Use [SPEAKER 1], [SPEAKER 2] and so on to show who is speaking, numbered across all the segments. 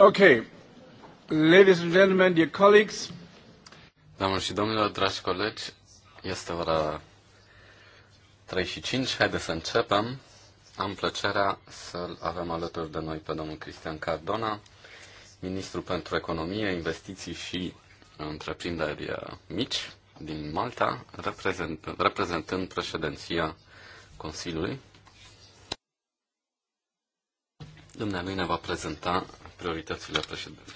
[SPEAKER 1] Okay. Ladies and gentlemen, dear colleagues.
[SPEAKER 2] Doamnelor și domnilor, dragi colegi, este ora 3 și 5. Haideți să începem. Am plăcerea să-l avem alături de noi pe domnul Cristian Cardona, ministru pentru economie, investiții și întreprinderi uh, mici din Malta, reprezentând, reprezentând președinția Consiliului. Dumnealui ne va prezenta prioritățile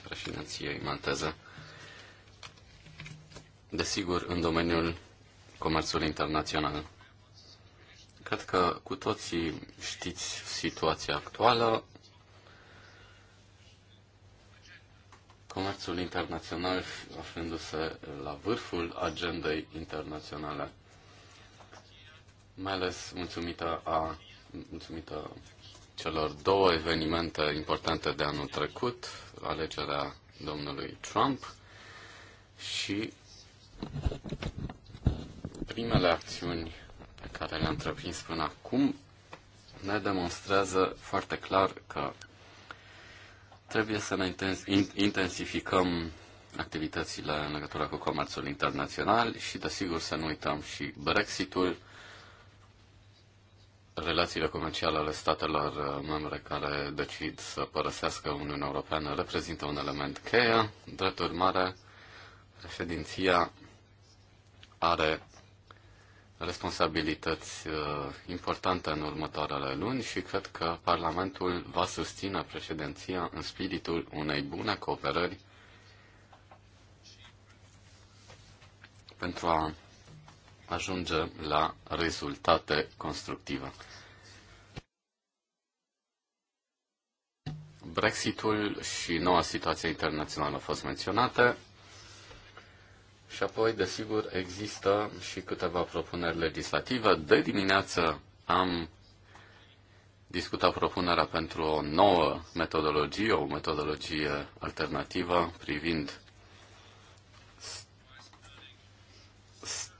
[SPEAKER 2] președinției malteze. Desigur, în domeniul comerțului internațional. Cred că cu toții știți situația actuală. Comerțul internațional aflându-se la vârful agendei internaționale, mai ales mulțumită, a, mulțumită celor două evenimente importante de anul trecut, alegerea domnului Trump și primele acțiuni pe care le-a întreprins până acum ne demonstrează foarte clar că trebuie să ne intensificăm activitățile în legătură cu comerțul internațional și, desigur, să nu uităm și Brexitul relațiile comerciale ale statelor uh, membre care decid să părăsească Uniunea Europeană reprezintă un element cheie. Drept urmare, președinția are responsabilități uh, importante în următoarele luni și cred că Parlamentul va susține președinția în spiritul unei bune cooperări pentru a ajunge la rezultate constructive. Brexitul și noua situație internațională au fost menționate. Și apoi, desigur, există și câteva propuneri legislative. De dimineață am discutat propunerea pentru o nouă metodologie, o metodologie alternativă privind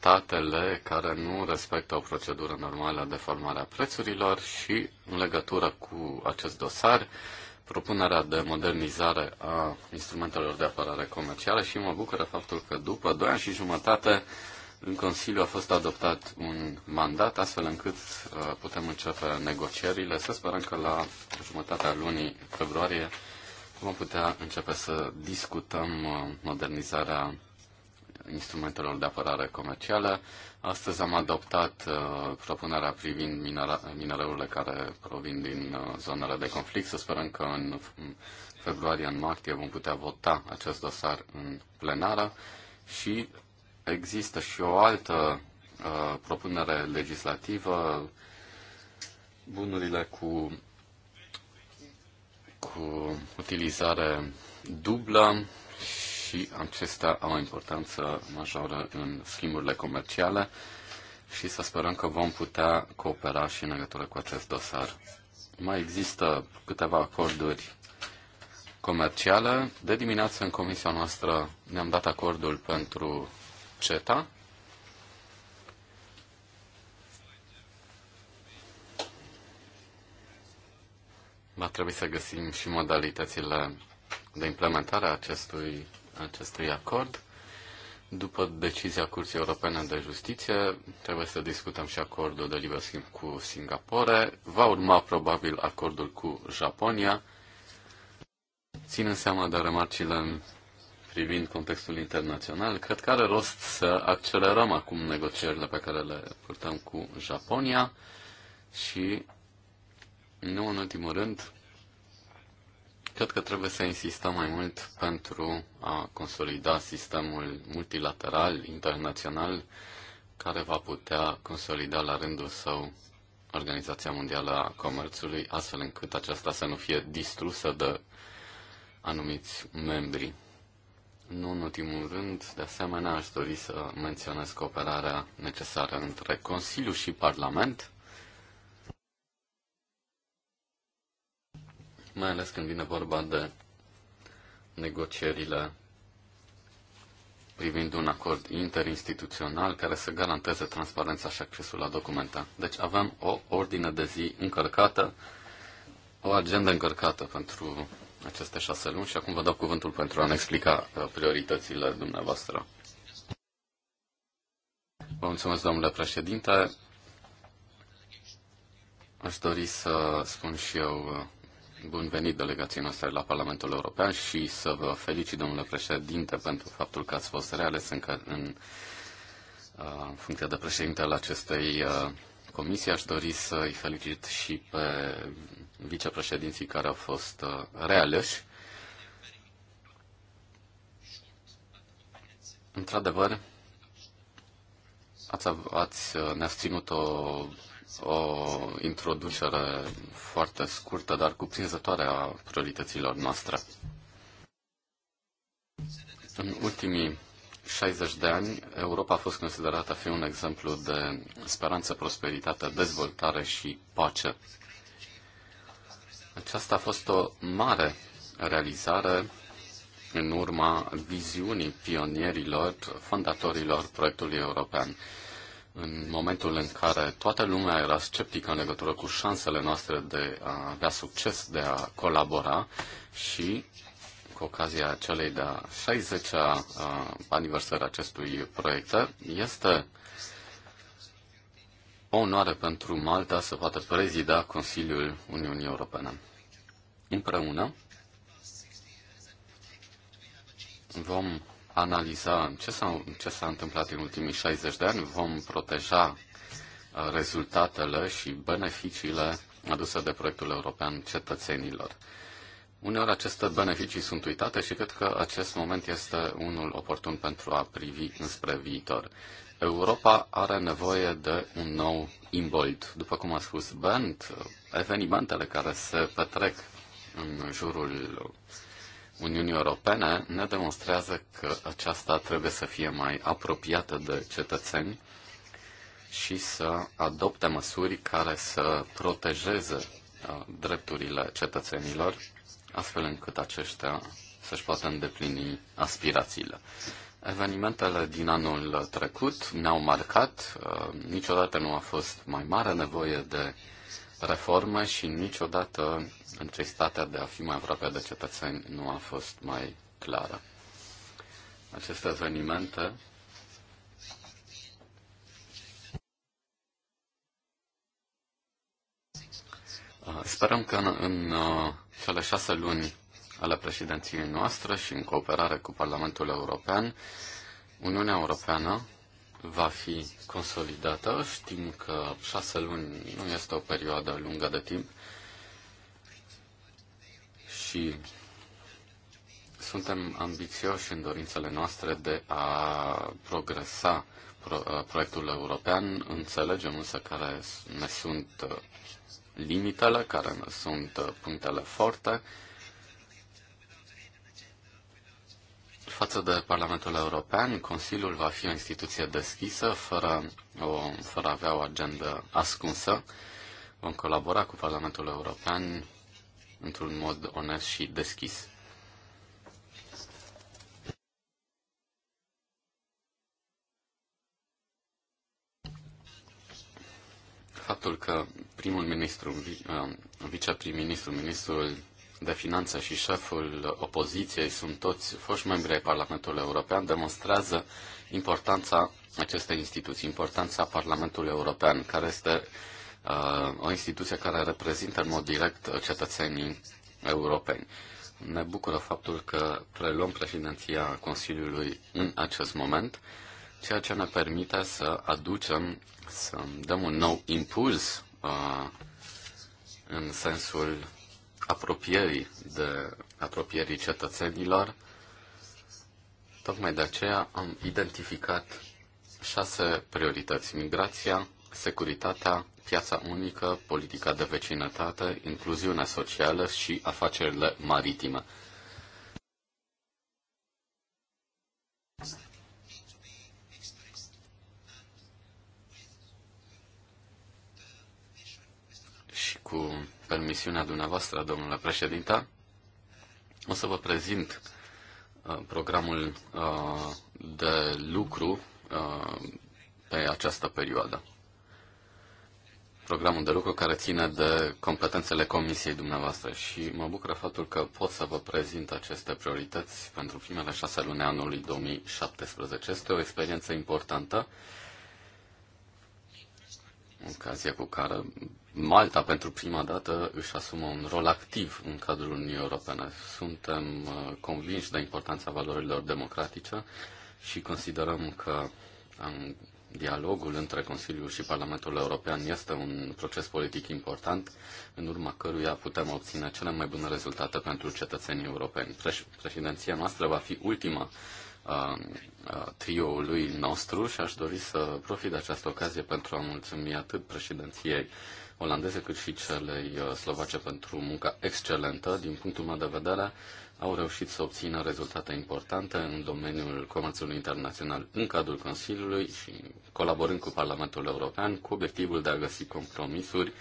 [SPEAKER 2] statele care nu respectă o procedură normală de formare a prețurilor și în legătură cu acest dosar, propunerea de modernizare a instrumentelor de apărare comercială și mă bucură faptul că după 2 ani și jumătate în Consiliu a fost adoptat un mandat astfel încât uh, putem începe negocierile. Să sperăm că la jumătatea lunii februarie vom putea începe să discutăm uh, modernizarea instrumentelor de apărare comercială. Astăzi am adoptat uh, propunerea privind minereurile care provin din uh, zonele de conflict. Să sperăm că în februarie, în martie vom putea vota acest dosar în plenară și există și o altă uh, propunere legislativă, bunurile cu, cu utilizare dublă, și acestea au o importanță majoră în schimburile comerciale și să sperăm că vom putea coopera și în legătură cu acest dosar. Mai există câteva acorduri comerciale. De dimineață în comisia noastră ne-am dat acordul pentru CETA. Va trebui să găsim și modalitățile de implementare a acestui acestui acord. După decizia Curții Europene de Justiție, trebuie să discutăm și acordul de liber schimb cu Singapore. Va urma probabil acordul cu Japonia. Ținând seama de remarcile privind contextul internațional, cred că are rost să accelerăm acum negocierile pe care le purtăm cu Japonia și, nu în ultimul rând, Cred că trebuie să insistăm mai mult pentru a consolida sistemul multilateral, internațional, care va putea consolida la rândul său Organizația Mondială a Comerțului, astfel încât aceasta să nu fie distrusă de anumiți membri. Nu în ultimul rând, de asemenea, aș dori să menționez cooperarea necesară între Consiliu și Parlament, mai ales când vine vorba de negocierile privind un acord interinstituțional care să garanteze transparența și accesul la documente. Deci avem o ordine de zi încărcată, o agendă încărcată pentru aceste șase luni și acum vă dau cuvântul pentru a ne explica uh, prioritățile dumneavoastră. Vă mulțumesc, domnule președinte. Aș dori să spun și eu uh, Bun venit delegației noastre la Parlamentul European și să vă felicit, domnule președinte, pentru faptul că ați fost reales în, în uh, funcția de președinte al acestei uh, comisii. Aș dori să i felicit și pe vicepreședinții care au fost uh, realeși. Într-adevăr, ați, ați, uh, ne ținut o o introducere foarte scurtă, dar cuprinzătoare a priorităților noastre. În ultimii 60 de ani, Europa a fost considerată a fi un exemplu de speranță, prosperitate, dezvoltare și pace. Aceasta a fost o mare realizare în urma viziunii pionierilor, fondatorilor proiectului european în momentul în care toată lumea era sceptică în legătură cu șansele noastre de a avea succes, de a colabora și cu ocazia celei de-a 60-a aniversări acestui proiect, este o onoare pentru Malta să poată prezida Consiliul Uniunii Europene. Împreună vom analiza ce s-a, ce s-a întâmplat în ultimii 60 de ani, vom proteja uh, rezultatele și beneficiile aduse de proiectul european cetățenilor. Uneori aceste beneficii sunt uitate și cred că acest moment este unul oportun pentru a privi înspre viitor. Europa are nevoie de un nou imbold. După cum a spus Bent, uh, evenimentele care se petrec în jurul Uniunii Europene ne demonstrează că aceasta trebuie să fie mai apropiată de cetățeni și să adopte măsuri care să protejeze uh, drepturile cetățenilor, astfel încât aceștia să-și poată îndeplini aspirațiile. Evenimentele din anul trecut ne-au marcat, uh, niciodată nu a fost mai mare nevoie de reforme și niciodată necesitatea de a fi mai aproape de cetățeni nu a fost mai clară. Aceste evenimente Sperăm că în, în uh, cele șase luni ale președinției noastre și în cooperare cu Parlamentul European, Uniunea Europeană va fi consolidată. Știm că șase luni nu este o perioadă lungă de timp, și suntem ambițioși în dorințele noastre de a progresa pro uh, proiectul european. Înțelegem însă care ne sunt uh, limitele, care ne sunt uh, punctele forte. Față de Parlamentul European, Consiliul va fi o instituție deschisă, fără, o, fără a avea o agendă ascunsă. Vom colabora cu Parlamentul European într-un mod onest și deschis. Faptul că primul ministru, um, viceprim-ministru, ministrul de finanță și șeful opoziției sunt toți foști membri ai Parlamentului European, demonstrează importanța acestei instituții, importanța Parlamentului European, care este Uh, o instituție care reprezintă în mod direct cetățenii europeni. Ne bucură faptul că preluăm președinția Consiliului în acest moment, ceea ce ne permite să aducem, să dăm un nou impuls uh, în sensul apropierii de apropierii cetățenilor. Tocmai de aceea am identificat șase priorități. Migrația, securitatea, piața unică, politica de vecinătate, incluziunea socială și afacerile maritime. Și cu permisiunea dumneavoastră, domnule președinte, o să vă prezint uh, programul uh, de lucru uh, pe această perioadă programul de lucru care ține de competențele comisiei dumneavoastră și mă bucură faptul că pot să vă prezint aceste priorități pentru primele șase luni anului 2017. Este o experiență importantă, ocazia cu care Malta pentru prima dată își asumă un rol activ în cadrul Uniunii Europene. Suntem uh, convinși de importanța valorilor democratice și considerăm că Dialogul între Consiliul și Parlamentul European este un proces politic important, în urma căruia putem obține cele mai bune rezultate pentru cetățenii europeni. Președinția noastră va fi ultima a, a trioului nostru și aș dori să profit de această ocazie pentru a mulțumi atât președinției olandeze cât și celei slovace pentru munca excelentă. Din punctul meu de vedere, au reușit să obțină rezultate importante în domeniul comerțului internațional în cadrul Consiliului și colaborând cu Parlamentul European cu obiectivul de a găsi compromisuri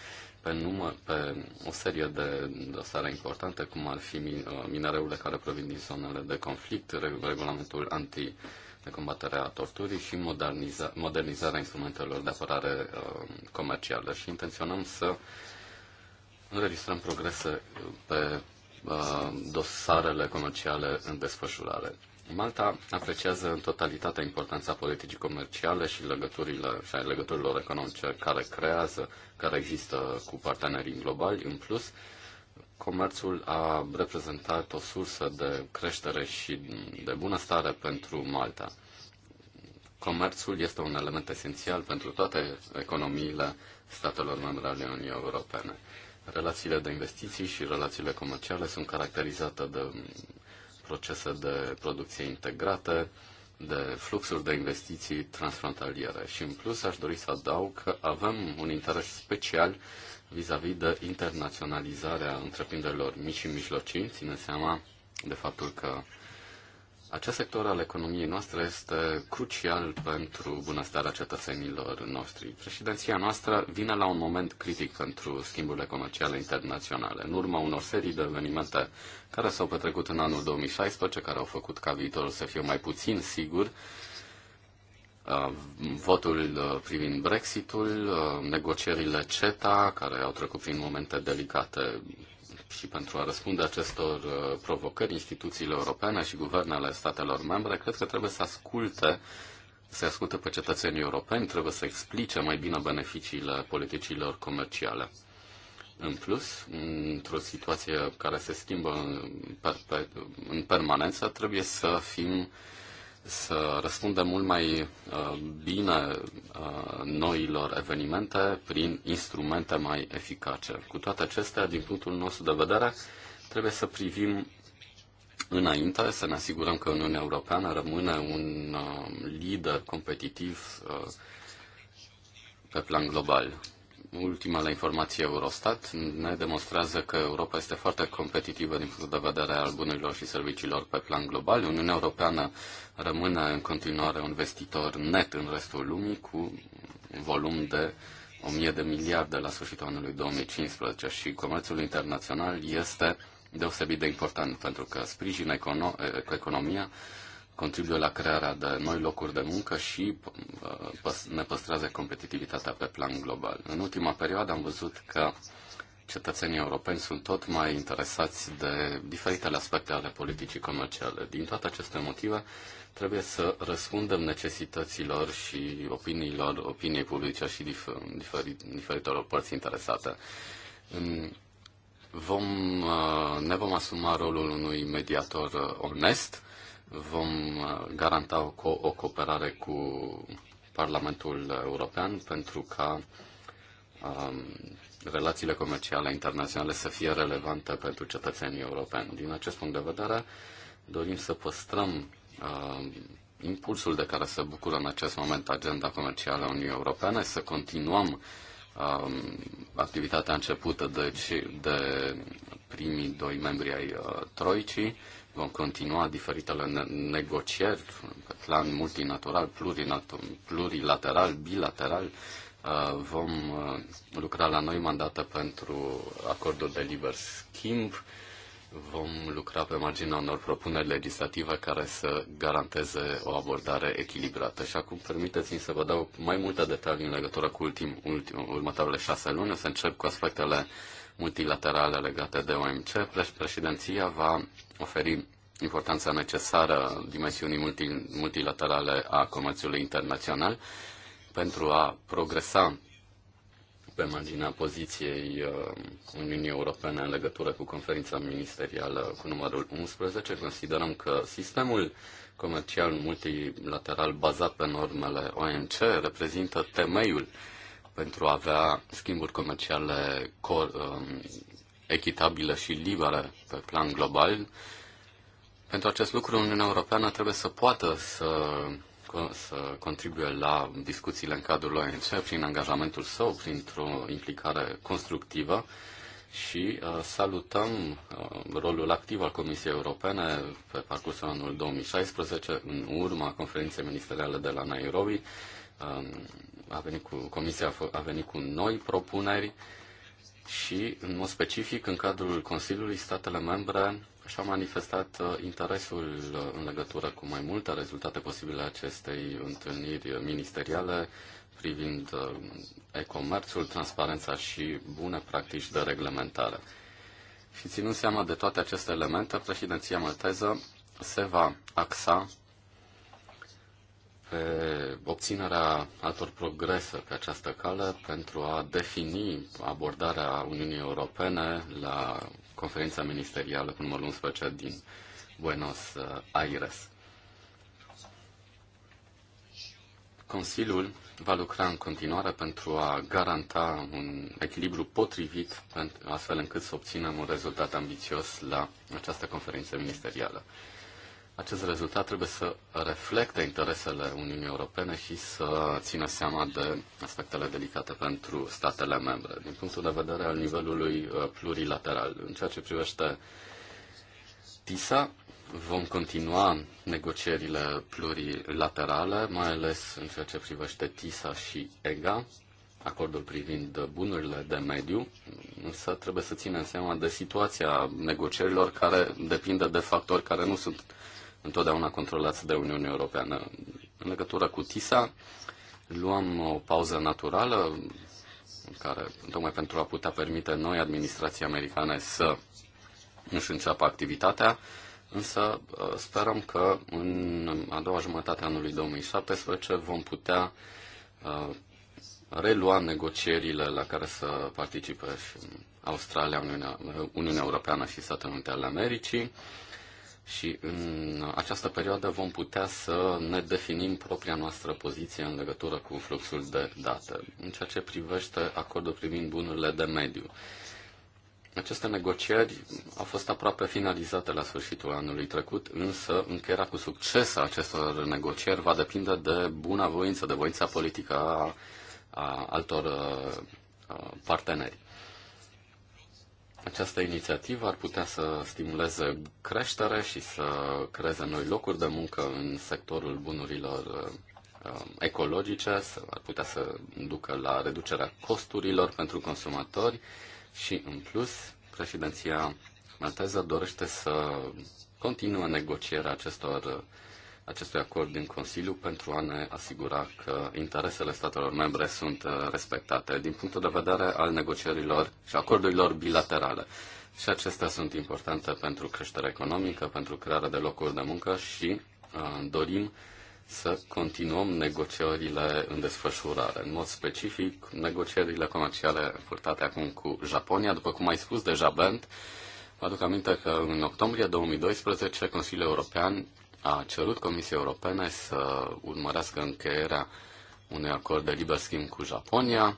[SPEAKER 2] pe, număr, pe o serie de dosare importante, cum ar fi uh, minereurile care provin din zonele de conflict, regulamentul anti de combatere a torturii și moderniza, modernizarea instrumentelor de apărare uh, comercială și intenționăm să înregistrăm progrese pe Uh, dosarele comerciale în desfășurare. Malta apreciază în totalitate importanța politicii comerciale și legăturile și legăturilor economice care creează, care există cu partenerii globali. În plus, comerțul a reprezentat o sursă de creștere și de bunăstare pentru Malta. Comerțul este un element esențial pentru toate economiile statelor membre ale Uniunii Europene. Relațiile de investiții și relațiile comerciale sunt caracterizate de procese de producție integrate, de fluxuri de investiții transfrontaliere. Și în plus aș dori să adaug că avem un interes special vis-a-vis -vis de internaționalizarea întreprinderilor mici și mijlocii, ține seama de faptul că acest sector al economiei noastre este crucial pentru bunăstarea cetățenilor noștri. Președinția noastră vine la un moment critic pentru schimburile comerciale internaționale. În urma unor serii de evenimente care s-au petrecut în anul 2016, care au făcut ca viitorul să fie mai puțin sigur, uh, votul uh, privind Brexitul, uh, negocierile CETA, care au trecut prin momente delicate și pentru a răspunde acestor uh, provocări, instituțiile europene și guvernele statelor membre, cred că trebuie să asculte să asculte pe cetățenii europeni, trebuie să explice mai bine beneficiile politicilor comerciale. În plus, într-o situație care se schimbă în, per- în permanență, trebuie să fim uh, să răspundem mult mai uh, bine uh, noilor evenimente prin instrumente mai eficace. Cu toate acestea, din punctul nostru de vedere, trebuie să privim înainte, să ne asigurăm că Uniunea Europeană rămâne un uh, lider competitiv pe plan global. Ultima la informații Eurostat ne demonstrează că Europa este foarte competitivă din punct de vedere al bunurilor și serviciilor pe plan global. Uniunea Europeană rămâne în continuare un vestitor net în restul lumii cu un volum de 1000 de miliarde la sfârșitul anului 2015 și comerțul internațional este deosebit de important pentru că sprijină econo- economia contribuie la crearea de noi locuri de muncă și uh, ne păstrează competitivitatea pe plan global. În ultima perioadă am văzut că cetățenii europeni sunt tot mai interesați de diferitele aspecte ale politicii comerciale. Din toate aceste motive, trebuie să răspundem necesităților și opiniilor opiniei publice și dif- diferitelor părți interesate. Vom, uh, ne vom asuma rolul unui mediator uh, onest Vom uh, garanta o, co- o cooperare cu Parlamentul European pentru ca um, relațiile comerciale internaționale să fie relevante pentru cetățenii europeni. Din acest punct de vedere, dorim să păstrăm um, impulsul de care se bucură în acest moment agenda comercială a Uniunii Europene, să continuăm um, activitatea începută de, deci, de primii doi membri ai uh, Troicii Vom continua diferitele ne- negocieri pe plan multinatural, plurilateral, bilateral. Uh, vom uh, lucra la noi mandate pentru acordul de liber schimb. Vom lucra pe marginea unor propuneri legislative care să garanteze o abordare echilibrată. Și acum permiteți-mi să vă dau mai multe detalii în legătură cu ultim, ultim, următoarele șase luni. O să încep cu aspectele multilaterale legate de OMC. Președinția va oferi importanța necesară dimensiunii multi, multilaterale a comerțului internațional pentru a progresa pe marginea poziției uh, Uniunii Europene în legătură cu conferința ministerială cu numărul 11. Considerăm că sistemul comercial multilateral bazat pe normele OMC reprezintă temeiul pentru a avea schimburi comerciale cor, um, echitabilă și liberă pe plan global. Pentru acest lucru, Uniunea Europeană trebuie să poată să, să contribuie la discuțiile în cadrul ONC prin angajamentul său, printr-o implicare constructivă și uh, salutăm uh, rolul activ al Comisiei Europene pe parcursul anului 2016, în urma conferinței ministeriale de la Nairobi. Um, a venit cu, Comisia a venit cu noi propuneri și, în mod specific, în cadrul Consiliului, statele membre și-au manifestat uh, interesul uh, în legătură cu mai multe rezultate posibile acestei întâlniri ministeriale privind uh, e-comerțul, transparența și bune practici de reglementare. Și ținând seama de toate aceste elemente, președinția malteză se va axa pe obținerea altor progrese pe această cale pentru a defini abordarea Uniunii Europene la conferința ministerială cu numărul 11 din Buenos Aires. Consiliul va lucra în continuare pentru a garanta un echilibru potrivit, astfel încât să obținem un rezultat ambițios la această conferință ministerială. Acest rezultat trebuie să reflecte interesele Uniunii Europene și să țină seama de aspectele delicate pentru statele membre, din punctul de vedere al nivelului uh, plurilateral. În ceea ce privește TISA, vom continua negocierile plurilaterale, mai ales în ceea ce privește TISA și EGA, acordul privind bunurile de mediu, însă trebuie să ținem seama de situația negocierilor care depinde de factori care nu sunt întotdeauna controlați de Uniunea Europeană. În legătură cu TISA, luăm o pauză naturală, care, tocmai pentru a putea permite noi administrația americane să își înceapă activitatea, însă uh, sperăm că în a doua jumătate a anului 2017 vom putea uh, relua negocierile la care să participe și Australia, Uniunea, Uniunea Europeană și Statele Unite ale Americii și în această perioadă vom putea să ne definim propria noastră poziție în legătură cu fluxul de date, în ceea ce privește acordul privind bunurile de mediu. Aceste negocieri au fost aproape finalizate la sfârșitul anului trecut, însă încheierea cu succes a acestor negocieri va depinde de buna voință, de voința politică a, a altor a, uh, uh, parteneri. Această inițiativă ar putea să stimuleze creștere și să creeze noi locuri de muncă în sectorul bunurilor uh, ecologice, ar putea să ducă la reducerea costurilor pentru consumatori și, în plus, președinția malteză dorește să continuă negocierea acestor acestui acord din Consiliu pentru a ne asigura că interesele statelor membre sunt uh, respectate din punctul de vedere al negocierilor și acordurilor bilaterale. Și acestea sunt importante pentru creșterea economică, pentru crearea de locuri de muncă și uh, dorim să continuăm negocierile în desfășurare. În mod specific, negocierile comerciale purtate acum cu Japonia, după cum ai spus deja, Bent, Aduc aminte că în octombrie 2012 Consiliul European a cerut Comisiei Europene să urmărească încheierea unui acord de liber schimb cu Japonia,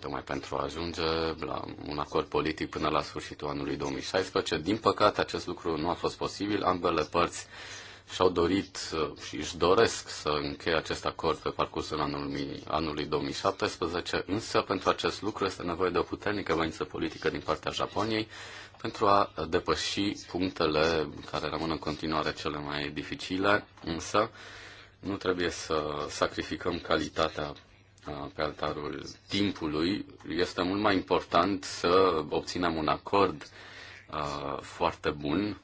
[SPEAKER 2] tocmai pentru a ajunge la un acord politic până la sfârșitul anului 2016. Din păcate, acest lucru nu a fost posibil. Ambele părți și-au dorit uh, și își doresc să încheie acest acord pe parcursul anului, anului 2017, însă pentru acest lucru este nevoie de o puternică voință politică din partea Japoniei pentru a depăși punctele care rămân în continuare cele mai dificile, însă nu trebuie să sacrificăm calitatea pe altarul timpului. Este mult mai important să obținem un acord foarte bun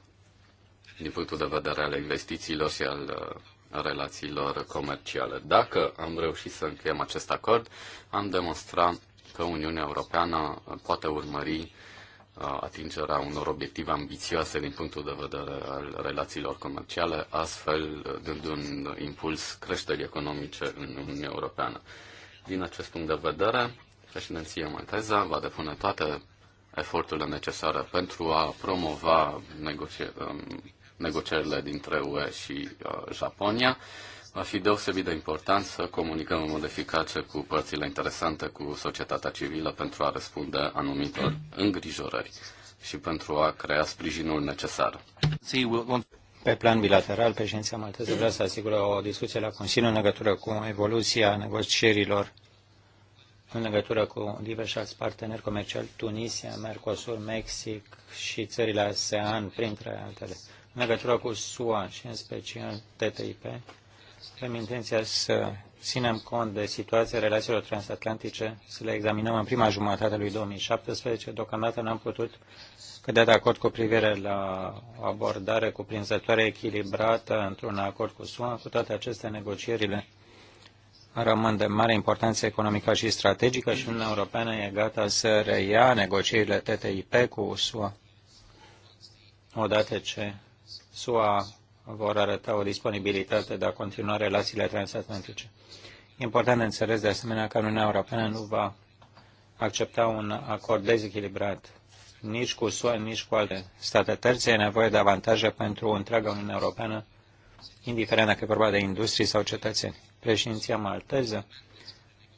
[SPEAKER 2] din punctul de vedere al investițiilor și al relațiilor comerciale. Dacă am reușit să încheiem acest acord, am demonstrat că Uniunea Europeană poate urmări atingerea unor obiective ambițioase din punctul de vedere al relațiilor comerciale, astfel dând un impuls creșterii economice în Uniunea Europeană. Din acest punct de vedere, președinția Malteza va depune toate eforturile necesare pentru a promova um, negocierile dintre UE și uh, Japonia Va fi deosebit de important să comunicăm în mod eficace cu părțile interesante, cu societatea civilă, pentru a răspunde anumitor îngrijorări și pentru a crea sprijinul necesar. Pe plan bilateral, președinția malteză vrea să asigură o discuție la Consiliu
[SPEAKER 3] în legătură cu evoluția negocierilor în legătură cu diversi alți parteneri comerciali, Tunisia, Mercosur, Mexic și țările ASEAN, printre altele, în legătură cu SUA și în special TTIP, avem intenția să ținem cont de situația relațiilor transatlantice, să le examinăm în prima jumătate a lui 2017. Deocamdată n-am putut cădea de acord cu privire la o abordare cuprinzătoare echilibrată într-un acord cu SUA. Cu toate acestea, negocierile rămân de mare importanță economică și strategică și Uniunea Europeană e gata să reia negocierile TTIP cu SUA odată ce SUA vor arăta o disponibilitate de a continua relațiile transatlantice. E important de înțeles de asemenea că Uniunea Europeană nu va accepta un acord dezechilibrat nici cu SUA, nici cu alte state terțe. E nevoie de avantaje pentru întreaga Uniune Europeană, indiferent dacă e vorba de industrie sau cetățeni. Președinția malteză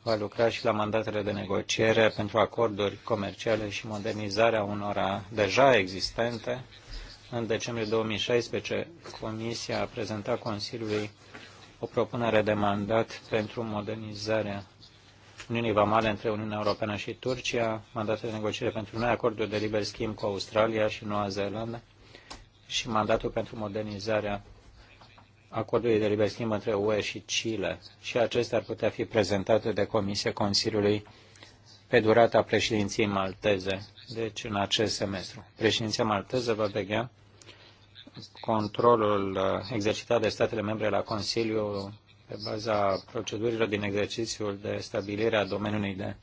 [SPEAKER 3] va lucra și la mandatele de negociere pentru acorduri comerciale și modernizarea unora deja existente în decembrie 2016, Comisia a prezentat Consiliului o propunere de mandat pentru modernizarea Uniunii Vamale între Uniunea Europeană și Turcia, mandatul de negociere pentru noi, acordul de liber schimb cu Australia și Noua Zeelandă și mandatul pentru modernizarea acordului de liber schimb între UE și Chile. Și acestea ar putea fi prezentate de Comisia Consiliului pe durata președinției malteze, deci în acest semestru. Președinția malteză va vegea controlul uh, exercitat de statele membre la Consiliu pe baza procedurilor din exercițiul de stabilire a domeniului de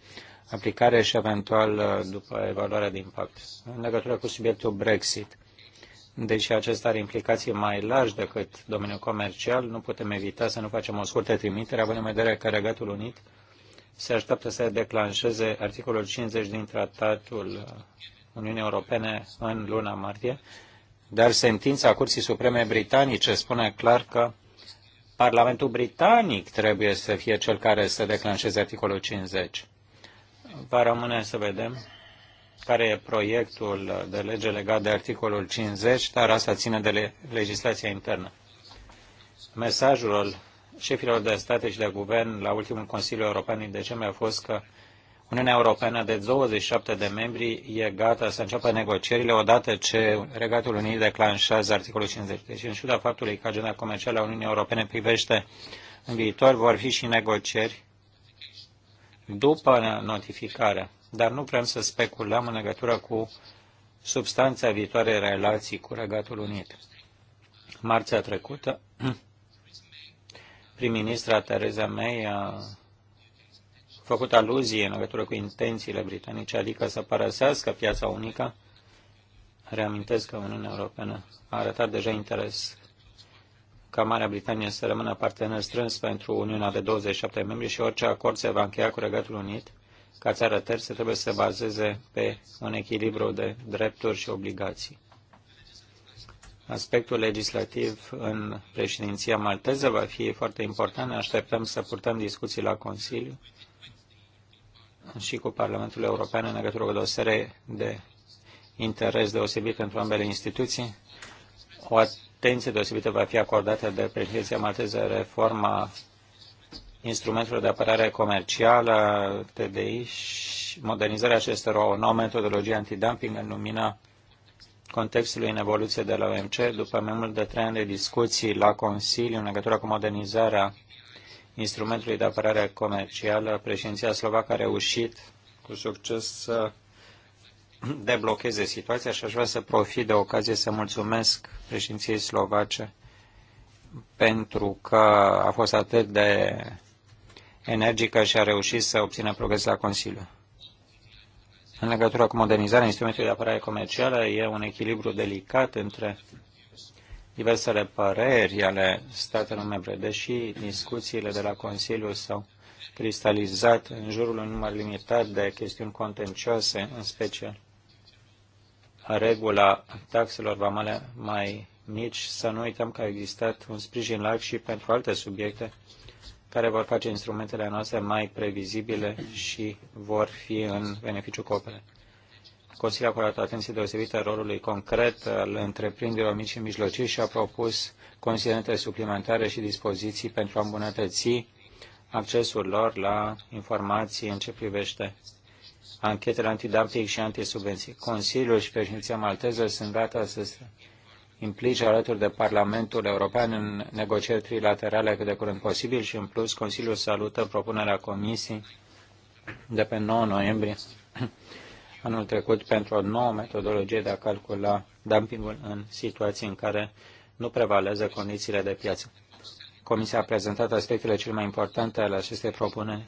[SPEAKER 3] aplicare și eventual uh, după evaluarea de impact. În legătură cu subiectul Brexit, deși acesta are implicații mai largi decât domeniul comercial, nu putem evita să nu facem o scurtă trimitere, având în vedere că Regatul Unit se așteaptă să declanșeze articolul 50 din Tratatul uh, Uniunii Europene în luna martie dar sentința Curții Supreme Britanice spune clar că Parlamentul Britanic trebuie să fie cel care să declanșeze articolul 50. Va rămâne să vedem care e proiectul de lege legat de articolul 50, dar asta ține de legislația internă. Mesajul șefilor de state și de guvern la ultimul Consiliu European din decembrie a fost că Uniunea Europeană de 27 de membri e gata să înceapă negocierile odată ce Regatul Unit declanșează articolul 50. Deci, în ciuda faptului că agenda comercială a Uniunii Europene privește în viitor, vor fi și negocieri după notificare. Dar nu vrem să speculăm în legătură cu substanța viitoare relații cu Regatul Unit. Marțea trecută, prim-ministra Tereza May a făcut aluzie în legătură cu intențiile britanice, adică să părăsească piața unică, reamintesc că Uniunea Europeană a arătat deja interes ca Marea Britanie să rămână partener strâns pentru Uniunea de 27 membri și orice acord se va încheia cu Regatul Unit, ca țară terță trebuie să se bazeze pe un echilibru de drepturi și obligații. Aspectul legislativ în președinția malteză va fi foarte important. Ne așteptăm să purtăm discuții la Consiliu și cu Parlamentul European în legătură cu serie de interes deosebit pentru ambele instituții. O atenție deosebită va fi acordată de președinția malteză reforma instrumentelor de apărare comercială, TDI, și modernizarea acestor o nouă metodologie antidumping în lumina contextului în evoluție de la OMC, după mai mult de trei ani de discuții la Consiliu în legătură cu modernizarea instrumentului de apărare comercială, președinția slovacă a reușit cu succes să deblocheze situația și aș vrea să profit de ocazie să mulțumesc președinției slovace pentru că a fost atât de energică și a reușit să obțină progres la Consiliu. În legătură cu modernizarea instrumentului de apărare comercială, e un echilibru delicat între diversele păreri ale statelor membre, deși discuțiile de la Consiliu s-au cristalizat în jurul unui număr limitat de chestiuni contencioase, în special regula taxelor vamale mai mici, să nu uităm că a existat un sprijin larg și pentru alte subiecte care vor face instrumentele noastre mai previzibile și vor fi în beneficiu cooperării. Consiliul a acordat o atenție deosebită rolului concret al întreprinderilor mici și mijlocii și a propus considerente suplimentare și dispoziții pentru a îmbunătăți accesul lor la informații în ce privește anchetele antidumping și antisubvenții. Consiliul și președinția malteză sunt gata să se implice alături de Parlamentul European în negocieri trilaterale cât de curând posibil și, în plus, Consiliul salută propunerea Comisiei de pe 9 noiembrie anul trecut pentru o nouă metodologie de a calcula dumpingul în situații în care nu prevalează condițiile de piață. Comisia a prezentat aspectele cele mai importante ale acestei propuneri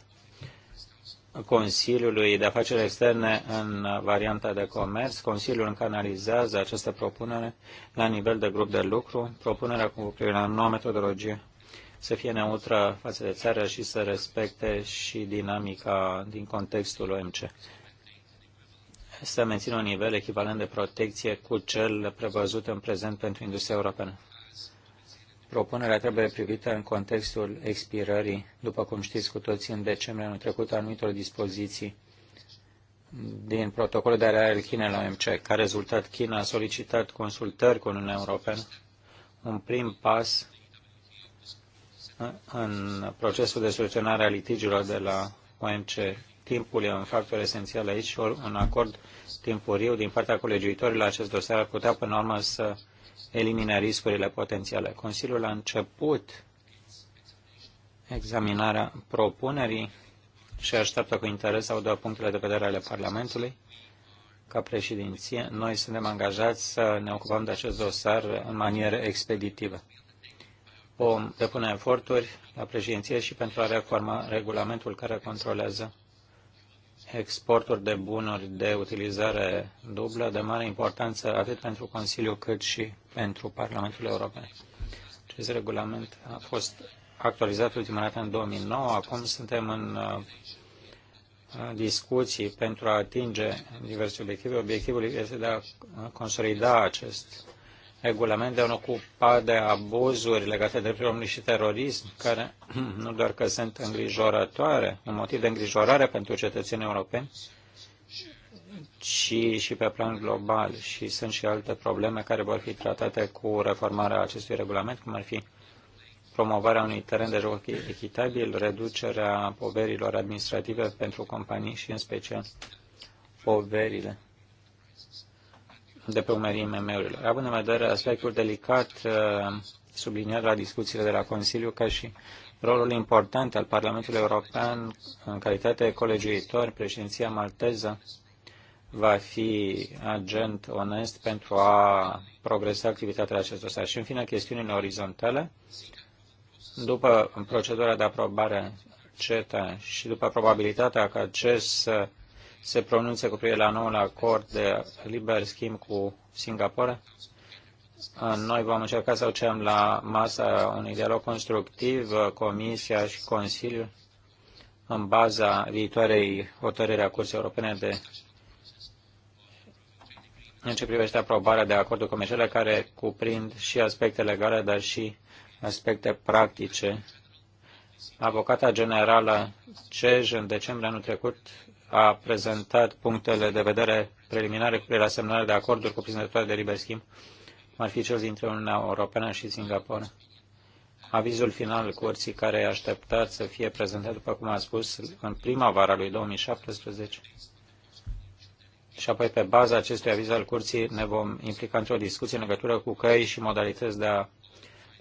[SPEAKER 3] Consiliului de Afaceri Externe în varianta de comerț. Consiliul încă analizează această propunere la nivel de grup de lucru. Propunerea cu privire la noua metodologie să fie neutră față de țară și să respecte și dinamica din contextul OMC să mențină un nivel echivalent de protecție cu cel prevăzut în prezent pentru industria europeană. Propunerea trebuie privită în contextul expirării, după cum știți cu toții, în decembrie anul trecut, anumitor dispoziții din protocolul de aderare Chinei la OMC. Ca rezultat, China a solicitat consultări cu Uniunea Europeană, un prim pas în procesul de soluționare a litigiilor de la OMC timpul e un factor esențial aici și un acord timpuriu din partea colegiuitorilor la acest dosar ar putea până la urmă să elimine riscurile potențiale. Consiliul a început examinarea propunerii și așteaptă cu interes sau doar punctele de vedere ale Parlamentului. Ca președinție, noi suntem angajați să ne ocupăm de acest dosar în manieră expeditivă. Vom depune eforturi la președinție și pentru a reforma regulamentul care controlează exporturi de bunuri de utilizare dublă de mare importanță atât pentru Consiliu cât și pentru Parlamentul European. Acest regulament a fost actualizat ultima dată în 2009, acum suntem în uh, discuții pentru a atinge diverse obiective. Obiectivul este de a consolida acest regulament de a ocupa de abuzuri legate de drepturile omului și terorism, care nu doar că sunt îngrijorătoare, un motiv de îngrijorare pentru cetățenii europeni, ci și pe plan global. Și sunt și alte probleme care vor fi tratate cu reformarea acestui regulament, cum ar fi promovarea unui teren de joc echitabil, reducerea poverilor administrative pentru companii și, în special, poverile de pe umerii IMM-urilor. Având în vedere aspectul delicat uh, subliniat la discuțiile de la Consiliu, ca și rolul important al Parlamentului European în calitate de colegiuitor, președinția malteză va fi agent onest pentru a progresa activitatea acestor Și în fine, chestiunile orizontale, după procedura de aprobare CETA și după probabilitatea ca acest se pronunțe cu privire la noul acord de liber schimb cu Singapore. Noi vom încerca să ducem la masă un dialog constructiv, Comisia și Consiliul, în baza viitoarei hotărâri a Curții Europene de în ce privește aprobarea de acorduri comerciale care cuprind și aspecte legale, dar și aspecte practice. Avocata generală CEJ în decembrie anul trecut a prezentat punctele de vedere preliminare cu la semnarea de acorduri cuprinzătoare de liber schimb, cum ar fi cel dintre Uniunea Europeană și Singapore. Avizul final curții care e așteptat să fie prezentat, după cum am spus, în primăvara lui 2017. Și apoi, pe baza acestui aviz al curții, ne vom implica într-o discuție în legătură cu căi și modalități de a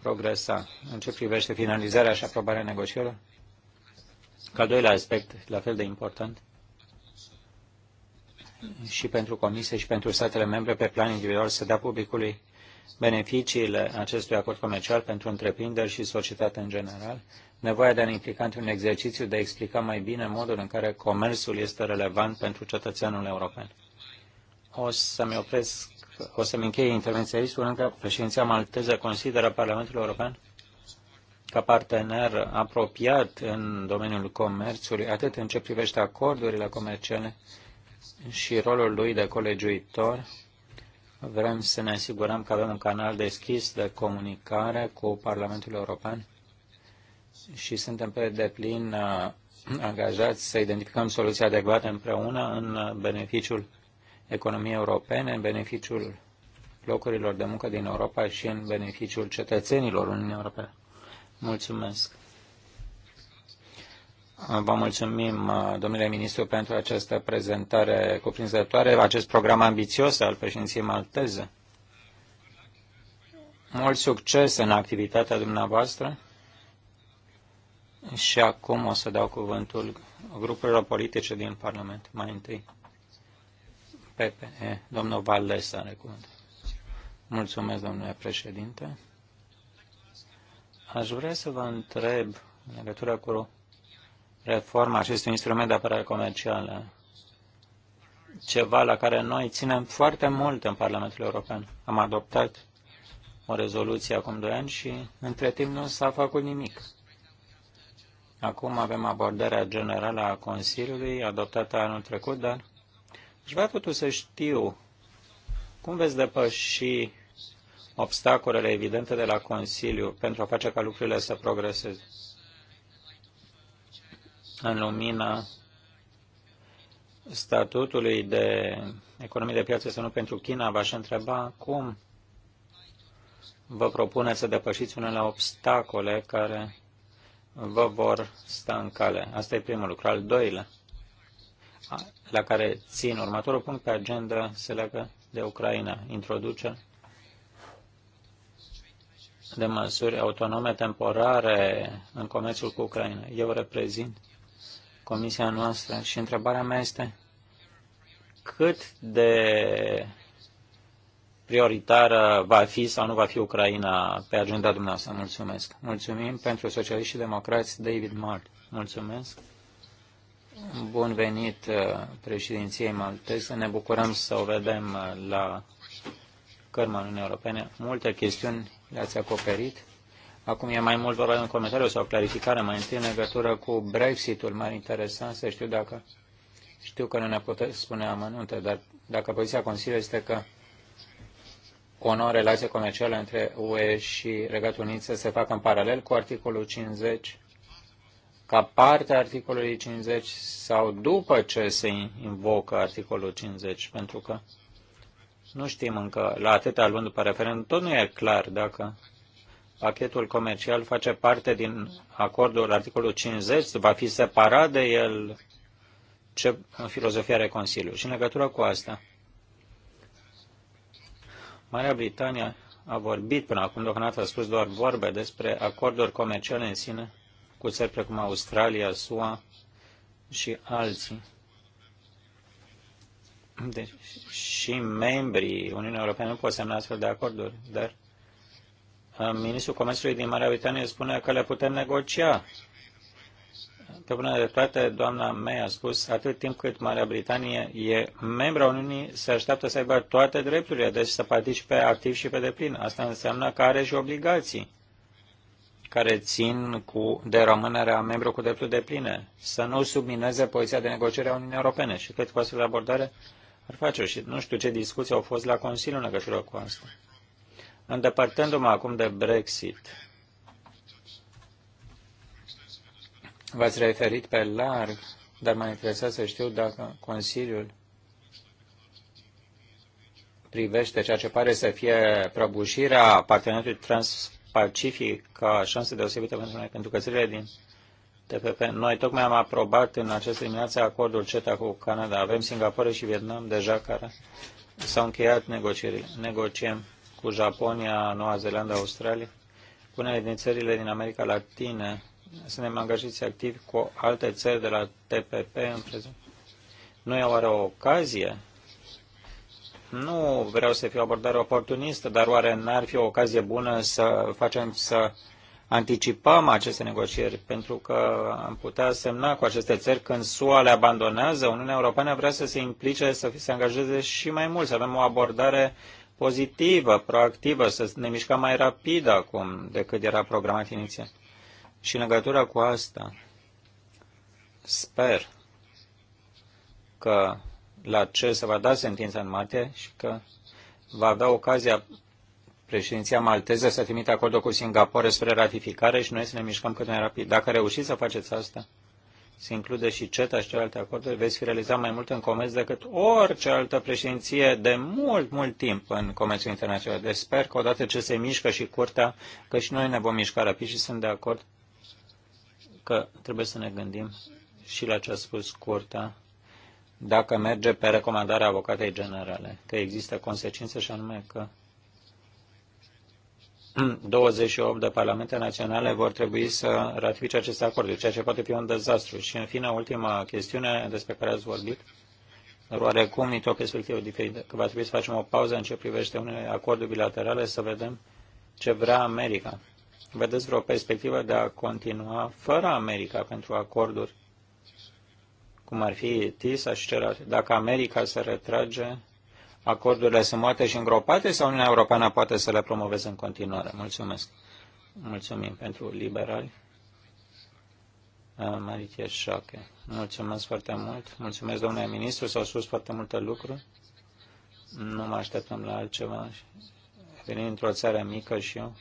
[SPEAKER 3] progresa. În ce privește finalizarea și aprobarea negocierilor? Ca doilea aspect, la fel de important, și pentru Comisie și pentru statele membre pe plan individual să dea publicului beneficiile acestui acord comercial pentru întreprinderi și societate în general, nevoia de a ne implica într-un exercițiu de a explica mai bine modul în care comerțul este relevant pentru cetățeanul european. O să-mi opresc, o să-mi încheie intervenția aici, spunând că președinția malteză consideră Parlamentul European ca partener apropiat în domeniul comerțului, atât în ce privește acordurile comerciale, și rolul lui de colegiuitor, vrem să ne asigurăm că avem un canal deschis de comunicare cu Parlamentul European și suntem pe deplin uh, angajați să identificăm soluții adecvate împreună în beneficiul economiei europene, în beneficiul locurilor de muncă din Europa și în beneficiul cetățenilor Uniunii Europene. Mulțumesc! Vă mulțumim, domnule ministru, pentru această prezentare cuprinzătoare, acest program ambițios al președinției malteze. Mult succes în activitatea dumneavoastră. Și acum o să dau cuvântul grupurilor politice din Parlament. Mai întâi, PPE, domnul Valles are cuvântul. Mulțumesc, domnule președinte. Aș vrea să vă întreb în legătură cu reforma acestui instrument de apărare comercială, ceva la care noi ținem foarte mult în Parlamentul European. Am adoptat o rezoluție acum doi ani și între timp nu s-a făcut nimic. Acum avem abordarea generală a Consiliului, adoptată anul trecut, dar aș vrea totuși să știu cum veți depăși obstacolele evidente de la Consiliu pentru a face ca lucrurile să progreseze în lumina statutului de economie de piață să nu pentru China, v-aș întreba cum vă propune să depășiți unele obstacole care vă vor sta în cale. Asta e primul lucru. Al doilea, la care țin următorul punct pe agenda, se leagă de Ucraina. Introduce de măsuri autonome temporare în comerțul cu Ucraina. Eu reprezint comisia noastră și întrebarea mea este cât de prioritară va fi sau nu va fi Ucraina pe agenda dumneavoastră. Mulțumesc. Mulțumim pentru socialiști și democrați David Mart. Mulțumesc. Bun venit uh, președinției malteze. Ne bucurăm să o vedem uh, la Cărma Uniunii Europene. Multe chestiuni le-ați acoperit. Acum e mai mult vorba de un comentariu sau clarificare mai întâi în legătură cu Brexitul. mai interesant. interesa să știu dacă știu că nu ne pot spune amănunte, dar dacă poziția Consiliului este că o nouă relație comercială între UE și Regatul Unit să se facă în paralel cu articolul 50, ca parte a articolului 50 sau după ce se invocă articolul 50, pentru că nu știm încă, la atâtea luni după referendum, tot nu e clar dacă pachetul comercial face parte din acordul articolul 50, va fi separat de el ce filozofia are Consiliul. Și în legătură cu asta, Marea Britanie a vorbit până acum, deocamdată a spus doar vorbe despre acorduri comerciale în sine cu țări precum Australia, SUA și alții. Deci și membrii Uniunii Europene nu pot semna astfel de acorduri, dar ministrul Comerțului din Marea Britanie spune că le putem negocia. Pe bună toate, doamna May a spus, atât timp cât Marea Britanie e membra Uniunii, se așteaptă să aibă toate drepturile, deci să participe activ și pe deplin. Asta înseamnă că are și obligații care țin cu, de rămânerea membru cu dreptul de pline, să nu submineze poziția de negociere a Uniunii Europene. Și cred că o astfel de abordare ar face și nu știu ce discuții au fost la Consiliu în legătură cu asta. Îndepărtându-mă acum de Brexit, v-ați referit pe larg, dar m-a interesat să știu dacă Consiliul privește ceea ce pare să fie prăbușirea parteneriatului transpacific ca șanse deosebită pentru noi, pentru că țările din TPP. Noi tocmai am aprobat în această dimineață acordul CETA cu Canada. Avem Singapore și Vietnam deja care s-au încheiat negocierile. Negociem cu Japonia, Noua Zeelandă, Australia, cu unele din țările din America Latină. Suntem angajați activ cu alte țări de la TPP în prezent. Nu e oare o ocazie? Nu vreau să fiu abordare oportunistă, dar oare n-ar fi o ocazie bună să facem să anticipăm aceste negocieri, pentru că am putea semna cu aceste țări când SUA le abandonează, Uniunea Europeană vrea să se implice, să se angajeze și mai mult, să avem o abordare pozitivă, proactivă, să ne mișcăm mai rapid acum decât era programat inițial. Și în legătură cu asta, sper că la ce se va da sentința în mate și că va avea ocazia președinția malteză să trimite acordul cu Singapore spre ratificare și noi să ne mișcăm cât mai rapid. Dacă reușiți să faceți asta, se include și CETA și celelalte acorduri, veți fi realizat mai mult în comerț decât orice altă președinție de mult, mult timp în comerțul internațional. Deci sper că odată ce se mișcă și curtea, că și noi ne vom mișca rapid și sunt de acord că trebuie să ne gândim și la ce a spus curtea dacă merge pe recomandarea avocatei generale, că există consecințe și anume că 28 de parlamente naționale vor trebui să ratifice aceste acorduri, deci ceea ce poate fi un dezastru. Și, în fine, ultima chestiune despre care ați vorbit, oarecum, într o perspectivă diferită, că va trebui să facem o pauză în ce privește unele acorduri bilaterale, să vedem ce vrea America. Vedeți vreo perspectivă de a continua fără America pentru acorduri, cum ar fi TISA și celelalte? Dacă America se retrage, acordurile sunt moarte și îngropate sau Uniunea Europeană poate să le promoveze în continuare? Mulțumesc. Mulțumim pentru liberali. Maritie Șoche. Mulțumesc foarte mult. Mulțumesc, domnule ministru, s-au spus foarte multe lucruri. Nu mă așteptăm la altceva. Venind într-o țară mică și eu,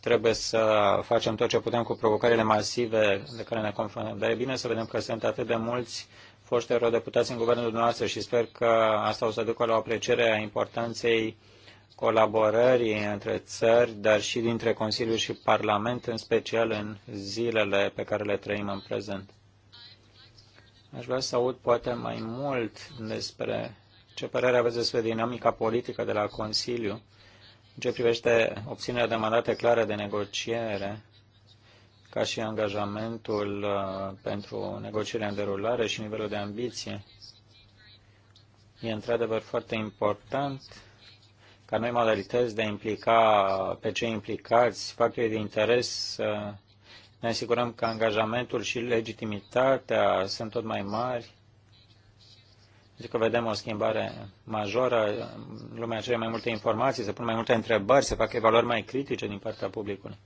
[SPEAKER 3] trebuie să facem tot ce putem cu provocările masive de care ne confruntăm. Dar e bine să vedem că sunt atât de mulți foști eurodeputați în guvernul dumneavoastră și sper că asta o să ducă la o apreciere a importanței colaborării între țări, dar și dintre Consiliu și Parlament, în special în zilele pe care le trăim în prezent. Aș vrea să aud poate mai mult despre ce părere aveți despre dinamica politică de la Consiliu, în ce privește obținerea de mandate clare de negociere ca și angajamentul uh, pentru negocierea în derulare și nivelul de ambiție. E într-adevăr foarte important ca noi modalități de a implica pe cei implicați, factorii de interes, să ne asigurăm că angajamentul și legitimitatea sunt tot mai mari. Adică vedem o schimbare majoră, lumea cere mai multe informații, se pun mai multe întrebări, se fac evaluări mai critice din partea publicului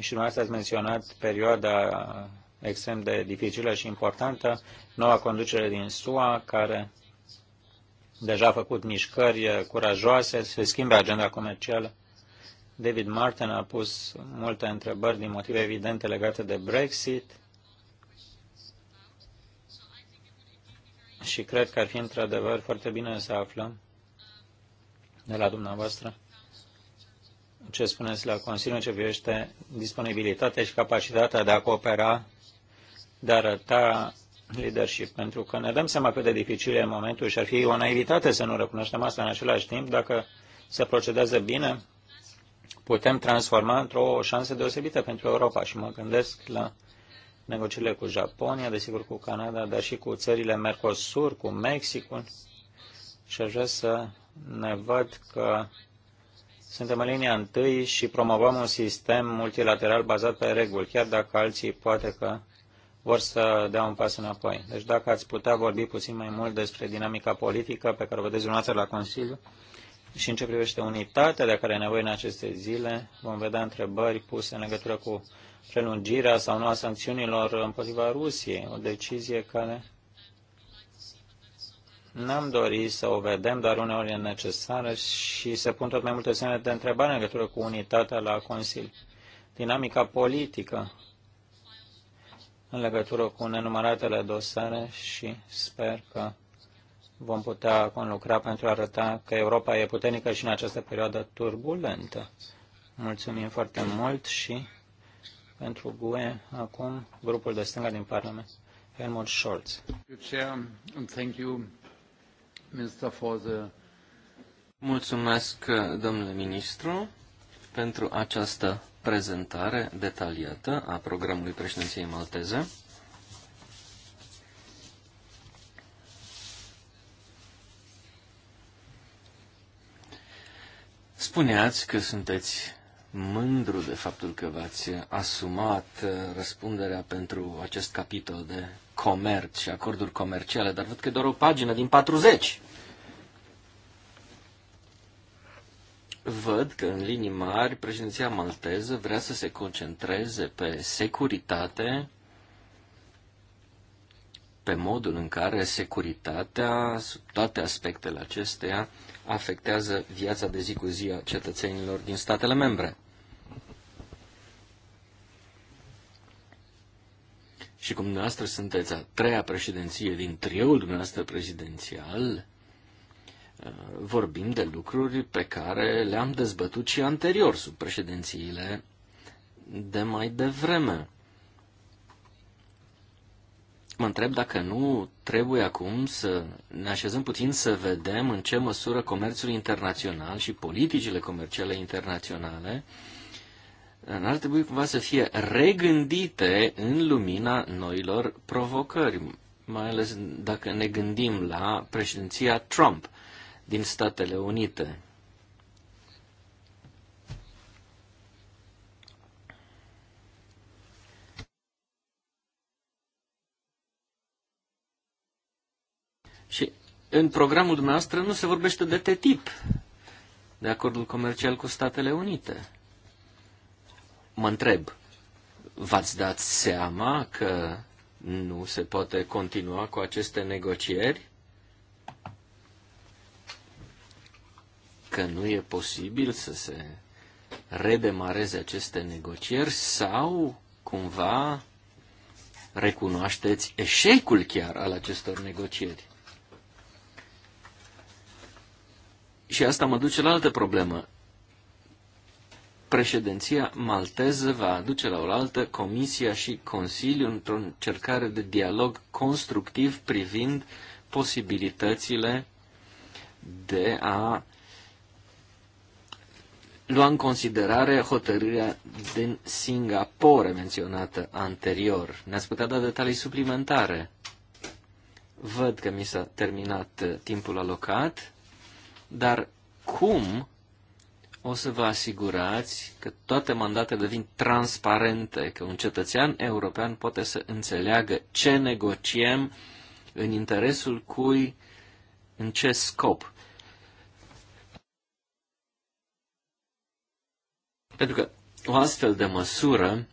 [SPEAKER 3] și dumneavoastră ați menționat perioada extrem de dificilă și importantă, noua conducere din SUA, care deja a făcut mișcări curajoase, se schimbe agenda comercială. David Martin a pus multe întrebări din motive evidente legate de Brexit și cred că ar fi într-adevăr foarte bine să aflăm de la dumneavoastră ce spuneți la Consiliu ce privește disponibilitatea și capacitatea de a coopera, de a arăta leadership, pentru că ne dăm seama cât de dificil e momentul și ar fi o naivitate să nu recunoaștem asta în același timp. Dacă se procedează bine, putem transforma într-o șansă deosebită pentru Europa și mă gândesc la negocierile cu Japonia, desigur cu Canada, dar și cu țările Mercosur, cu Mexicul și aș vrea să ne văd că suntem în linia întâi și promovăm un sistem multilateral bazat pe reguli, chiar dacă alții poate că vor să dea un pas înapoi. Deci dacă ați putea vorbi puțin mai mult despre dinamica politică pe care o vedeți dumneavoastră la Consiliu și în ce privește unitatea de care e nevoie în aceste zile, vom vedea întrebări puse în legătură cu prelungirea sau noua sancțiunilor împotriva Rusiei, o decizie care N-am dorit să o vedem, dar uneori e necesară și se pun tot mai multe semne de întrebare în legătură cu unitatea la Consiliu. Dinamica politică în legătură cu nenumăratele dosare și sper că vom putea conlucra pentru a arăta că Europa e puternică și în această perioadă turbulentă. Mulțumim foarte mult și pentru GUE, acum grupul de stânga din Parlament, Helmut Scholz.
[SPEAKER 2] Minister for the...
[SPEAKER 4] Mulțumesc, domnule ministru, pentru această prezentare detaliată a programului președinției malteze. Spuneați că sunteți mândru de faptul că v-ați asumat uh, răspunderea pentru acest capitol de comerț și acorduri comerciale, dar văd că e doar o pagină din 40. Văd că, în linii mari, președinția malteză vrea să se concentreze pe securitate, pe modul în care securitatea, toate aspectele acesteia, afectează viața de zi cu zi a cetățenilor din statele membre. și cum dumneavoastră sunteți a treia președinție din trioul dumneavoastră prezidențial, uh, vorbim de lucruri pe care le-am dezbătut și anterior sub președințiile de mai devreme. Mă întreb dacă nu trebuie acum să ne așezăm puțin să vedem în ce măsură comerțul internațional și politicile comerciale internaționale uh, ar trebui cumva să fie regândite în lumina noilor provocări, mai ales dacă ne gândim la președinția Trump din Statele Unite. Și în programul dumneavoastră nu se vorbește de TTIP, de acordul comercial cu Statele Unite. Mă întreb, v-ați dat seama că nu se poate continua cu aceste negocieri? Că nu e posibil să se redemareze aceste negocieri sau cumva recunoașteți eșecul chiar al acestor negocieri? Și asta mă duce la altă problemă președinția malteză va aduce la oaltă Comisia și Consiliul într-o încercare de dialog constructiv privind posibilitățile de a lua în considerare hotărârea din Singapore menționată anterior. Ne-ați putea da detalii suplimentare. Văd că mi s-a terminat timpul alocat, dar cum o să vă asigurați că toate mandatele devin transparente, că un cetățean european poate să înțeleagă ce negociem, în interesul cui, în ce scop. Pentru că o astfel de măsură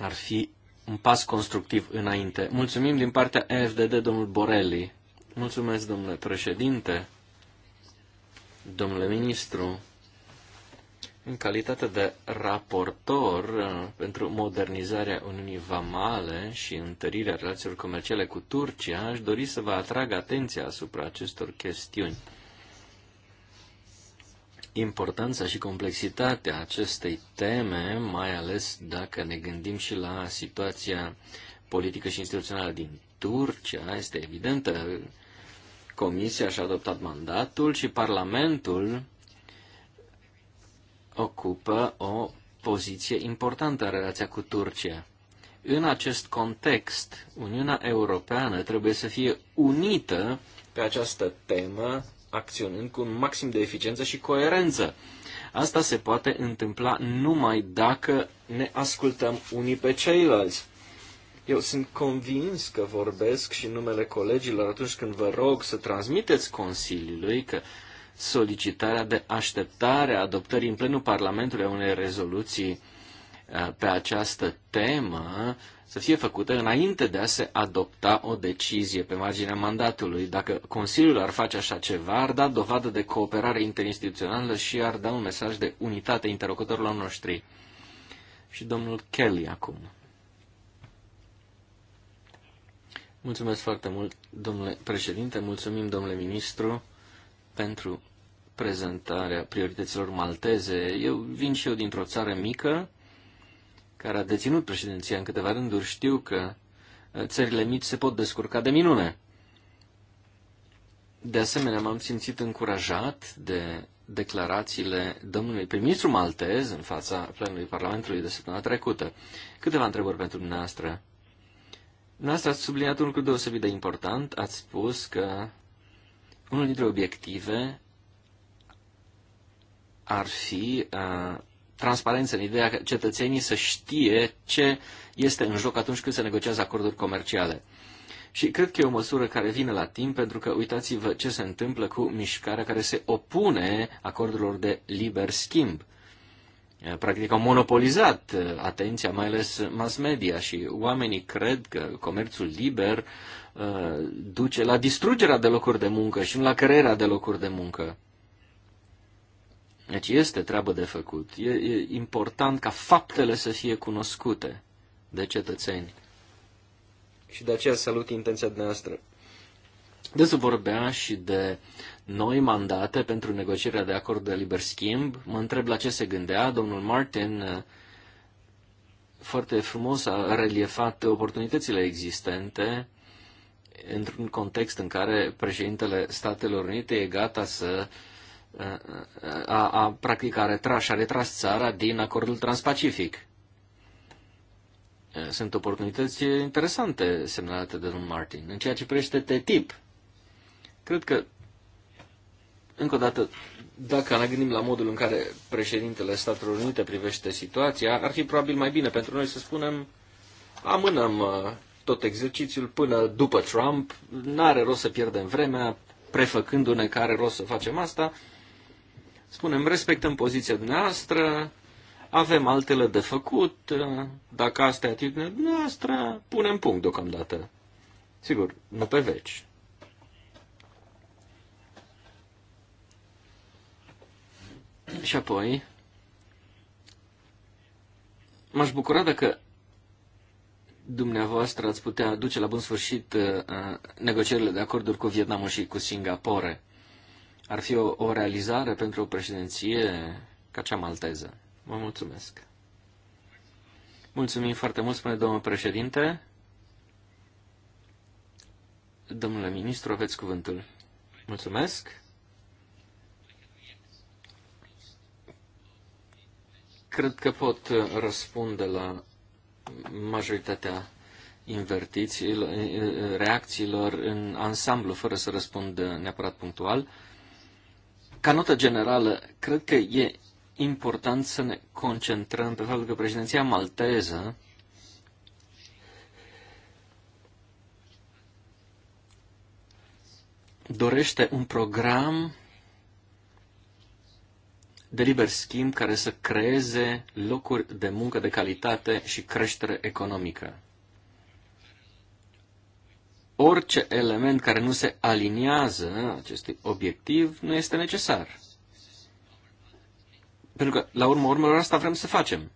[SPEAKER 4] ar fi un pas constructiv înainte. Mulțumim din partea EFDD, domnul Borelli. Mulțumesc, domnule președinte, domnule ministru. În calitate de raportor uh, pentru modernizarea Uniunii Vamale și întărirea relațiilor comerciale cu Turcia, aș dori să vă atrag atenția asupra acestor chestiuni. Importanța și complexitatea acestei teme, mai ales dacă ne gândim și la situația politică și instituțională din Turcia, este evidentă. Comisia și-a adoptat mandatul și Parlamentul ocupă o poziție importantă în relația cu Turcia. În acest context, Uniunea Europeană trebuie să fie unită pe această temă, acționând cu un maxim de eficiență și coerență. Asta se poate întâmpla numai dacă ne ascultăm unii pe ceilalți. Eu sunt convins că vorbesc și numele colegilor atunci când vă rog să transmiteți Consiliului că solicitarea de așteptare a adoptării în plenul Parlamentului a unei rezoluții uh, pe această temă să fie făcută înainte de a se adopta o decizie pe marginea mandatului. Dacă Consiliul ar face așa ceva, ar da dovadă de cooperare interinstituțională și ar da un mesaj de unitate interlocutorilor noștri. Și domnul Kelly acum. Mulțumesc foarte mult, domnule președinte, mulțumim, domnule ministru pentru prezentarea priorităților malteze. Eu vin și eu dintr-o țară mică care a deținut președinția în câteva rânduri. Știu că uh, țările mici se pot descurca de minune. De asemenea, m-am simțit încurajat de declarațiile domnului prim-ministru maltez în fața plenului Parlamentului de săptămâna trecută. Câteva întrebări pentru dumneavoastră. Dumneavoastră ați subliniat un lucru deosebit de important. Ați spus că unul dintre obiective ar fi uh, transparență în ideea că cetățenii să știe ce este în joc atunci când se negociază acorduri comerciale. Și cred că e o măsură care vine la timp, pentru că uitați-vă ce se întâmplă cu mișcarea care se opune acordurilor de liber schimb. Uh, practic au monopolizat uh, atenția, mai ales mass media și oamenii cred că comerțul liber Uh, duce la distrugerea de locuri de muncă și nu la crearea de locuri de muncă. Deci este treabă de făcut. E, e important ca faptele să fie cunoscute de cetățeni. Și de aceea salut intenția noastră. să vorbea și de noi mandate pentru negocierea de acord de liber schimb. Mă întreb la ce se gândea. Domnul Martin foarte frumos a reliefat oportunitățile existente într-un context în care președintele Statelor Unite e gata să uh, uh, a, a practic a retras a retras țara din acordul transpacific. Uh, sunt oportunități interesante semnalate de domnul Martin. În ceea ce privește TTIP, cred că, încă o dată, dacă ne gândim la modul în care președintele Statelor Unite privește situația, ar fi probabil mai bine pentru noi să spunem amânăm tot exercițiul până după Trump. N-are rost să pierdem vremea prefăcându-ne că are rost să facem asta. Spunem, respectăm poziția dumneavoastră, avem altele de făcut, dacă asta e atitudinea dumneavoastră, punem punct deocamdată. Sigur, nu pe veci. Și apoi, m-aș bucura dacă dumneavoastră ați putea duce la bun sfârșit uh, uh, negocierile de acorduri cu Vietnamul și cu Singapore? Ar fi o, o realizare pentru o președinție ca cea malteză. Vă mulțumesc. Mulțumim foarte mult, spune domnul președinte. Domnule ministru, aveți cuvântul. Mulțumesc. Cred că pot uh, răspunde la majoritatea invertițiilor, reacțiilor în ansamblu, fără să răspund neapărat punctual. Ca notă generală, cred că e important să ne concentrăm pe faptul că președinția malteză dorește un program de liber schimb care să creeze locuri de muncă de calitate și creștere economică. Orice element care nu se aliniază acestui obiectiv nu este necesar. Pentru că, la urmă urmelor, asta vrem să facem.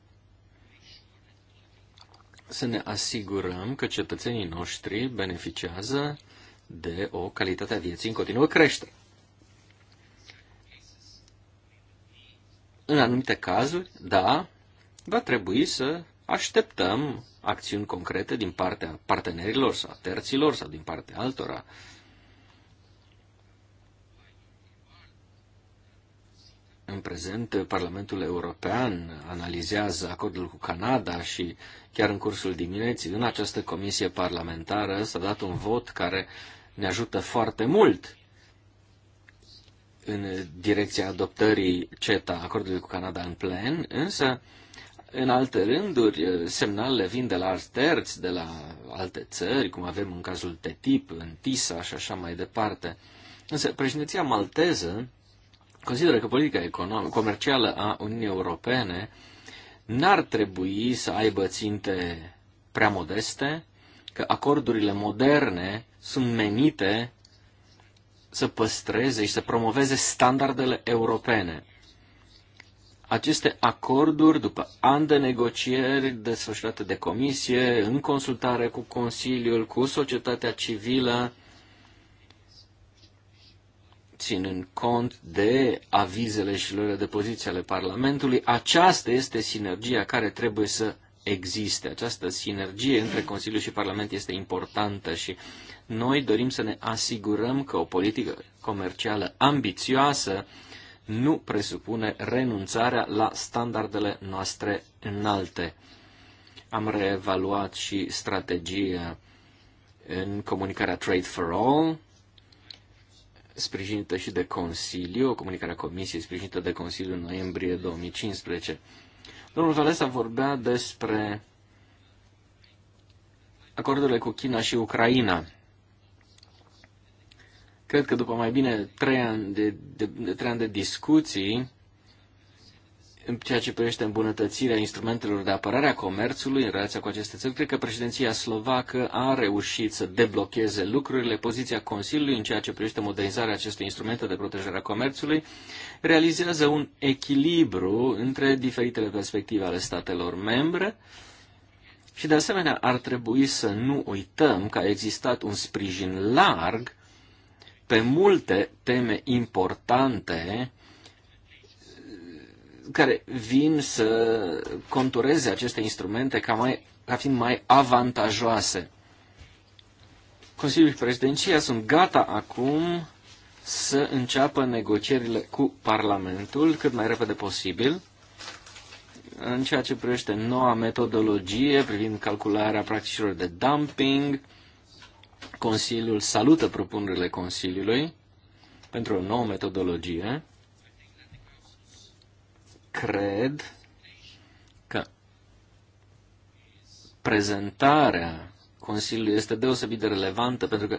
[SPEAKER 4] Să ne asigurăm că cetățenii noștri beneficiază de o calitate a vieții în continuă creștere. În anumite cazuri, da, va trebui să așteptăm acțiuni concrete din partea partenerilor sau a terților sau din partea altora. În prezent, Parlamentul European analizează acordul cu Canada și chiar în cursul dimineții, în această comisie parlamentară, s-a dat un vot care ne ajută foarte mult în direcția adoptării CETA, acordului cu Canada în plen, însă, în alte rânduri, semnalele vin de la alți terți, de la alte țări, cum avem în cazul TTIP, în TISA și așa mai departe. Însă, președinția malteză consideră că politica economică, comercială a Uniunii Europene n-ar trebui să aibă ținte prea modeste, că acordurile moderne sunt menite să păstreze și să promoveze standardele europene. Aceste acorduri, după ani de negocieri desfășurate de comisie, în consultare cu Consiliul, cu societatea civilă, ținând cont de avizele și luările de poziție ale Parlamentului, aceasta este sinergia care trebuie să existe. Această sinergie între Consiliu și Parlament este importantă și noi dorim să ne asigurăm că o politică comercială ambițioasă nu presupune renunțarea la standardele noastre înalte. Am reevaluat și strategia în comunicarea Trade for All, sprijinită și de Consiliu, comunicarea Comisiei sprijinită de Consiliu în noiembrie 2015. Domnul Valesa vorbea despre acordurile cu China și Ucraina. Cred că după mai bine trei ani de, de, de, trei ani de discuții, în ceea ce privește îmbunătățirea instrumentelor de apărare a comerțului în relația cu aceste țări, cred că președinția slovacă a reușit să deblocheze lucrurile. Poziția Consiliului în ceea ce privește modernizarea acestui instrument de protejare a comerțului realizează un echilibru între diferitele perspective ale statelor membre și, de asemenea, ar trebui să nu uităm că a existat un sprijin larg pe multe teme importante uh, care vin să contureze aceste instrumente ca, mai, ca fiind mai avantajoase. Consiliul și președinția sunt gata acum să înceapă negocierile cu Parlamentul cât mai repede posibil în ceea ce privește noua metodologie privind calcularea practicilor de dumping, Consiliul salută propunerile Consiliului pentru o nouă metodologie. Cred că prezentarea Consiliului este deosebit de relevantă pentru că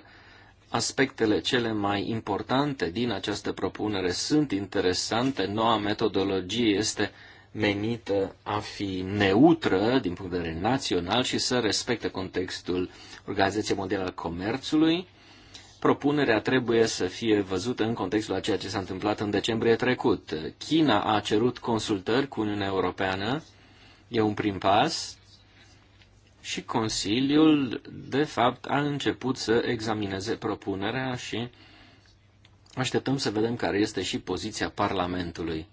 [SPEAKER 4] aspectele cele mai importante din această propunere sunt interesante. Noua metodologie este menită a fi neutră din punct de vedere național și să respecte contextul Organizației Mondiale al Comerțului. Propunerea trebuie să fie văzută în contextul a ceea ce s-a întâmplat în decembrie trecut. China a cerut consultări cu Uniunea Europeană, e un prim pas, și Consiliul, de fapt, a început să examineze propunerea și așteptăm să vedem care este și poziția Parlamentului.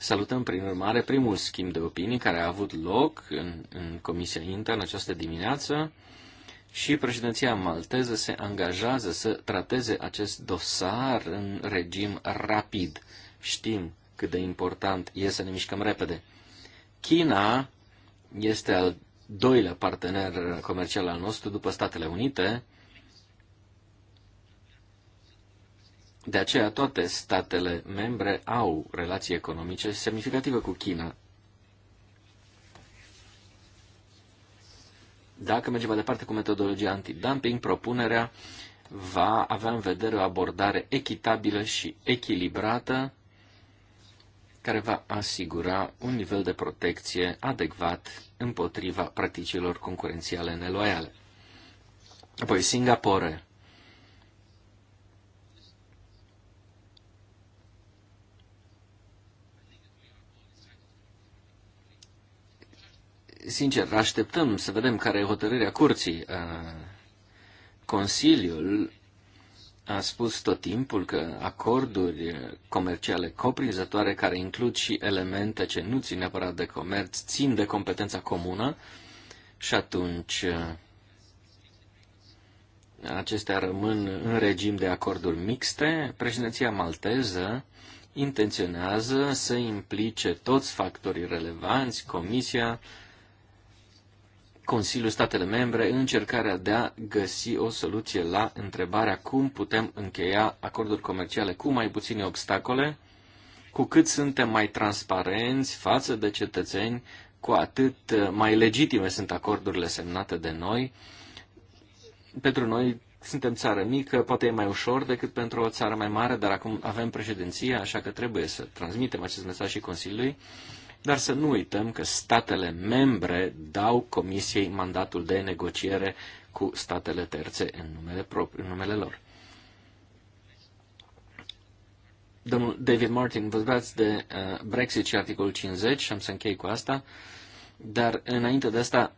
[SPEAKER 4] Salutăm, prin urmare, primul schimb de opinii care a avut loc în, în Comisia Inter în această dimineață și președinția malteză se angajează să trateze acest dosar în regim rapid. Știm cât de important e să ne mișcăm repede. China este al doilea partener comercial al nostru după Statele Unite De aceea toate statele membre au relații economice semnificative cu China. Dacă mergem mai departe cu metodologia antidumping, propunerea va avea în vedere o abordare echitabilă și echilibrată care va asigura un nivel de protecție adecvat împotriva practicilor concurențiale neloiale. Apoi, Singapore. sincer, așteptăm să vedem care e hotărârea curții. Consiliul a spus tot timpul că acorduri comerciale coprinzătoare care includ și elemente ce nu țin neapărat de comerț, țin de competența comună și atunci acestea rămân în regim de acorduri mixte. Președinția malteză intenționează să implice toți factorii relevanți, Comisia, Consiliul Statele Membre în încercarea de a găsi o soluție la întrebarea cum putem încheia acorduri comerciale cu mai puține obstacole, cu cât suntem mai transparenți față de cetățeni, cu atât uh, mai legitime sunt acordurile semnate de noi. Pentru noi suntem țară mică, poate e mai ușor decât pentru o țară mai mare, dar acum avem președinția, așa că trebuie să transmitem acest mesaj și Consiliului dar să nu uităm că statele membre dau Comisiei mandatul de negociere cu statele terțe în numele, propriu în numele lor. Domnul David Martin, vorbeați de uh, Brexit și articolul 50 și am să închei cu asta, dar înainte de asta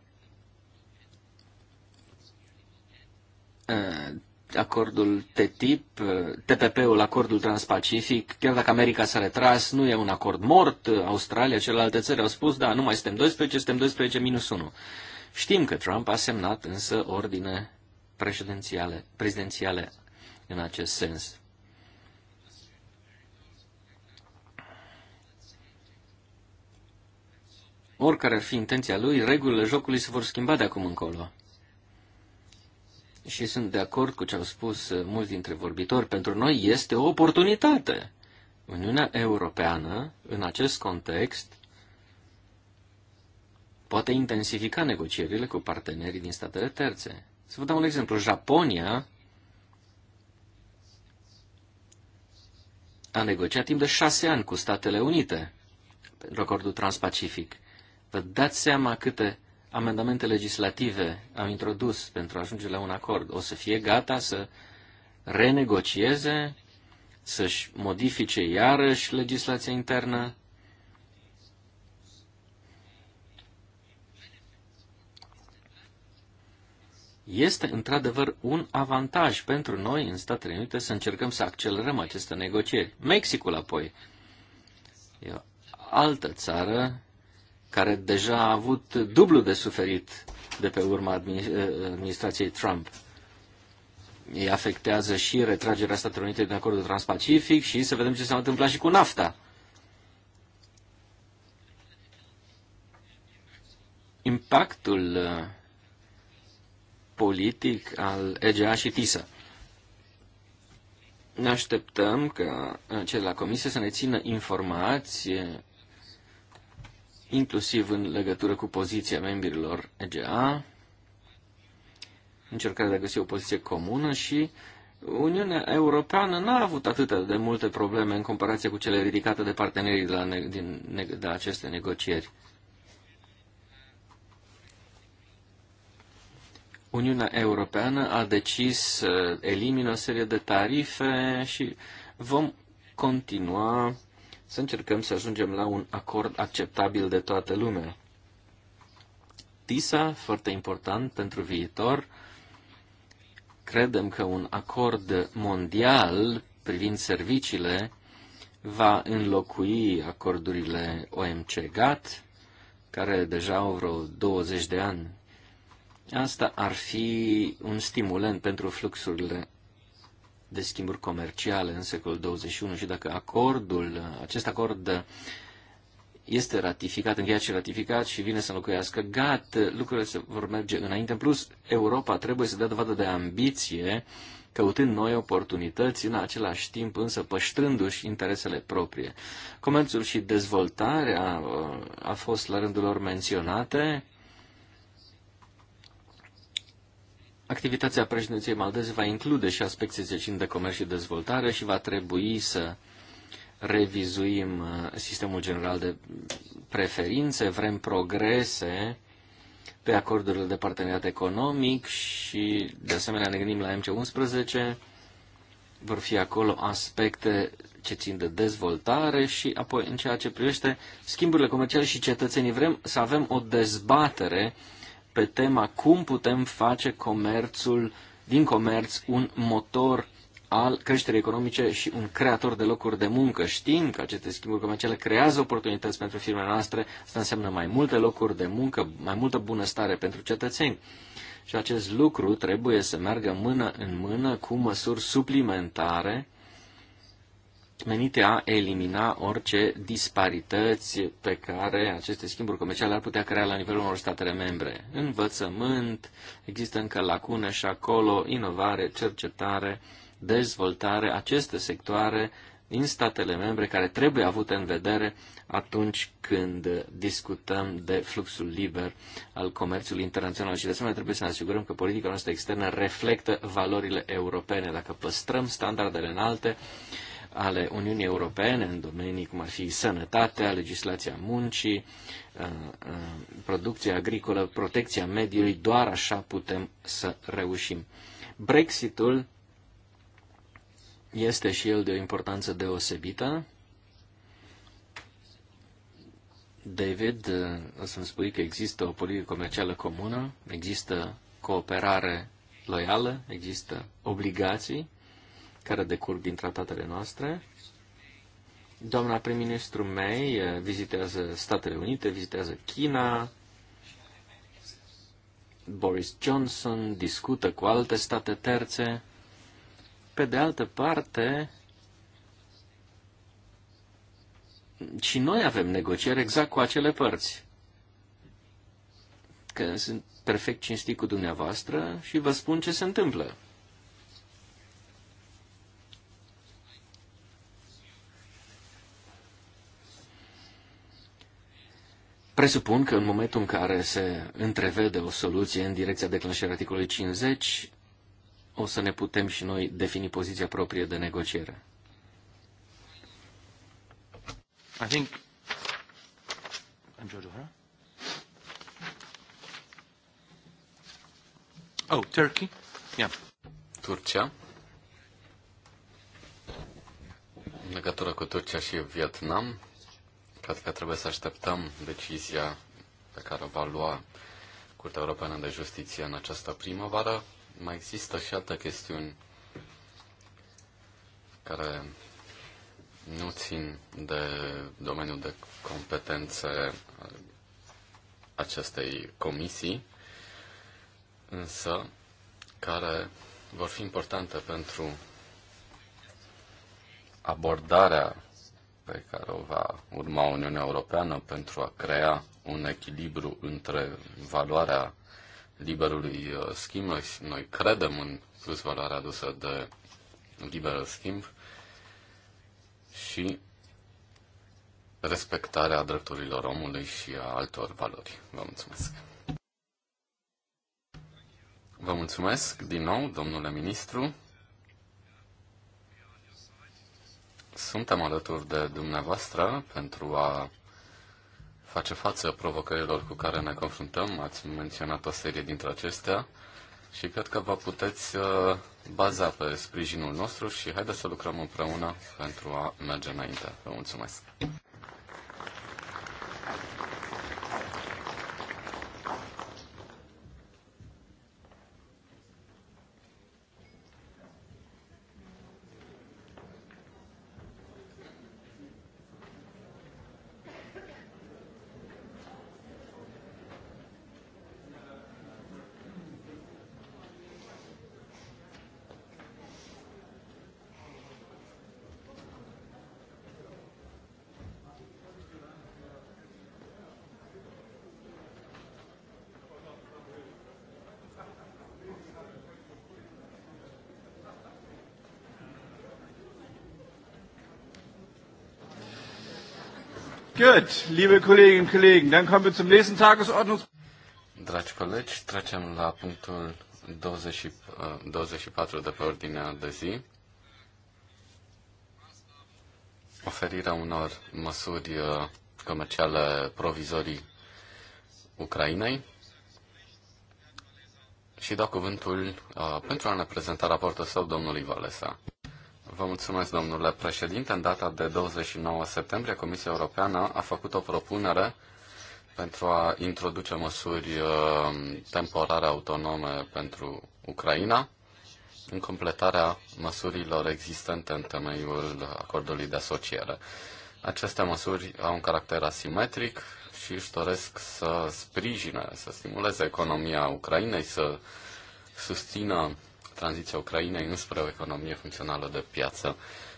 [SPEAKER 4] uh, acordul TTIP, TPP-ul, acordul transpacific, chiar dacă America s-a retras, nu e un acord mort, Australia, celelalte țări au spus, da, nu mai suntem 12, suntem 12 minus 1. Știm că Trump a semnat însă ordine prezidențiale, prezidențiale în acest sens. Oricare ar fi intenția lui, regulile jocului se vor schimba de acum încolo și sunt de acord cu ce au spus uh, mulți dintre vorbitori, pentru noi este o oportunitate. Uniunea Europeană, în acest context, poate intensifica negocierile cu partenerii din statele terțe. Să vă dau un exemplu. Japonia a negociat timp de șase ani cu Statele Unite pentru acordul transpacific. Vă dați seama câte amendamente legislative am introdus pentru a ajunge la un acord? O să fie gata să renegocieze, să-și modifice iarăși legislația internă? Este într-adevăr un avantaj pentru noi în Statele Unite să încercăm să accelerăm aceste negocieri. Mexicul apoi e o altă țară care deja a avut dublu de suferit de pe urma eh, administrației Trump. Ei afectează și retragerea Statelor Unite din acordul transpacific și să vedem ce s-a întâmplat și cu NAFTA. Impactul eh, politic al EGA și TISA. Ne așteptăm ca eh, cei la comisie să ne țină informați inclusiv în legătură cu poziția membrilor EGA, încercarea de a găsi o poziție comună și Uniunea Europeană n-a avut atât de multe probleme în comparație cu cele ridicate de partenerii de la, ne- din, de la aceste negocieri. Uniunea Europeană a decis să elimine o serie de tarife și vom continua să încercăm să ajungem la un acord acceptabil de toată lumea. TISA, foarte important pentru viitor, credem că un acord mondial privind serviciile va înlocui acordurile OMC-GATT, care deja au vreo 20 de ani. Asta ar fi un stimulant pentru fluxurile de schimburi comerciale în secolul 21 și dacă acordul, acest acord este ratificat, încheiat și ratificat și vine să înlocuiască gat lucrurile se vor merge înainte. În plus, Europa trebuie să dea dovadă de ambiție, căutând noi oportunități, în același timp însă păștrându-și interesele proprie. Comerțul și dezvoltarea uh, a fost la rândul lor menționate Activitatea președinției maldeze va include și aspecte ce țin de comerț și dezvoltare și va trebui să revizuim uh, sistemul general de preferințe, vrem progrese pe acordurile de parteneriat economic și, de asemenea, ne gândim la MC11, vor fi acolo aspecte ce țin de dezvoltare și apoi în ceea ce privește schimburile comerciale și cetățenii vrem să avem o dezbatere uh, pe tema cum putem face comerțul, din comerț, un motor al creșterii economice și un creator de locuri de muncă. Știm că aceste schimburi comerciale creează oportunități pentru firmele noastre, asta înseamnă mai multe locuri de muncă, mai multă bunăstare pentru cetățeni. Și acest lucru trebuie să meargă mână în mână cu măsuri suplimentare uh, menite a elimina orice disparități pe care aceste schimburi comerciale ar putea crea la nivelul unor statele membre. Învățământ, există încă lacune și acolo, inovare, cercetare, dezvoltare, aceste sectoare din statele membre care trebuie avute în vedere atunci când discutăm de fluxul liber al comerțului internațional. Și de asemenea trebuie să ne asigurăm că politica noastră externă reflectă valorile europene. Dacă păstrăm standardele înalte, ale Uniunii Europene în domenii cum ar fi sănătatea, legislația muncii, uh, uh, producția agricolă, protecția mediului, doar așa putem să reușim. Brexitul este și el de o importanță deosebită. David, o uh, să-mi spui că există o politică comercială comună, există cooperare loială, există obligații care decurg din tratatele noastre. Doamna prim-ministru May eh, vizitează Statele Unite, vizitează China, Boris Johnson discută cu alte state terțe. Pe de altă parte, și noi avem negocieri exact cu acele părți. Că sunt perfect cinstit cu dumneavoastră și vă spun ce se întâmplă. Presupun că în momentul în care se întrevede o soluție în direcția declanșării articolului 50, o să ne putem și noi defini poziția proprie de negociere.
[SPEAKER 1] I think I'm George O'Hara.
[SPEAKER 2] Oh, Turkey. Yeah. Turcia. În legătură cu Turcia și Vietnam, cred că trebuie să așteptăm decizia pe care o va lua Curtea Europeană de Justiție în această primăvară. Mai există și alte chestiuni care nu țin de domeniul de competențe acestei comisii, însă care vor fi importante pentru abordarea pe care o va urma Uniunea Europeană pentru a crea un echilibru între valoarea liberului uh, schimb. Noi credem în plus valoarea adusă de liberul schimb și respectarea drepturilor omului și a altor valori. Vă mulțumesc! Vă mulțumesc din nou, domnule ministru. Suntem alături de dumneavoastră pentru a face față provocărilor cu care ne confruntăm. Ați menționat o serie dintre acestea și cred că vă puteți uh, baza pe sprijinul nostru și haideți să lucrăm împreună pentru a merge înainte. Vă mulțumesc!
[SPEAKER 1] Gut, liebe Kolleginnen und Kollegen, dann kommen wir zum
[SPEAKER 2] nächsten Tagesordnungspunkt. Dragi colegi, trecem la punctul 20, 24 uh, de pe ordinea de zi. Oferirea unor măsuri uh, comerciale provizorii Ucrainei. Și dau cuvântul uh, pentru a ne prezenta raportul său domnului Valesa. Vă mulțumesc, domnule președinte. În data de 29 septembrie, Comisia Europeană a făcut o propunere pentru a introduce măsuri uh, temporare autonome pentru Ucraina, în completarea măsurilor existente în temeiul acordului de asociere. Aceste măsuri au un caracter asimetric și își doresc să sprijine, să stimuleze economia Ucrainei, să susțină tranziția Ucrainei înspre o economie funcțională de piață.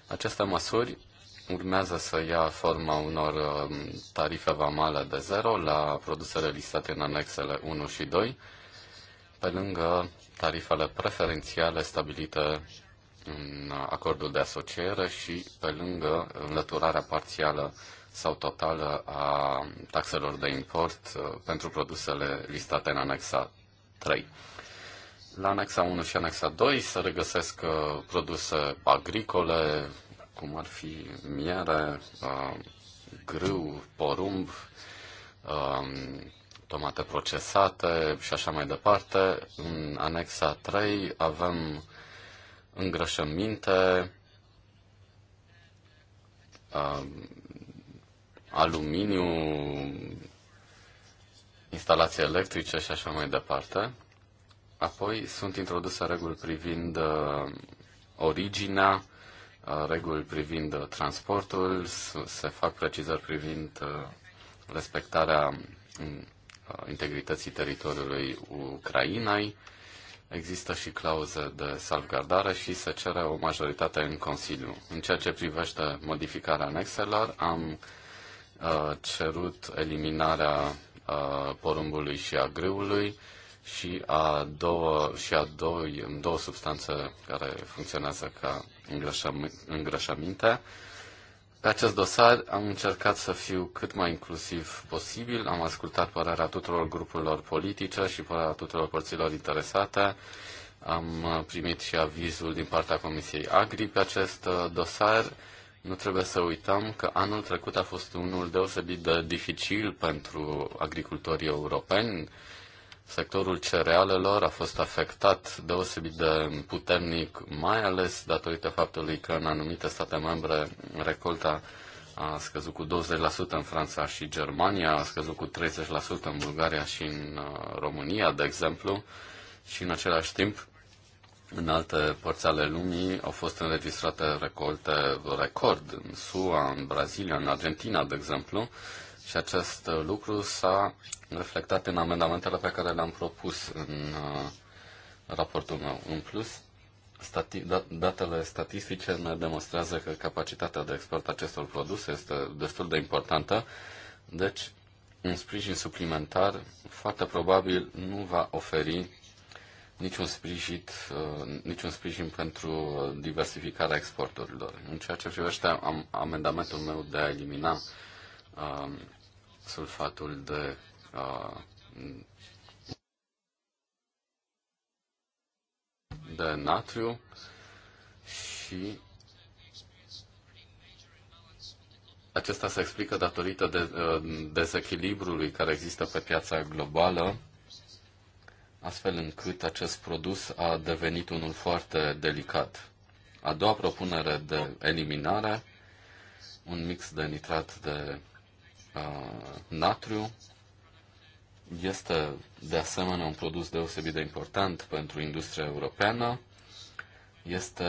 [SPEAKER 2] Aceste măsuri urmează să ia forma unor um, tarife vamale de zero la produsele listate în anexele 1 și 2, pe lângă tarifele preferențiale stabilite în acordul de asociere și pe lângă înlăturarea parțială sau totală a taxelor de import uh, pentru produsele listate în anexa 3. La anexa 1 și anexa 2 se regăsesc uh, produse agricole, cum ar fi miere, uh, grâu, porumb, um, tomate procesate și așa mai departe. În anexa 3 avem îngrășăminte, um, aluminiu, instalații electrice și așa mai departe. Apoi sunt introduse reguli privind uh, originea, uh, reguli privind uh, transportul, se fac precizări privind respectarea mm, integrității teritoriului Ucrainei, există și clauze de salvgardare și se cere o majoritate în Consiliu. În ceea ce privește modificarea anexelor, am cerut eliminarea porumbului și a greului, și a două, și a două, două substanțe care funcționează ca îngrășăminte. Pe acest dosar am încercat să fiu cât mai inclusiv posibil, am ascultat părerea tuturor grupurilor politice și părerea tuturor părților interesate. Am primit și avizul din partea Comisiei Agri pe acest uh, dosar. Nu trebuie să uităm că anul trecut a fost unul deosebit de dificil pentru agricultorii europeni. Sectorul cerealelor a fost afectat deosebit de puternic, mai ales datorită faptului că în anumite state membre recolta a scăzut cu 20% în Franța și Germania, a scăzut cu 30% în Bulgaria și în uh, România, de exemplu, și în același timp, în alte părți ale lumii au fost înregistrate recolte record, în SUA, în Brazilia, în Argentina, de exemplu, și acest uh, lucru s-a reflectat în amendamentele pe care le-am propus în uh, raportul meu. În plus, stati- da, datele statistice ne demonstrează că capacitatea de export acestor produse este destul de importantă, deci un sprijin suplimentar foarte probabil nu va oferi niciun sprijin, uh, niciun sprijin pentru diversificarea exporturilor. În ceea ce privește am, amendamentul meu de a elimina um, sulfatul de de natriu și acesta se explică datorită de, de, dezechilibrului care există pe piața globală, astfel încât acest produs a devenit unul foarte delicat. A doua propunere de eliminare, un mix de nitrat de natriu este de asemenea un produs deosebit de important pentru industria europeană. Este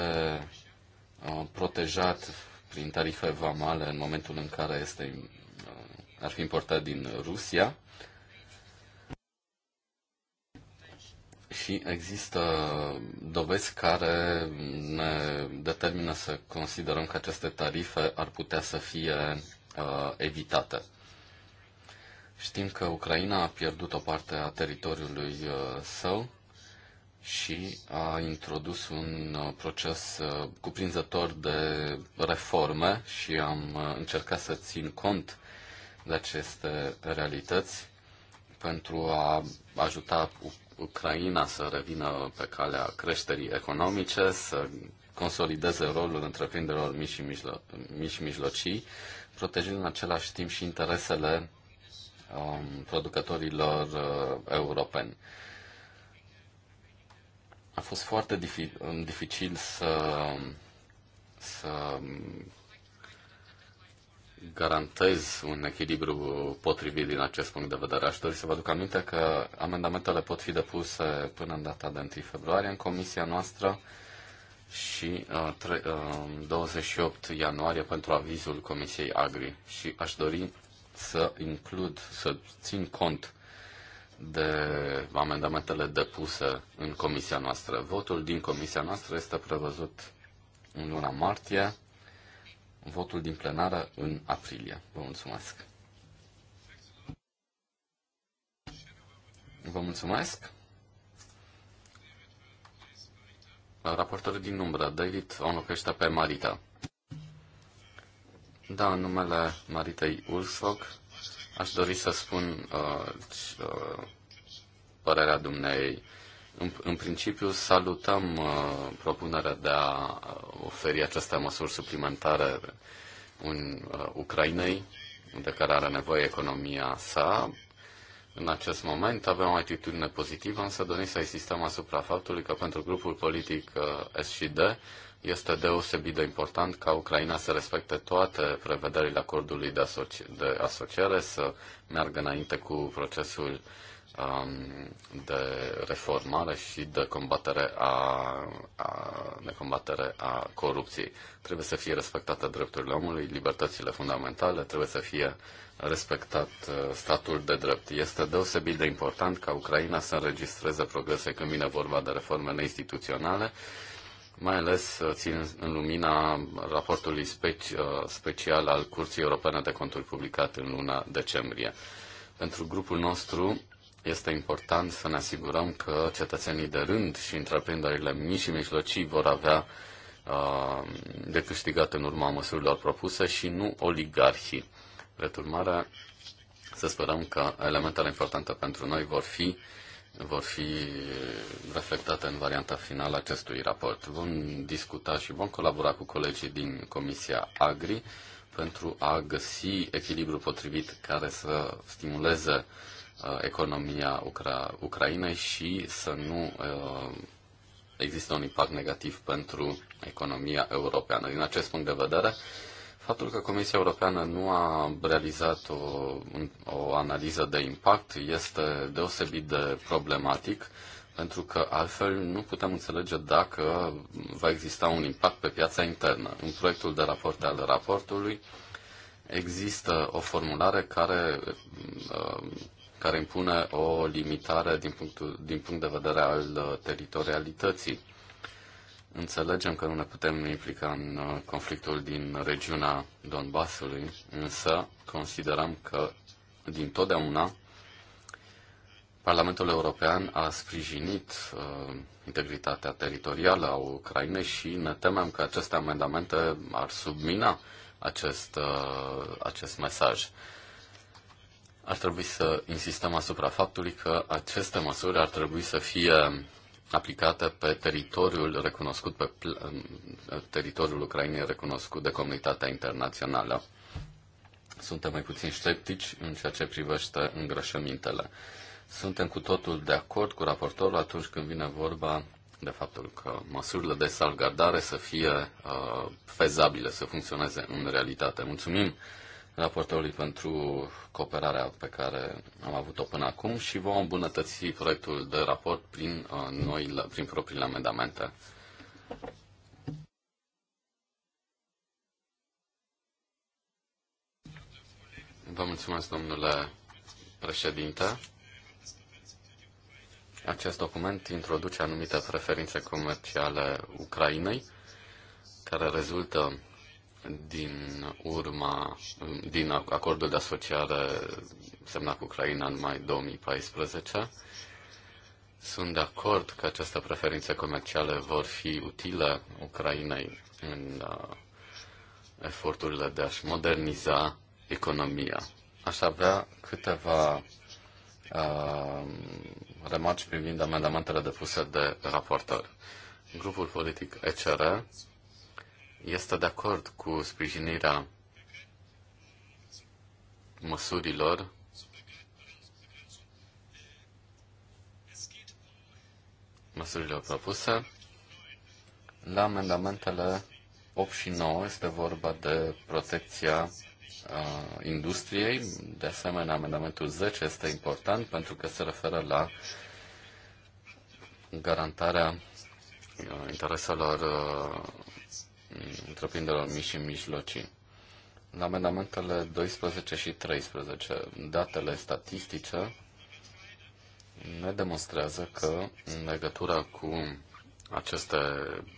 [SPEAKER 2] protejat prin tarife vamale în momentul în care este, ar fi importat din Rusia. Și există dovezi care ne determină să considerăm că aceste tarife ar putea să fie uh, evitate. Știm că Ucraina a pierdut o parte a teritoriului uh, său și a introdus un uh, proces uh, cuprinzător de reforme și am încercat să țin cont de aceste realități pentru a ajuta Ucraina să revină pe calea creșterii economice, să consolideze rolul întreprinderilor mici și, și mijlocii, protejând în același timp și interesele Um, producătorilor uh, europeni. A fost foarte um, dificil să, să garantez un echilibru potrivit din acest punct de vedere. Aș dori să vă aduc aminte că amendamentele pot fi depuse până în data de 1 februarie în comisia noastră și uh, tre- uh, 28 ianuarie pentru avizul Comisiei Agri. Și aș dori să includ, să țin cont de amendamentele depuse în comisia noastră. Votul din comisia noastră este prevăzut în luna martie, votul din plenară în aprilie. Vă mulțumesc! Vă mulțumesc! Raportorul din umbră, David, o pe Marita. Da, în numele Maritei Ulsoc aș dori să spun uh, uh, părerea dumneei. În, în principiu, salutăm uh, propunerea de a uh, oferi aceste măsuri suplimentare în uh, Ucrainei, de care are nevoie economia sa. În acest moment avem o atitudine pozitivă, însă dorim să insistăm asupra faptului că pentru grupul politic uh, S este deosebit de important ca Ucraina să respecte toate prevederile acordului de, asoci- de asociere, să meargă înainte cu procesul um, de reformare și de combatere a, a, de combatere a corupției. Trebuie să fie respectate drepturile omului, libertățile fundamentale, trebuie să fie respectat uh, statul de drept. Este deosebit de important ca Ucraina să înregistreze progrese când vine vorba de reformele instituționale mai ales uh, țin în lumina raportului uh, special al Curții Europene de Conturi publicat în luna decembrie. Pentru grupul nostru este important să ne asigurăm că cetățenii de rând și întreprinderile mici și mijlocii vor avea uh, de câștigat în urma măsurilor propuse și nu oligarhii. Returmarea, să sperăm că elementele importante pentru noi vor fi uh, vor fi reflectate în varianta finală acestui raport. Vom discuta și vom colabora cu colegii din Comisia Agri pentru a găsi echilibrul potrivit care să stimuleze uh, economia Ucra- Ucrainei și să nu uh, există un impact negativ pentru economia europeană. Din acest punct de vedere, Faptul că Comisia Europeană nu a realizat o, o analiză de impact este deosebit de problematic, pentru că altfel nu putem înțelege dacă va exista un impact pe piața internă. În proiectul de raport al raportului există o formulare care, um, care impune o limitare din, punctul, din punct de vedere al teritorialității Înțelegem că nu ne putem implica în uh, conflictul din regiunea Donbasului, însă considerăm că din totdeauna Parlamentul European a sprijinit uh, integritatea teritorială a Ucrainei și ne temem că aceste amendamente ar submina acest, uh, acest mesaj. Ar trebui să insistăm asupra faptului că aceste măsuri ar trebui să fie aplicată pe teritoriul recunoscut pe teritoriul Ucrainei recunoscut de comunitatea internațională. Suntem mai puțin sceptici în ceea ce privește îngrășămintele. Suntem cu totul de acord cu raportorul atunci când vine vorba de faptul că măsurile de salvgardare să fie uh, fezabile, să funcționeze în realitate. Mulțumim raportorului pentru cooperarea pe care am avut-o până acum și vom îmbunătăți proiectul de raport prin, uh, noi, prin propriile amendamente. Vă mulțumesc, domnule președinte. Acest document introduce anumite preferințe comerciale Ucrainei, care rezultă din urma, din acordul de asociare semnat cu Ucraina în mai 2014. Sunt de acord că aceste preferințe comerciale vor fi utile Ucrainei în uh, eforturile de a-și moderniza economia. Aș avea câteva uh, remarci privind amendamentele depuse de raportor. Grupul politic ECR este de acord cu sprijinirea măsurilor măsurilor propuse. La amendamentele 8 și 9 este vorba de protecția uh, industriei. De asemenea, amendamentul 10 este important pentru că se referă la garantarea uh, intereselor uh, întreprinderilor mici și mijlocii. În amendamentele 12 și 13, datele statistice ne demonstrează că în legătură cu aceste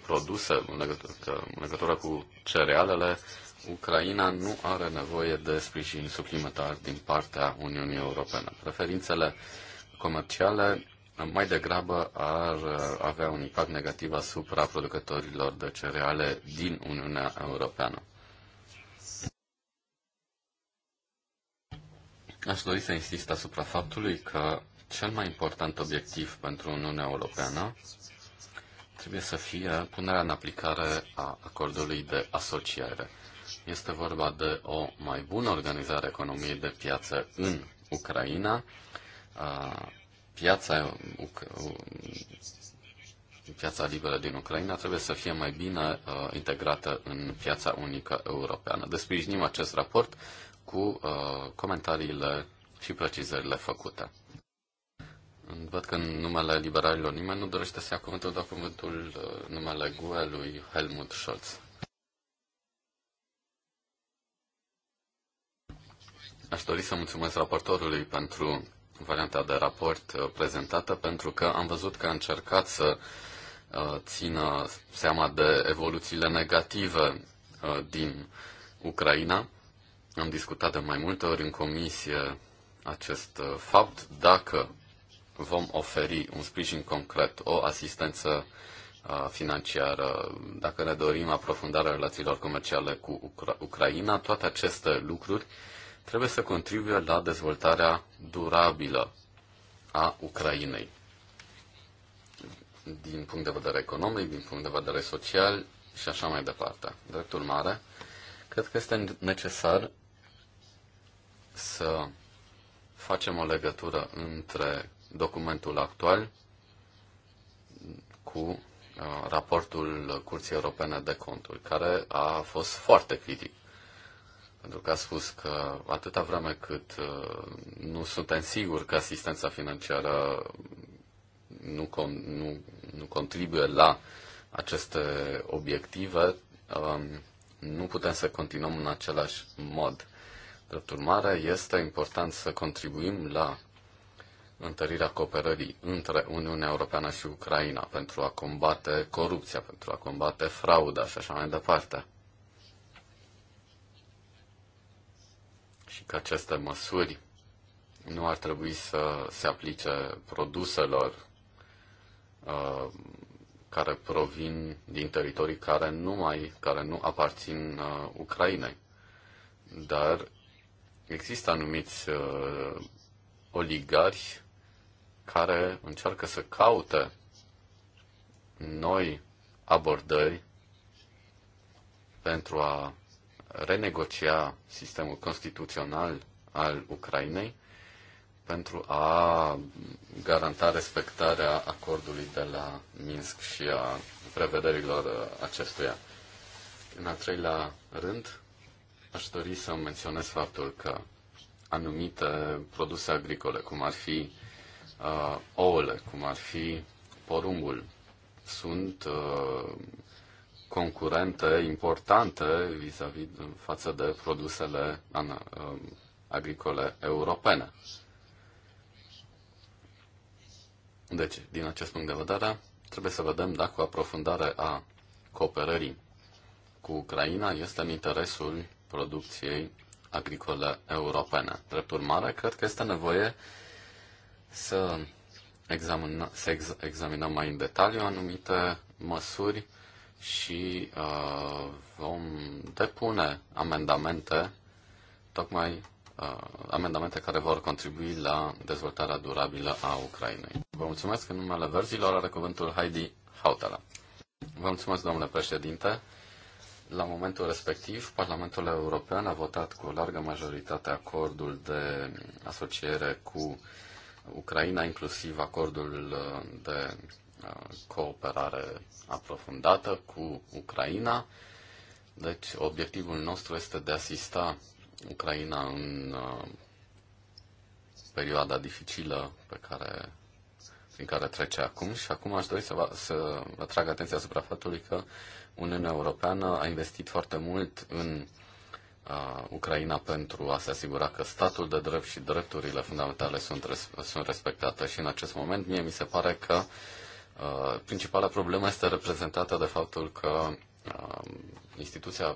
[SPEAKER 2] produse, în legătură, în legătură cu cerealele, Ucraina nu are nevoie de sprijin suplimentar din partea Uniunii Europene. Preferințele comerciale mai degrabă ar avea un impact negativ asupra producătorilor de cereale din Uniunea Europeană. Aș dori să insist asupra faptului că cel mai important obiectiv pentru Uniunea Europeană trebuie să fie punerea în aplicare a acordului de asociere. Este vorba de o mai bună organizare a economiei de piață în Ucraina, piața, piața liberă din Ucraina trebuie să fie mai bine uh, integrată în piața unică europeană. Desprijinim acest raport cu uh, comentariile și precizările făcute. Văd că în numele liberalilor nimeni nu dorește să ia cuvântul, dar cuvântul uh, numele GUE lui Helmut Scholz. Aș dori să mulțumesc raportorului pentru varianta de raport uh, prezentată, pentru că am văzut că a încercat să uh, țină seama de evoluțiile negative uh, din Ucraina. Am discutat de mai multe ori în comisie acest fapt. Dacă vom oferi un sprijin concret, o asistență financiară, dacă ne dorim aprofundarea relațiilor comerciale cu Ucra- Ucraina, toate aceste lucruri trebuie să contribuie la dezvoltarea durabilă a Ucrainei. Din punct de vedere economic, din punct de vedere social și așa mai departe. Dreptul mare, cred că este necesar să facem o legătură între documentul actual cu uh, raportul Curții Europene de Conturi, care a fost foarte critic pentru că a spus că atâta vreme cât uh, nu suntem siguri că asistența financiară nu, con- nu, nu contribuie la aceste obiective, um, nu putem să continuăm în același mod. Drept urmare, este important să contribuim la întărirea cooperării între Uniunea Europeană și Ucraina pentru a combate corupția, pentru a combate frauda și așa mai departe. și că aceste măsuri nu ar trebui să se aplice produselor uh, care provin din teritorii care nu, mai, care nu aparțin uh, Ucrainei. Dar există anumiți uh, oligari care încearcă să caute noi abordări pentru a renegocia sistemul constituțional al Ucrainei pentru a garanta respectarea acordului de la Minsk și a prevederilor uh, acestuia. În al treilea rând, aș dori să menționez faptul că anumite produse agricole, cum ar fi uh, ouăle, cum ar fi porumbul, sunt uh, concurentă importantă vis-a-vis -vis, față de produsele um, agricole europene. Deci, din acest punct de vedere, trebuie să vedem dacă o aprofundare a cooperării cu Ucraina este în interesul producției agricole europene. Drept urmare, cred că este nevoie să, examina, să ex, examinăm mai în detaliu anumite măsuri și uh, vom depune amendamente, tocmai uh, amendamente care vor contribui la dezvoltarea durabilă a Ucrainei. Vă mulțumesc în numele verzilor, are cuvântul Heidi Hautala. Vă mulțumesc, domnule președinte. La momentul respectiv, Parlamentul European a votat cu o largă majoritate acordul de asociere cu Ucraina, inclusiv acordul uh, de cooperare aprofundată cu Ucraina. Deci, obiectivul nostru este de a asista Ucraina în perioada dificilă pe care, prin care trece acum și acum aș dori să vă, să vă trag atenția asupra faptului că Uniunea Europeană a investit foarte mult în uh, Ucraina pentru a se asigura că statul de drept și drepturile fundamentale sunt, res- sunt respectate și în acest moment mie mi se pare că uh, Uh, principala problemă este reprezentată de faptul că um, instituția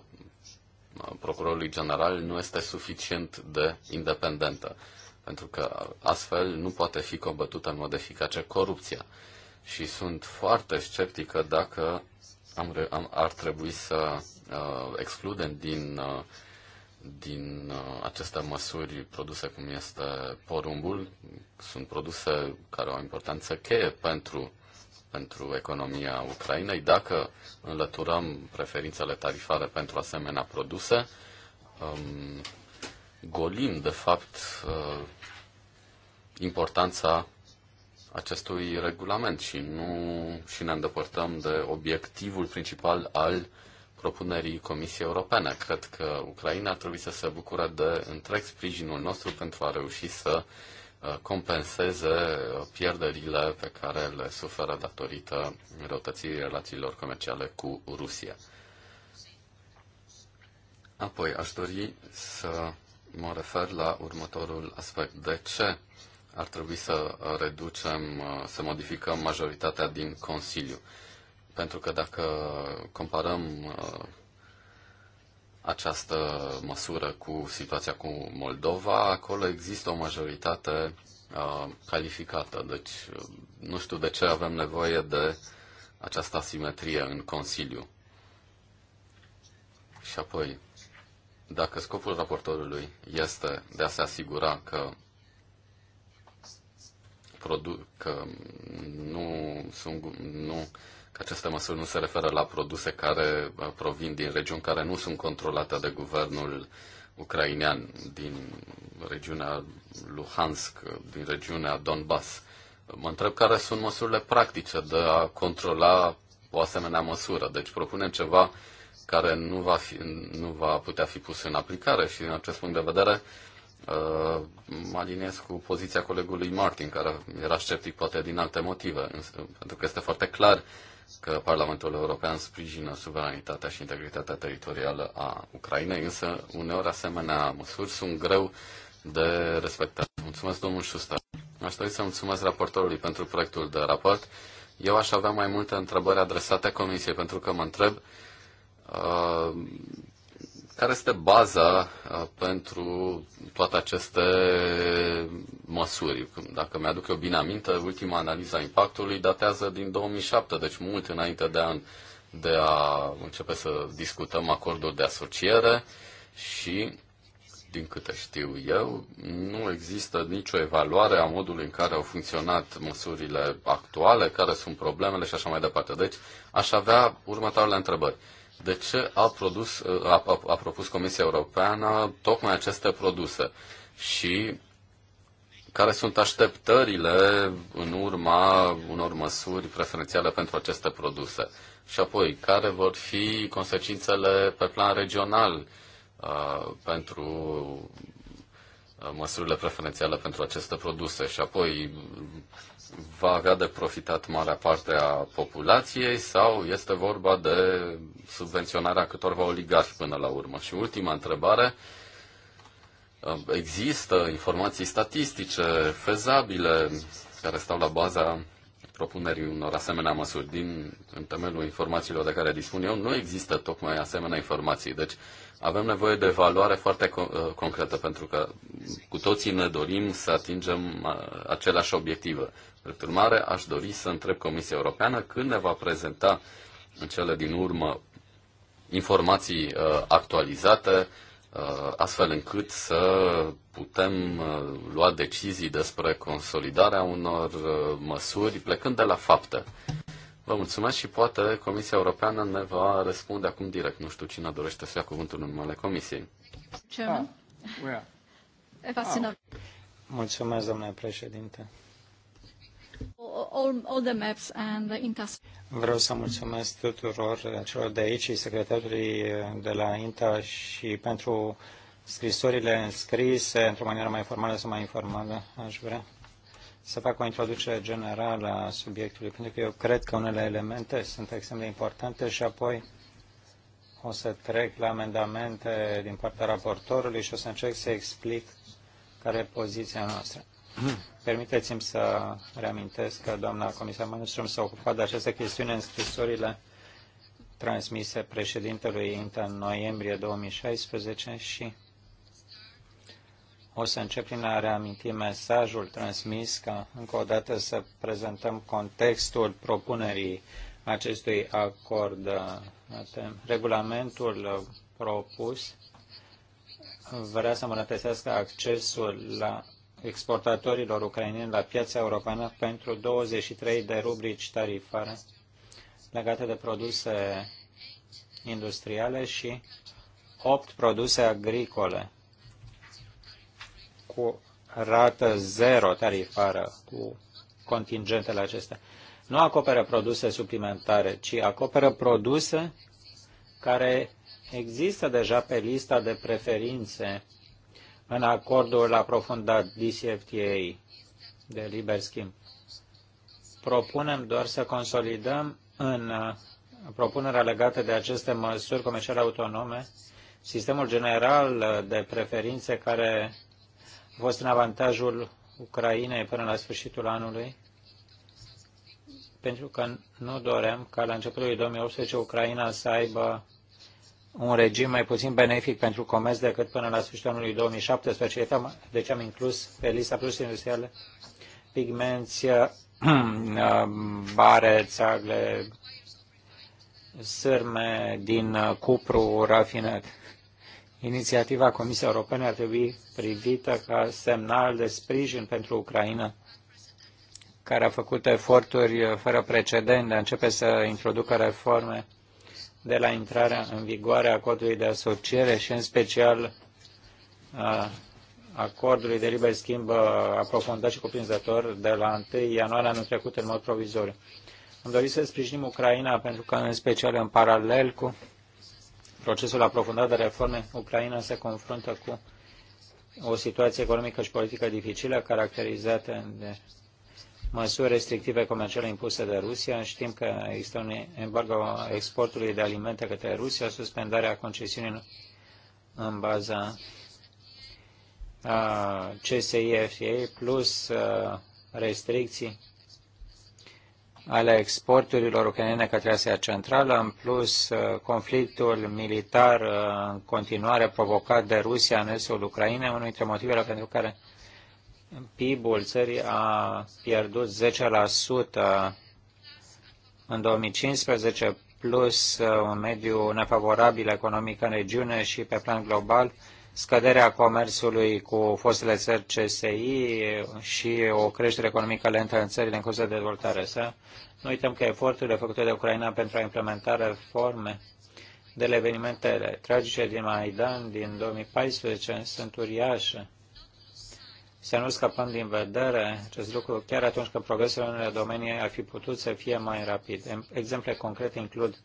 [SPEAKER 2] uh, procurorului general nu este suficient de independentă, pentru că astfel nu poate fi combătută în mod eficace corupția. Și sunt foarte sceptică dacă am, am, ar trebui să uh, excludem din, uh, din uh, aceste măsuri produse cum este porumbul. Sunt produse care au importanță cheie pentru pentru economia Ucrainei. Dacă înlăturăm preferințele tarifare pentru asemenea produse, um, golim, de fapt, uh, importanța acestui regulament și nu și ne îndepărtăm de obiectivul principal al propunerii Comisiei Europene. Cred că Ucraina ar trebui să se bucure de întreg sprijinul nostru pentru a reuși să uh, Uh, compenseze uh, pierderile pe care le suferă datorită răutățirii relațiilor comerciale cu Rusia. Apoi, aș dori să mă refer la următorul aspect. De ce ar trebui să reducem, uh, să modificăm majoritatea din Consiliu? Pentru că dacă comparăm această măsură cu situația cu Moldova, acolo există o majoritate uh, calificată. Deci uh, nu știu de ce avem nevoie de această asimetrie în Consiliu. Și apoi, dacă scopul raportorului este de a se asigura că, produ- că nu, sunt, nu aceste măsuri nu se referă la produse care uh, provin din regiuni care nu sunt controlate de guvernul ucrainean, din regiunea Luhansk, din regiunea Donbass. Mă întreb care sunt măsurile practice de a controla o asemenea măsură. Deci propunem ceva care nu va, fi, nu va putea fi pus în aplicare și din acest punct de vedere uh, mă aliniez cu poziția colegului Martin, care era sceptic poate din alte motive, pentru că este foarte clar că Parlamentul European sprijină suveranitatea și integritatea teritorială a Ucrainei, însă uneori asemenea măsuri sunt greu de respectat. Mulțumesc, domnul Șusta. Aș dori să mulțumesc raportorului pentru proiectul de raport. Eu aș avea mai multe întrebări adresate Comisiei, pentru că mă întreb uh, care este baza uh, pentru toate aceste măsuri? Dacă mi-aduc eu bine aminte, ultima analiză a impactului datează din 2007, deci mult înainte de a, de a începe să discutăm acordul de asociere și, din câte știu eu, nu există nicio evaluare a modului în care au funcționat măsurile actuale, care sunt problemele și așa mai departe. Deci aș avea următoarele întrebări de ce a, produs, a, a, a propus Comisia Europeană tocmai aceste produse și care sunt așteptările în urma unor măsuri preferențiale pentru aceste produse. Și apoi, care vor fi consecințele pe plan regional uh, pentru uh, măsurile preferențiale pentru aceste produse. Și apoi, va avea de profitat marea parte a populației sau este vorba de subvenționarea câtorva oligarhi până la urmă? Și ultima întrebare, um, există informații statistice fezabile care stau la baza propunerii unor asemenea măsuri. Din, în temelul informațiilor de care dispun eu, nu există tocmai asemenea informații. Deci, avem nevoie de evaluare foarte uh, concretă, pentru că cu toții ne dorim să atingem uh, aceleași obiective. Drept urmare, aș dori să întreb Comisia Europeană când ne va prezenta în cele din urmă informații uh, actualizate, astfel încât să putem lua decizii despre consolidarea unor măsuri plecând de la fapte. Vă mulțumesc și poate Comisia Europeană ne va răspunde acum direct. Nu știu cine dorește să ia cuvântul în numele Comisiei.
[SPEAKER 1] Chairman? Ah, ah.
[SPEAKER 3] Mulțumesc, domnule președinte. Vreau să mulțumesc tuturor celor de aici secretarii secretarului de la INTA și pentru scrisorile înscrise într-o manieră mai formală sau mai informală, aș vrea să fac o introducere generală a subiectului, pentru că eu cred că unele elemente sunt extrem de importante și apoi o să trec la amendamente din partea raportorului și o să încerc să explic care e poziția noastră. Permiteți-mi să reamintesc că doamna comisar Manustrum s-a ocupat de această chestiune în scrisorile transmise președintelui INTA în noiembrie 2016 și o să încep prin a reaminti mesajul transmis ca încă o dată să prezentăm contextul propunerii acestui acord. Regulamentul propus vrea să îmbunătățească accesul la exportatorilor ucraineni la piața europeană pentru 23 de rubrici tarifare legate de produse industriale și 8 produse agricole cu rată zero tarifară cu contingentele acestea. Nu acoperă produse suplimentare, ci acoperă produse care există deja pe lista de preferințe în acordul aprofundat DCFTA de liber schimb. Propunem doar să consolidăm în uh, propunerea legată de aceste măsuri comerciale autonome sistemul general de preferințe care fost în avantajul Ucrainei până la sfârșitul anului, pentru că nu dorem ca la începutul lui 2018 Ucraina să aibă un regim mai puțin benefic pentru comerț decât până la sfârșitul anului 2017. Deci, deci am inclus pe lista plus industriale pigmenți, uh, bare, țagle, sârme din uh, cupru rafinat. Inițiativa Comisiei Europene ar trebui privită ca semnal de sprijin pentru Ucraina, care a făcut eforturi fără precedent de a începe să introducă reforme de la intrarea în vigoare a codului de asociere și în special a acordului de liber schimb aprofundat și cuprinzător de la 1 ianuarie anul trecut în mod provizoriu. Am dorit să sprijinim Ucraina pentru că, în special în paralel cu procesul aprofundat de reforme, Ucraina se confruntă cu o situație economică și politică dificilă, caracterizată de măsuri restrictive comerciale impuse de Rusia. Știm că există un embargo exportului de alimente către Rusia, suspendarea concesiunii în baza CSIFA plus uh, restricții ale exporturilor ucrainene către Asia Centrală, în plus uh, conflictul militar uh, în continuare provocat de Rusia în estul Ucrainei, unul dintre motivele pentru care PIB-ul țării a pierdut 10% în 2015, plus uh, un mediu nefavorabil economic în regiune și pe plan global, scăderea comerțului cu fostele țări CSI și o creștere economică lentă în țările în curs de dezvoltare. Să nu uităm că eforturile făcute de Ucraina pentru a implementa reforme de la evenimentele tragice din Maidan din 2014 sunt uriașe. Să nu scăpăm din vedere acest lucru chiar atunci când progresul în unele domenii ar fi putut să fie mai rapid. Exemple concrete includ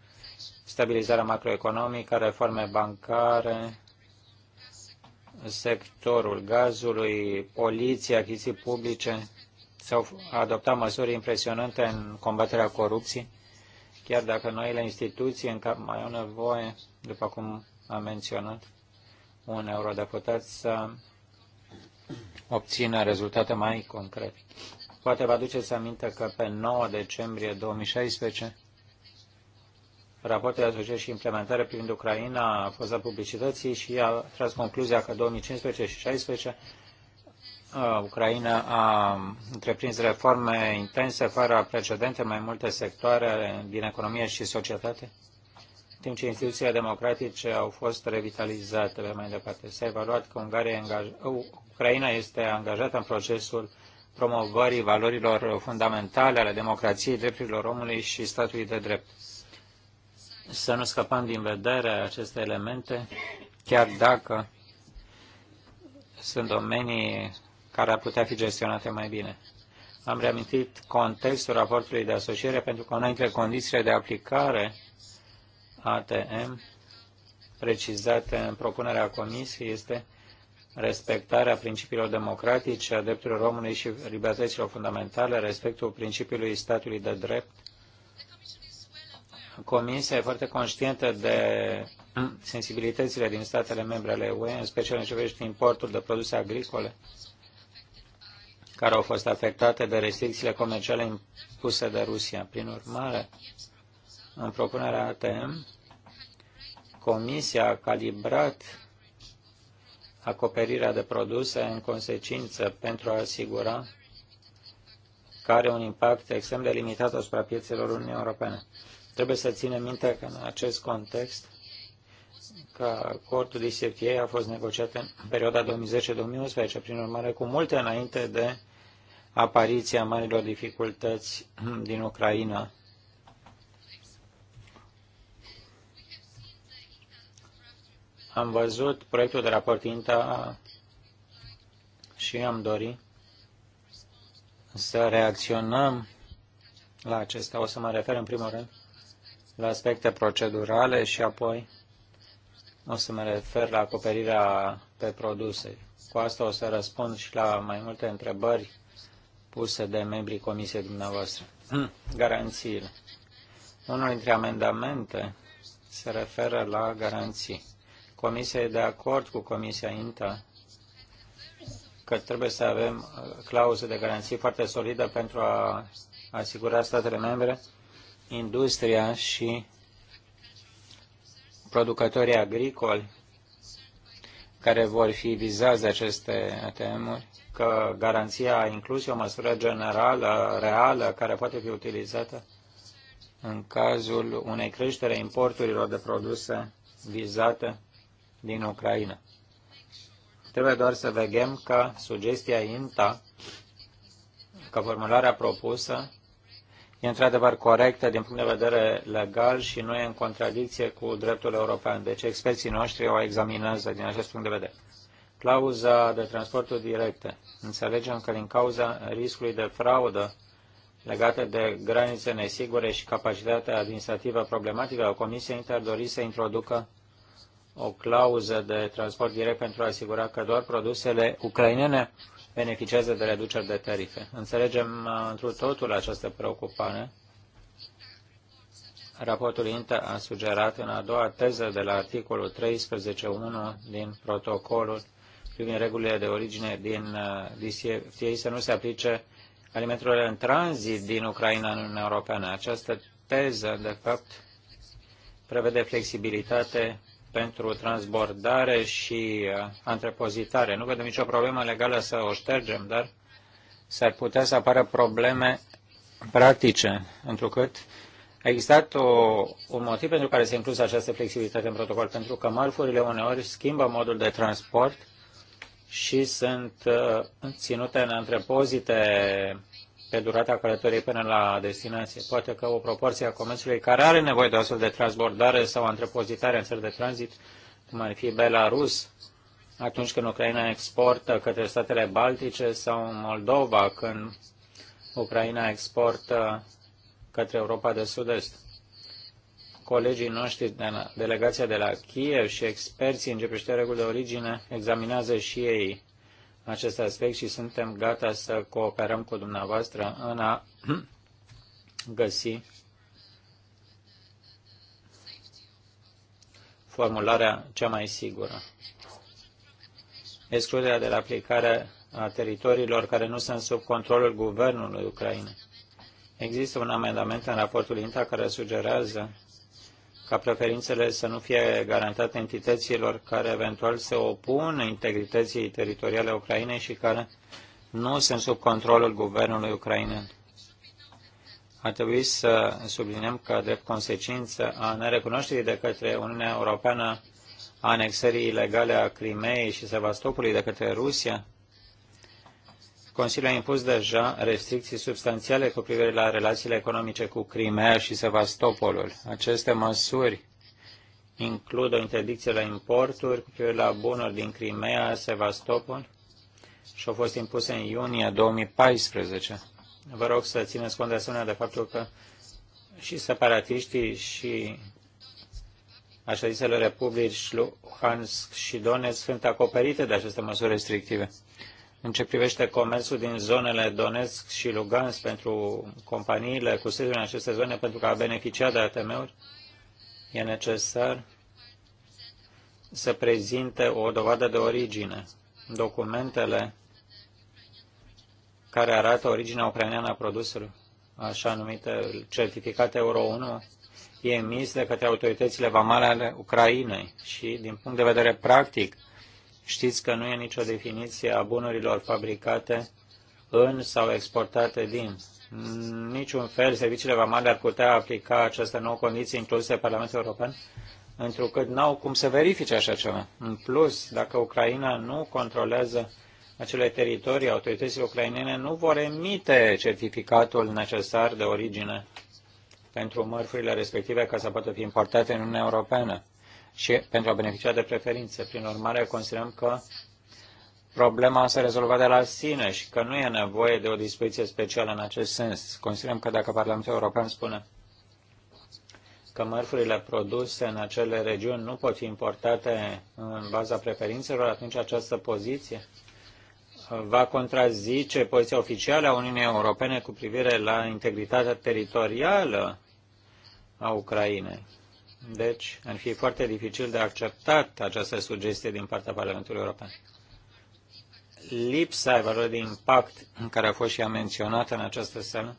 [SPEAKER 3] stabilizarea macroeconomică, reforme bancare, sectorul gazului, poliția, achiziții publice, s-au adoptat măsuri impresionante în combaterea corupției, chiar dacă noile instituții încă mai au nevoie, după cum am menționat, un eurodeputat să obțină rezultate mai concrete. Poate vă aduceți aminte că pe 9 decembrie 2016 rapoarte de asociere și implementare privind Ucraina a fost la publicității și a tras concluzia că 2015 și 2016 uh, Ucraina a întreprins reforme intense, fără precedente, în mai multe sectoare din economie și societate, în timp ce instituțiile democratice au fost revitalizate pe mai departe. S-a evaluat că Ungaria angaj... Uh, Ucraina este angajată în procesul promovării valorilor fundamentale ale democrației, drepturilor omului și statului de drept să nu scăpăm din vedere aceste elemente, chiar dacă sunt domenii care ar putea fi gestionate mai bine. Am reamintit contextul raportului de asociere pentru că una dintre condițiile de aplicare ATM precizate în propunerea comisiei este respectarea principiilor democratice, a drepturilor omului și libertăților fundamentale, respectul principiului statului de drept, Comisia e foarte conștientă de sensibilitățile din statele membre ale UE, în special în ce privește importul de produse agricole, care au fost afectate de restricțiile comerciale impuse de Rusia. Prin urmare, în propunerea ATM, Comisia a calibrat acoperirea de produse în consecință pentru a asigura că are un impact extrem de limitat asupra piețelor Uniunii Europene. Trebuie să ținem minte că în acest context că acordul DCFTA a fost negociat în perioada 2010-2011, prin urmare cu multe înainte de apariția marilor dificultăți din Ucraina. Am văzut proiectul de raport INTA și am dorit să reacționăm la acesta. O să mă refer în primul rând la aspecte procedurale și apoi o să mă refer la acoperirea pe produse. Cu asta o să răspund și la mai multe întrebări puse de membrii comisiei dumneavoastră. Garanțiile. Unul dintre amendamente se referă la garanții. Comisia e de acord cu Comisia INTA că trebuie să avem clauze de garanții foarte solidă pentru a asigura statele membre industria și producătorii agricoli care vor fi vizați de aceste temuri, că garanția inclusiv o măsură generală, reală, care poate fi utilizată în cazul unei creștere a importurilor de produse vizate din Ucraina. Trebuie doar să vegem că sugestia INTA, că formularea propusă, e într-adevăr corectă din punct de vedere legal și nu e în contradicție cu dreptul european. Deci experții noștri o examinează din acest punct de vedere. Clauza de transporturi directe. Înțelegem că din cauza riscului de fraudă legate de granițe nesigure și capacitatea administrativă problematică, Comisia Inter dori să introducă o clauză de transport direct pentru a asigura că doar produsele ucrainene beneficiază de reduceri de tarife. Înțelegem uh, întru totul această preocupare. Raportul INTA a sugerat în a doua teză de la articolul 13.1 din protocolul privind regulile de origine din uh, DCFTA să nu se aplice alimentelor în tranzit din Ucraina în Uniunea Europeană. Această teză, de fapt, prevede flexibilitate pentru transbordare și uh, antrepozitare. Nu vedem nicio problemă legală să o ștergem, dar s-ar putea să apară probleme practice, întrucât a existat o, un motiv pentru care s-a inclus această flexibilitate în protocol, pentru că marfurile uneori schimbă modul de transport și sunt uh, ținute în antrepozite pe durata călătoriei până la destinație. Poate că o proporție a comerțului care are nevoie de astfel de transbordare sau antrepozitare în țări de tranzit, cum ar fi Belarus, atunci când Ucraina exportă către statele Baltice sau Moldova, când Ucraina exportă către Europa de Sud-Est. Colegii noștri de la delegația de la Kiev și experții în ce privește reguli de origine examinează și ei acest aspect și suntem gata să cooperăm cu dumneavoastră în a găsi formularea cea mai sigură. Excluderea de la aplicare a teritoriilor care nu sunt sub controlul guvernului Ucrainei. Există un amendament în raportul INTA care sugerează ca preferințele să nu fie garantate entităților care eventual se opun integrității teritoriale a Ucrainei și care nu sunt sub controlul guvernului ucrainean. Ar trebui să subliniem că, drept consecință a nerecunoașterii de către Uniunea Europeană a anexării ilegale a Crimeei și Sevastopolului de către Rusia, Consiliul a impus deja restricții substanțiale cu privire la relațiile economice cu Crimea și Sevastopolul. Aceste măsuri includ o interdicție la importuri cu privire la bunuri din Crimea, Sevastopol și au fost impuse în iunie 2014. Vă rog să țineți cont de asemenea de faptul că și separatiștii și așa zisele republici Luhansk și Donetsk sunt acoperite de aceste măsuri restrictive. În ce privește comerțul din zonele Donetsk și Lugansk pentru companiile cu sediu în aceste zone pentru că a beneficia de ATM-uri, e necesar să prezinte o dovadă de origine. Documentele care arată originea ucraineană a produselor, așa numite certificate Euro 1, e emis de către autoritățile vamale ale Ucrainei și, din punct de vedere practic, Știți că nu e nicio definiție a bunurilor fabricate în sau exportate din. niciun fel, serviciile vamale ar putea aplica această nouă condiție incluse de Parlamentul European, întrucât n-au cum să verifice așa ceva. În plus, dacă Ucraina nu controlează acele teritorii, autoritățile ucrainene nu vor emite certificatul necesar de origine pentru mărfurile respective ca să poată fi importate în Uniunea Europeană și pentru a beneficia de preferințe. Prin urmare, considerăm că problema se rezolva de la sine și că nu e nevoie de o dispoziție specială în acest sens. Considerăm că dacă Parlamentul European spune că mărfurile produse în acele regiuni nu pot fi importate în baza preferințelor, atunci această poziție va contrazice poziția oficială a Uniunii Europene cu privire la integritatea teritorială a Ucrainei. Deci, ar fi foarte dificil de acceptat această sugestie din partea Parlamentului European. Lipsa evaluării de impact, în care a fost și ea menționată în această seară,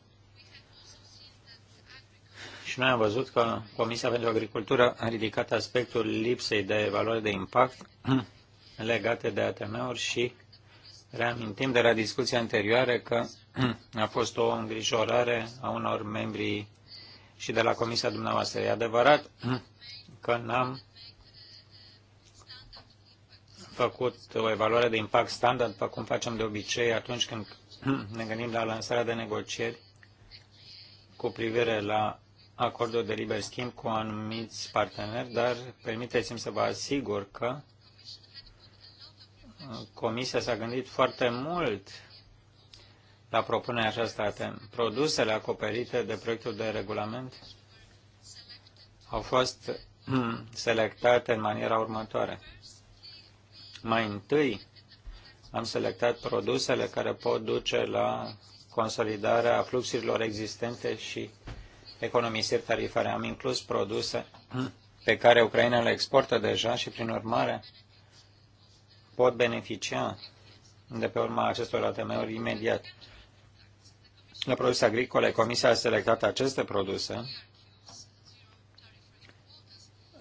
[SPEAKER 3] și noi am văzut că Comisia pentru Agricultură a ridicat aspectul lipsei de evaluare de impact legate de ATM-uri și reamintim de la discuția anterioară că a fost o îngrijorare a unor membri și de la comisia dumneavoastră. E adevărat că n-am făcut o evaluare de impact standard, pe cum facem de obicei atunci când ne gândim la lansarea de negocieri cu privire la acordul de liber schimb cu anumiți parteneri, dar permiteți-mi să vă asigur că Comisia s-a gândit foarte mult la propunerea aceasta. Produsele acoperite de proiectul de regulament au fost selectate în maniera următoare. Mai întâi am selectat produsele care pot duce la consolidarea fluxurilor existente și economisiri tarifare. Am inclus produse pe care Ucraina le exportă deja și, prin urmare, pot beneficia de pe urma acestor ATM-uri imediat la produse agricole, Comisia a selectat aceste produse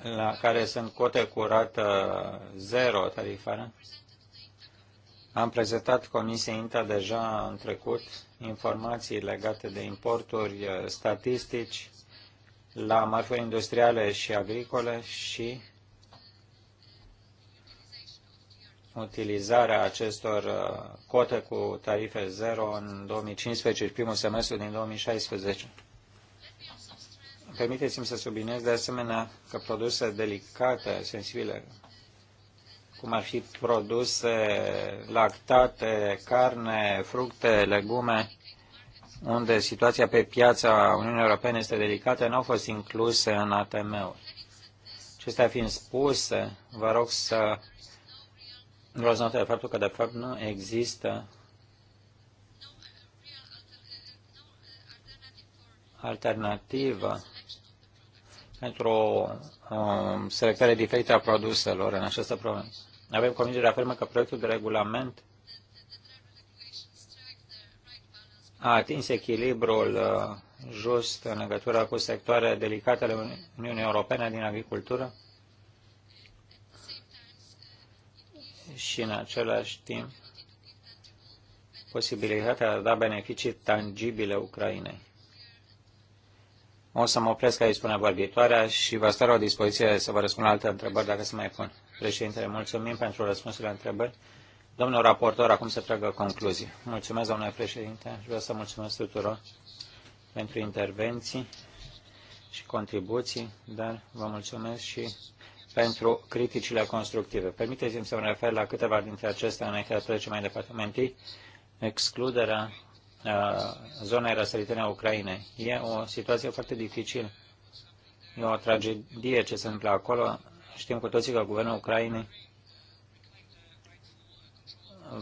[SPEAKER 3] la care sunt cote curată zero tarifară. Am prezentat Comisiei INTA deja în trecut informații legate de importuri statistici la marfuri industriale și agricole și utilizarea acestor uh, cote cu tarife zero în 2015 și primul semestru din 2016. Permiteți-mi să subliniez de asemenea că produse delicate, sensibile, cum ar fi produse lactate, carne, fructe, legume, unde situația pe piața Uniunii Europene este delicată, nu au fost incluse în ATM-uri. Acestea fiind spuse, vă rog să luați notă de faptul că, de fapt, nu există alternativă pentru o um, selectare diferită a produselor în această problemă. Avem convingerea fermă că proiectul de regulament a atins echilibrul uh, just în legătură cu sectoare delicate ale Uniunii Europene din agricultură și în același timp posibilitatea de a da beneficii tangibile Ucrainei. O să mă opresc aici, spune vorbitoarea, și vă stau la dispoziție să vă răspund la alte întrebări dacă se mai pun. Președintele, mulțumim pentru răspunsurile la întrebări. Domnul raportor, acum să tragă concluzii. Mulțumesc, domnule președinte, și vreau să mulțumesc tuturor pentru intervenții și contribuții, dar vă mulțumesc și pentru criticile constructive. Permiteți-mi să mă refer la câteva dintre acestea înainte de a trece mai departe. Mai întâi, excluderea uh, zonei răsăritene a Ucrainei. E o situație foarte dificilă. E o tragedie ce se întâmplă acolo. Știm cu toții că guvernul Ucrainei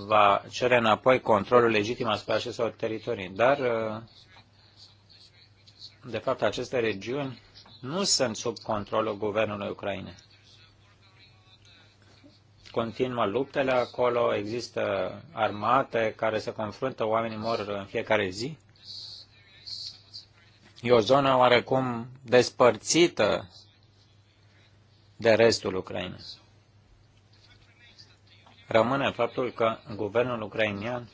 [SPEAKER 3] va cere înapoi controlul legitim asupra acestor teritorii. Dar, uh, de fapt, aceste regiuni nu sunt sub controlul guvernului Ucrainei continuă luptele acolo, există armate care se confruntă, oamenii mor în fiecare zi. E o zonă oarecum despărțită de restul Ucrainei. Rămâne faptul că guvernul ucrainian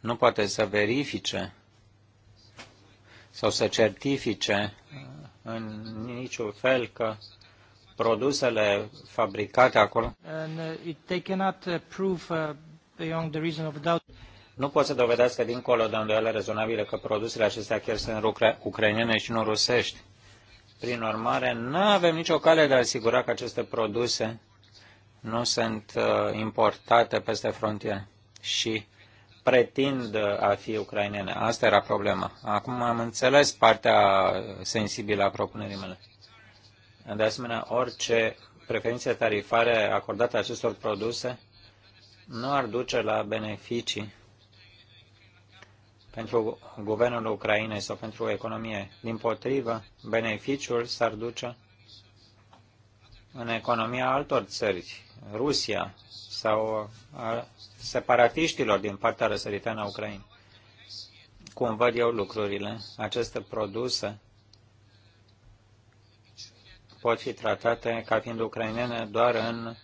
[SPEAKER 3] nu poate să verifice sau să certifice în niciun fel că produsele fabricate acolo. Uh, uh, uh, nu pot să dovedesc că dincolo de îndoială rezonabile că produsele acestea chiar sunt ucrainene și nu rusești. Prin urmare, nu avem nicio cale de a asigura că aceste produse nu sunt importate peste frontiere și pretind a fi ucrainene. Asta era problema. Acum am înțeles partea sensibilă a propunerii mele. De asemenea, orice preferințe tarifare acordate acestor produse nu ar duce la beneficii pentru guvernul Ucrainei sau pentru economie. Din potrivă, beneficiul s-ar duce în economia altor țări, Rusia sau a separatiștilor din partea răsăritană a Ucrainei. Cum văd eu lucrurile, aceste produse pot fi tratate ca fiind ucrainene doar în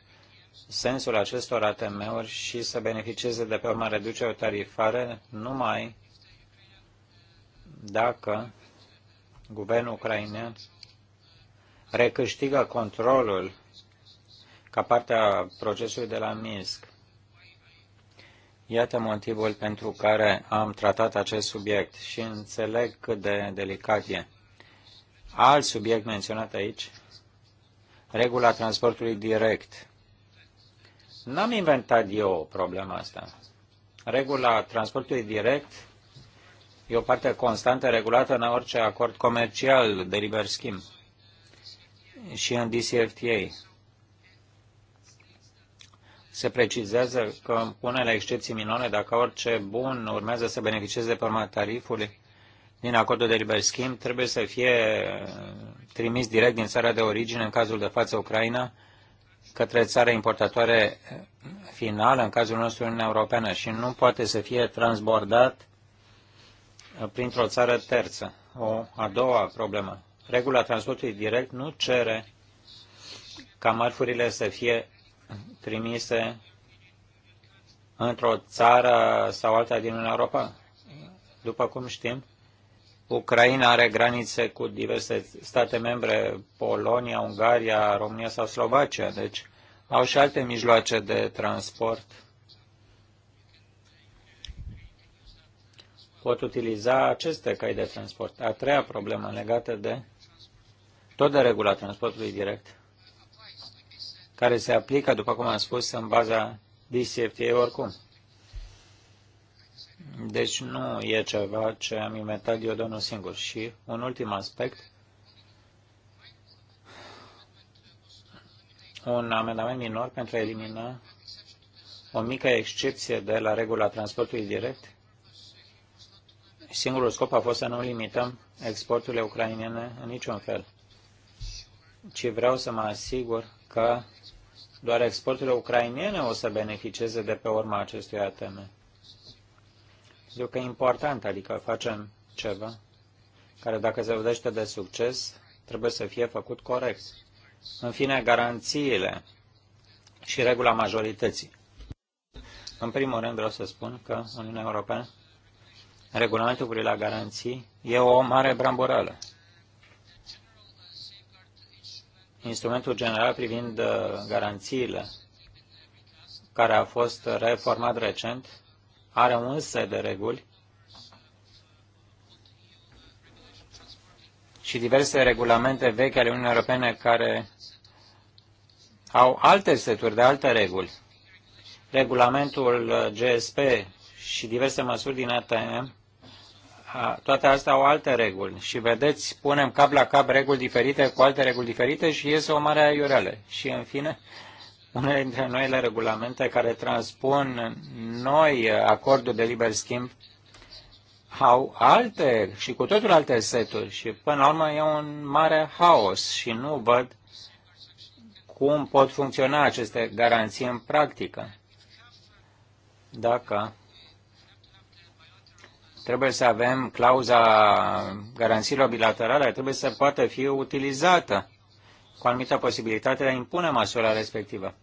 [SPEAKER 3] sensul acestor ATM-uri și să beneficieze de pe urma reducerii tarifare numai dacă guvernul ucrainean recâștigă controlul ca parte a procesului de la Minsk. Iată motivul pentru care am tratat acest subiect și înțeleg cât de delicat e. Alt subiect menționat aici regula transportului direct. N-am inventat eu problema asta. Regula transportului direct e o parte constantă regulată în orice acord comercial de liber schimb și în DCFTA. Se precizează că pune la excepții minore dacă orice bun urmează să beneficieze de pe urma tarifului din acordul de liber schimb, trebuie să fie trimis direct din țara de origine, în cazul de față Ucraina, către țara importatoare finală, în cazul nostru Uniunea Europeană, și nu poate să fie transbordat uh, printr-o țară terță. O a doua problemă. Regula transportului direct nu cere ca mărfurile să fie trimise într-o țară sau alta din Uniunea Europa. După cum știm, Ucraina are granițe cu diverse state membre, Polonia, Ungaria, România sau Slovacia, deci au și alte mijloace de transport. Pot utiliza aceste căi de transport. A treia problemă legată de tot de regula transportului direct, care se aplică, după cum am spus, în baza DCFTA oricum. Deci nu e ceva ce am inventat eu de unul singur. Și un ultim aspect, un amendament minor pentru a elimina o mică excepție de la regula transportului direct. Singurul scop a fost să nu limităm exporturile ucrainene în niciun fel, ci vreau să mă asigur că doar exporturile ucrainene o să beneficieze de pe urma acestui ATM. Pentru că e important, adică facem ceva care dacă se vedește de succes, trebuie să fie făcut corect. În fine, garanțiile și regula majorității. În primul rând vreau să spun că Uniunea Europeană, regulamentul privind la garanții, e o mare bramborală. Instrumentul general privind uh, garanțiile, care a fost reformat recent, are un set de reguli și diverse regulamente vechi ale Uniunii Europene care au alte seturi de alte reguli. Regulamentul GSP și diverse măsuri din ATM, toate astea au alte reguli. Și vedeți, punem cap la cap reguli diferite cu alte reguli diferite și iese o mare aiureală. Și în fine, unele dintre noile regulamente care transpun noi acordul de liber schimb au alte și cu totul alte seturi și până la urmă e un mare haos și nu văd cum pot funcționa aceste garanții în practică. Dacă trebuie să avem clauza garanțiilor bilaterale, trebuie să poată fi utilizată cu anumită posibilitate de a impune măsura respectivă.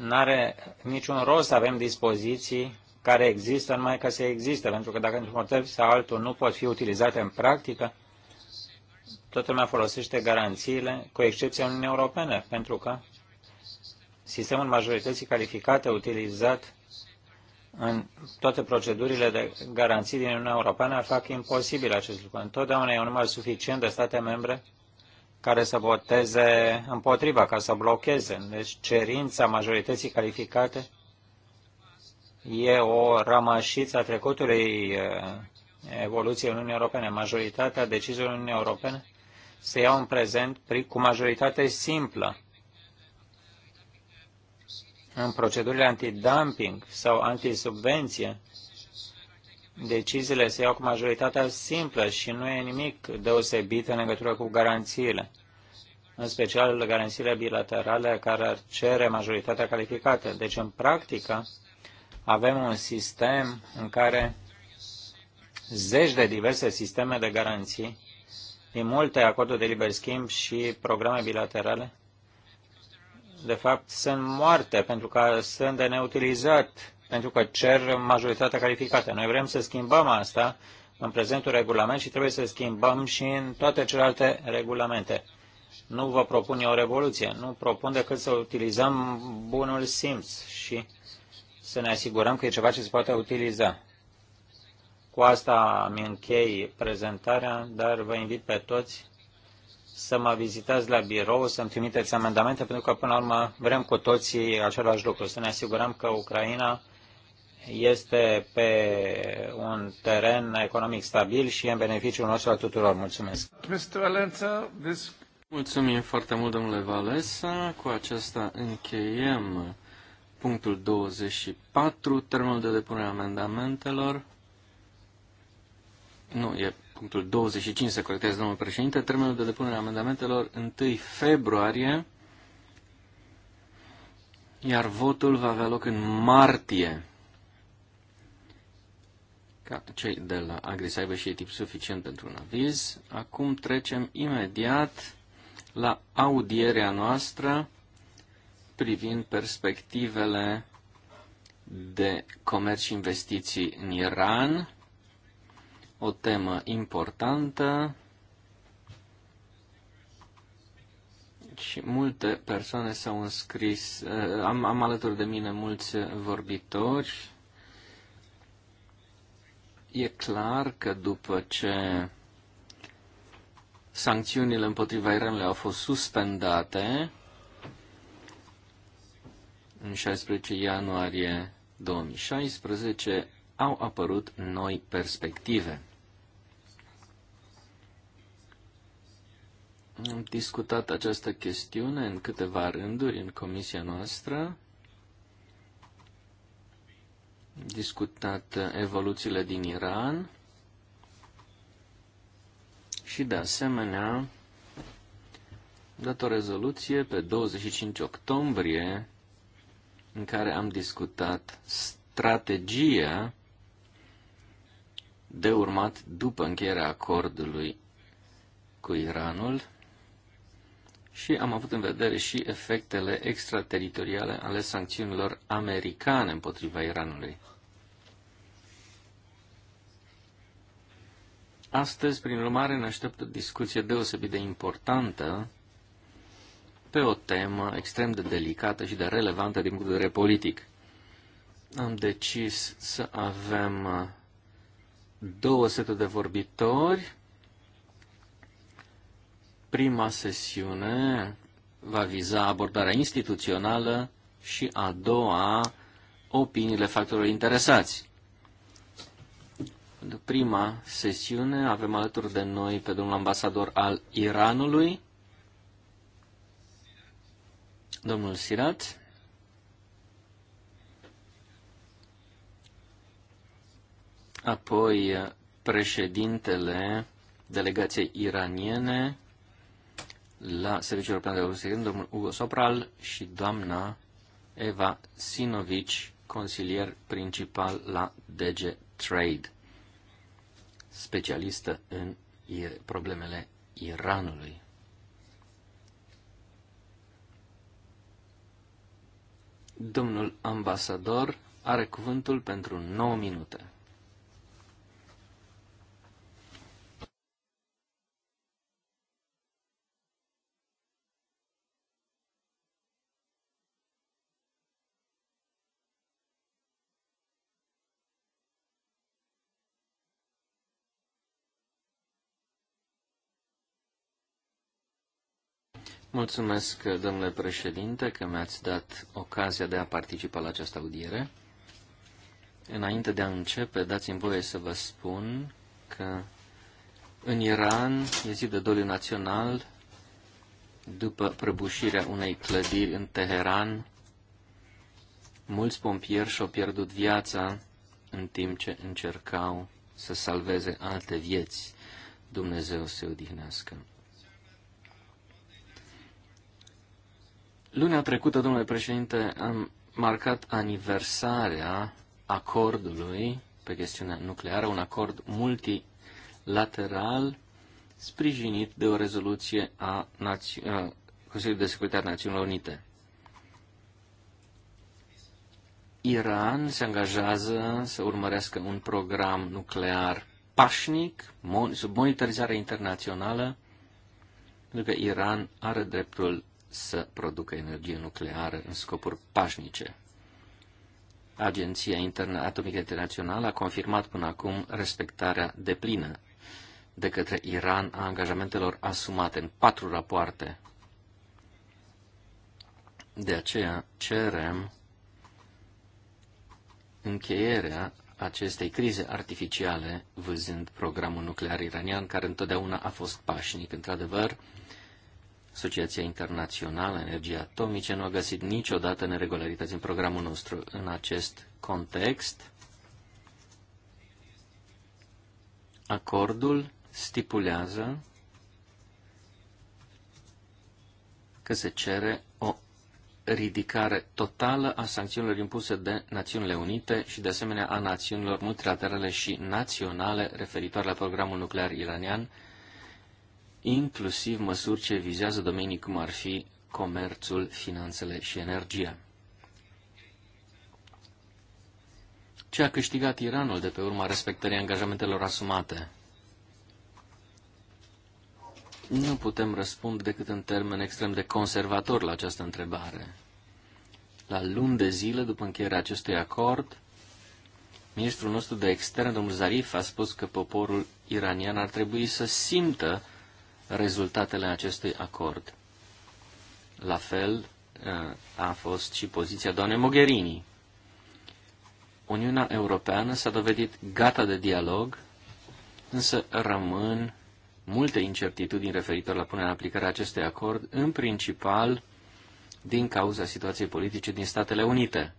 [SPEAKER 3] N-are niciun rost să avem dispoziții care există numai că se există, pentru că dacă într-un motiv sau altul nu pot fi utilizate în practică, toată lumea folosește garanțiile, cu excepția Uniunii Europene, pentru că sistemul majorității calificate utilizat în toate procedurile de garanții din Uniunea Europeană fac imposibil acest lucru. Întotdeauna e un număr suficient de state membre care să voteze împotriva, ca să blocheze. Deci cerința majorității calificate e o rămășiță a trecutului eh, evoluției Uniunii Europene. Majoritatea deciziilor Uniunii Europene se iau în prezent cu majoritate simplă în procedurile antidumping sau antisubvenție deciziile se iau cu majoritatea simplă și nu e nimic deosebit în legătură cu garanțiile, în special garanțiile bilaterale care ar cere majoritatea calificată. Deci, în practică, avem un sistem în care zeci de diverse sisteme de garanții din multe acorduri de liber schimb și programe bilaterale, de fapt, sunt moarte pentru că sunt de neutilizat pentru că cer majoritatea calificată. Noi vrem să schimbăm asta în prezentul regulament și trebuie să schimbăm și în toate celelalte regulamente. Nu vă propun eu o revoluție, nu propun decât să utilizăm bunul simț și să ne asigurăm că e ceva ce se poate utiliza. Cu asta mi închei prezentarea, dar vă invit pe toți să mă vizitați la birou, să-mi trimiteți amendamente, pentru că până la urmă vrem cu toții același lucru, să ne asigurăm că Ucraina este pe un teren economic stabil și în beneficiul nostru al tuturor. Mulțumesc.
[SPEAKER 4] Mr. Mulțumim foarte mult, domnule Valesa. Cu aceasta încheiem punctul 24, termenul de depunere a amendamentelor. Nu, e punctul 25, să corectez, domnul președinte. Termenul de depunere a amendamentelor 1 februarie, iar votul va avea loc în martie ca cei de la Agri să aibă și ei suficient pentru un aviz. Acum trecem imediat la audierea noastră privind perspectivele de comerț și investiții în Iran, o temă importantă și multe persoane s-au înscris, eh, am, am alături de mine mulți vorbitori, E clar că după ce sancțiunile împotriva Iranului au fost suspendate în 16 ianuarie 2016, au apărut noi perspective. Am discutat această chestiune în câteva rânduri în comisia noastră discutat evoluțiile din Iran și, de asemenea, dat o rezoluție pe 25 octombrie în care am discutat strategia de urmat după încheierea acordului cu Iranul și am avut în vedere și efectele extrateritoriale ale sancțiunilor americane împotriva Iranului. Astăzi, prin urmare, ne așteaptă o discuție deosebit de importantă pe o temă extrem de delicată și de relevantă din punct de vedere politic. Am decis să avem două seturi de vorbitori Prima sesiune va viza abordarea instituțională și a doua opiniile factorilor interesați. În prima sesiune avem alături de noi pe domnul ambasador al Iranului, domnul Sirat. Apoi președintele delegației iraniene, la Serviciul European de Evoluție, domnul Ugo Sopral și doamna Eva Sinovici, consilier principal la DG Trade, specialistă în problemele Iranului. Domnul ambasador are cuvântul pentru 9 minute. Mulțumesc, domnule președinte, că mi-ați dat ocazia de a participa la această audiere. Înainte de a începe, dați-mi voie să vă spun că în Iran e zi de doliu național după prăbușirea unei clădiri în Teheran. Mulți pompieri și-au pierdut viața în timp ce încercau să salveze alte vieți. Dumnezeu se odihnească. Luna trecută, domnule președinte, am marcat aniversarea acordului pe chestiunea nucleară, un acord multilateral sprijinit de o rezoluție a Naț- Consiliului de Securitate a Națiunilor Unite. Iran se angajează să urmărească un program nuclear pașnic, mon- sub monitorizare internațională, pentru că Iran are dreptul să producă energie nucleară în scopuri pașnice. Agenția Interna Atomică Internațională a confirmat până acum respectarea deplină de către Iran a angajamentelor asumate în patru rapoarte. De aceea cerem încheierea acestei crize artificiale, văzând programul nuclear iranian, care întotdeauna a fost pașnic, într-adevăr, Asociația Internațională Energiei Atomice nu a găsit niciodată neregularități în programul nostru. În acest context, acordul stipulează că se cere o ridicare totală a sancțiunilor impuse de Națiunile Unite și de asemenea a națiunilor multilaterale și naționale referitoare la programul nuclear iranian, inclusiv măsuri ce vizează domenii cum ar fi comerțul, finanțele și energia. Ce a câștigat Iranul de pe urma respectării angajamentelor asumate? Nu putem răspunde decât în termen extrem de conservator la această întrebare. La luni de zile după încheierea acestui acord, ministrul nostru de externe, domnul Zarif, a spus că poporul iranian ar trebui să simtă rezultatele acestui acord. La fel eh, a fost și poziția doamnei Mogherini. Uniunea Europeană s-a dovedit gata de dialog, însă rămân multe incertitudini referitor la punerea în aplicare a acestui acord, în principal din cauza situației politice din Statele Unite.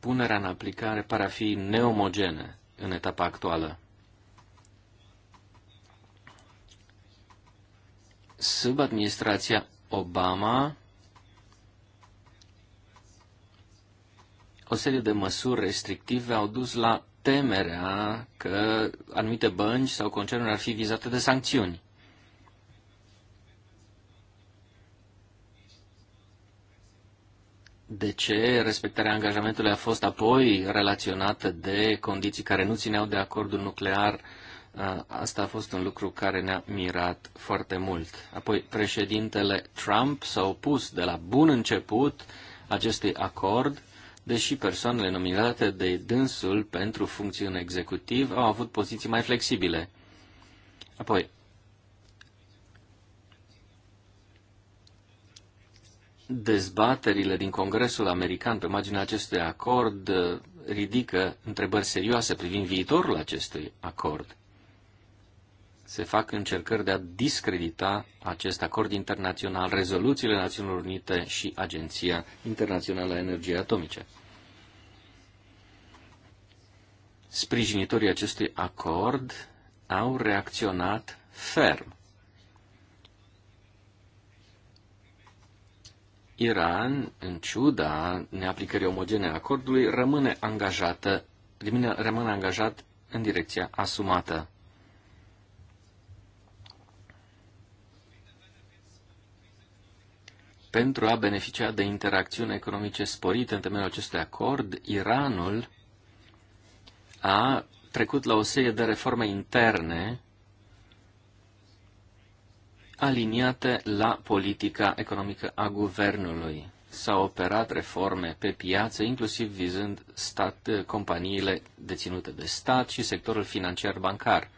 [SPEAKER 4] Punerea în aplicare pare a fi neomogene în etapa actuală. sub administrația Obama o serie de măsuri restrictive au dus la temerea că anumite bănci sau concernuri ar fi vizate de sancțiuni. De ce respectarea angajamentului a fost apoi relaționată de condiții care nu țineau de acordul nuclear Asta a fost un lucru care ne-a mirat foarte mult. Apoi, președintele Trump s-a opus de la bun început acestui acord, deși persoanele nominate de dânsul pentru în executiv au avut poziții mai flexibile. Apoi, dezbaterile din Congresul American pe marginea acestui acord uh, ridică întrebări serioase privind viitorul acestui acord se fac încercări de a discredita acest acord internațional, rezoluțiile Națiunilor Unite și Agenția Internațională a Energiei Atomice. Sprijinitorii acestui acord au reacționat ferm. Iran, în ciuda neaplicării omogene a acordului, rămâne angajată, rămâne angajat în direcția asumată pentru a beneficia de interacțiuni economice sporite în temelul acestui acord, Iranul a trecut la o serie de reforme interne aliniate la politica economică a guvernului. S-au operat reforme pe piață, inclusiv vizând stat, companiile deținute de stat și sectorul financiar bancar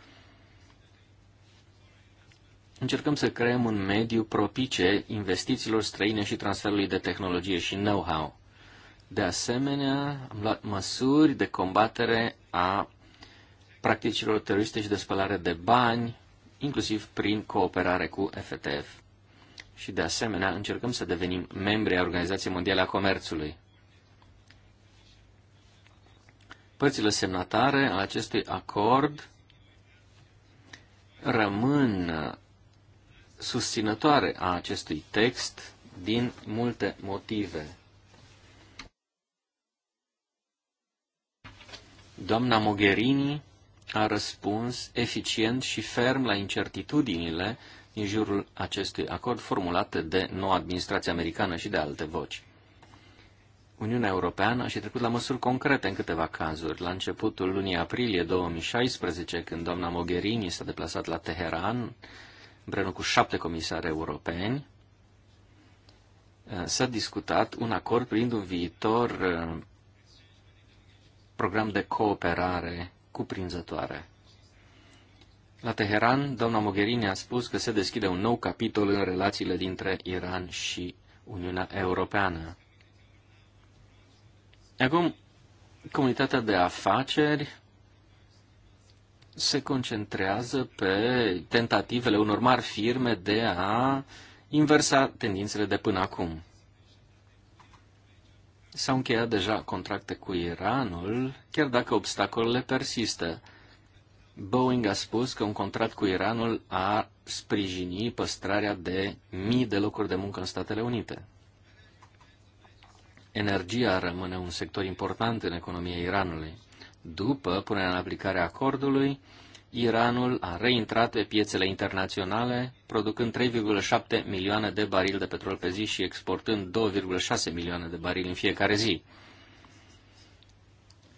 [SPEAKER 4] încercăm să creăm un mediu propice investițiilor străine și transferului de tehnologie și know-how. De asemenea, am luat măsuri de combatere a practicilor teroriste și de spălare de bani, inclusiv prin cooperare cu FTF. Și de asemenea, încercăm să devenim membri a Organizației Mondiale a Comerțului. Părțile semnatare a acestui acord rămân susținătoare a acestui text din multe motive. Doamna Mogherini a răspuns eficient și ferm la incertitudinile din jurul acestui acord formulate de noua administrație americană și de alte voci. Uniunea Europeană și trecut la măsuri concrete în câteva cazuri. La începutul lunii aprilie 2016, când doamna Mogherini s-a deplasat la Teheran, împreună cu șapte comisari europeni, eh, s-a discutat un acord privind un viitor eh, program de cooperare cuprinzătoare. La Teheran, doamna Mogherini a spus că se deschide un nou capitol în relațiile dintre Iran și Uniunea Europeană. Acum, comunitatea de afaceri se concentrează pe tentativele unor mari firme de a inversa tendințele de până acum. S-au încheiat deja contracte cu Iranul, chiar dacă obstacolele persistă. Boeing a spus că un contract cu Iranul a sprijini păstrarea de mii de locuri de muncă în Statele Unite. Energia rămâne un sector important în economia Iranului. După punerea în aplicare a acordului, Iranul a reintrat pe piețele internaționale, producând 3,7 milioane de barili de petrol pe zi și exportând 2,6 milioane de barili în fiecare zi.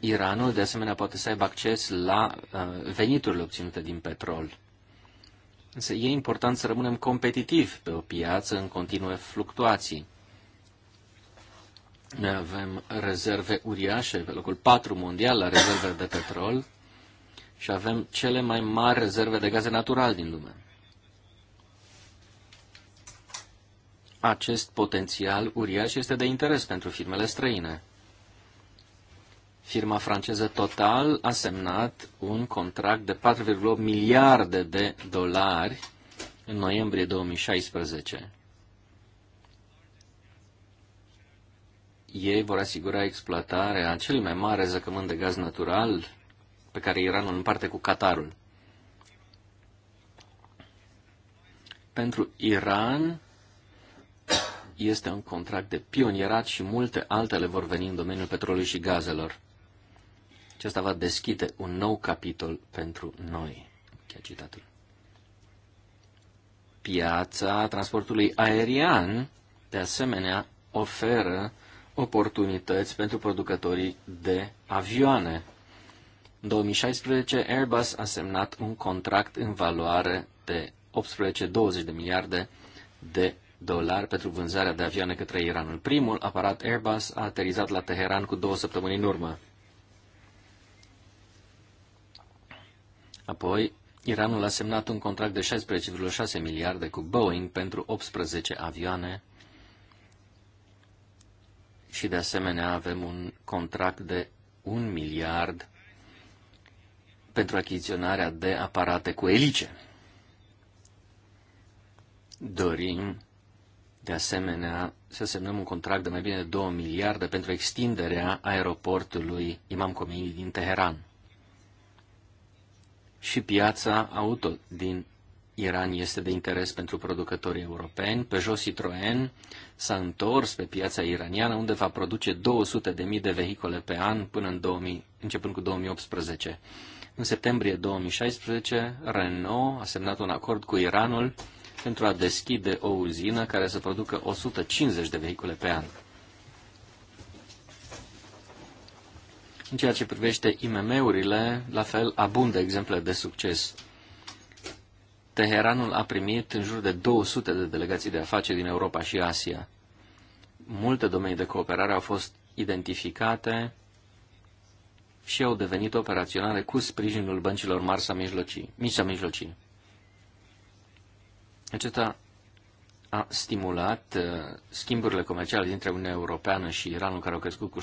[SPEAKER 4] Iranul, de asemenea, poate să aibă acces la uh, veniturile obținute din petrol. Însă e important să rămânem competitivi pe o piață în continue fluctuații. Noi avem rezerve uriașe, pe locul 4 mondial la rezerve de petrol și avem cele mai mari rezerve de gaze natural din lume. Acest potențial uriaș este de interes pentru firmele străine. Firma franceză Total a semnat un contract de 4,8 miliarde de dolari în noiembrie 2016 ei vor asigura exploatarea celui mai mare zăcământ de gaz natural pe care Iranul împarte cu Qatarul. Pentru Iran este un contract de pionierat și multe altele vor veni în domeniul petrolului și gazelor. Acesta va deschide un nou capitol pentru noi. Chiar citatul. Piața transportului aerian, de asemenea, oferă oportunități pentru producătorii de avioane. În 2016, Airbus a semnat un contract în valoare de 18-20 de miliarde de dolari pentru vânzarea de avioane către Iranul. Primul aparat Airbus a aterizat la Teheran cu două săptămâni în urmă. Apoi, Iranul a semnat un contract de 16,6 miliarde cu Boeing pentru 18 avioane și de asemenea avem un contract de 1 miliard pentru achiziționarea de aparate cu elice. Dorim de asemenea să semnăm un contract de mai bine de 2 miliarde pentru extinderea aeroportului Imam Khomeini din Teheran și piața auto din Iran este de interes pentru producătorii europeni. Peugeot Citroën s-a întors pe piața iraniană, unde va produce 200.000 de vehicole pe an până în 2000, începând cu 2018. În septembrie 2016, Renault a semnat un acord cu Iranul pentru a deschide o uzină care să producă 150 de vehicule pe an. În ceea ce privește IMM-urile, la fel abundă exemple de succes. Teheranul a primit în jur de 200 de delegații de afaceri din Europa și Asia. Multe domenii de cooperare au fost identificate și au devenit operaționale cu sprijinul băncilor mari sau mijlocii, mici sau mijlocii. Acesta a stimulat uh, schimburile comerciale dintre Uniunea Europeană și Iranul, care au crescut cu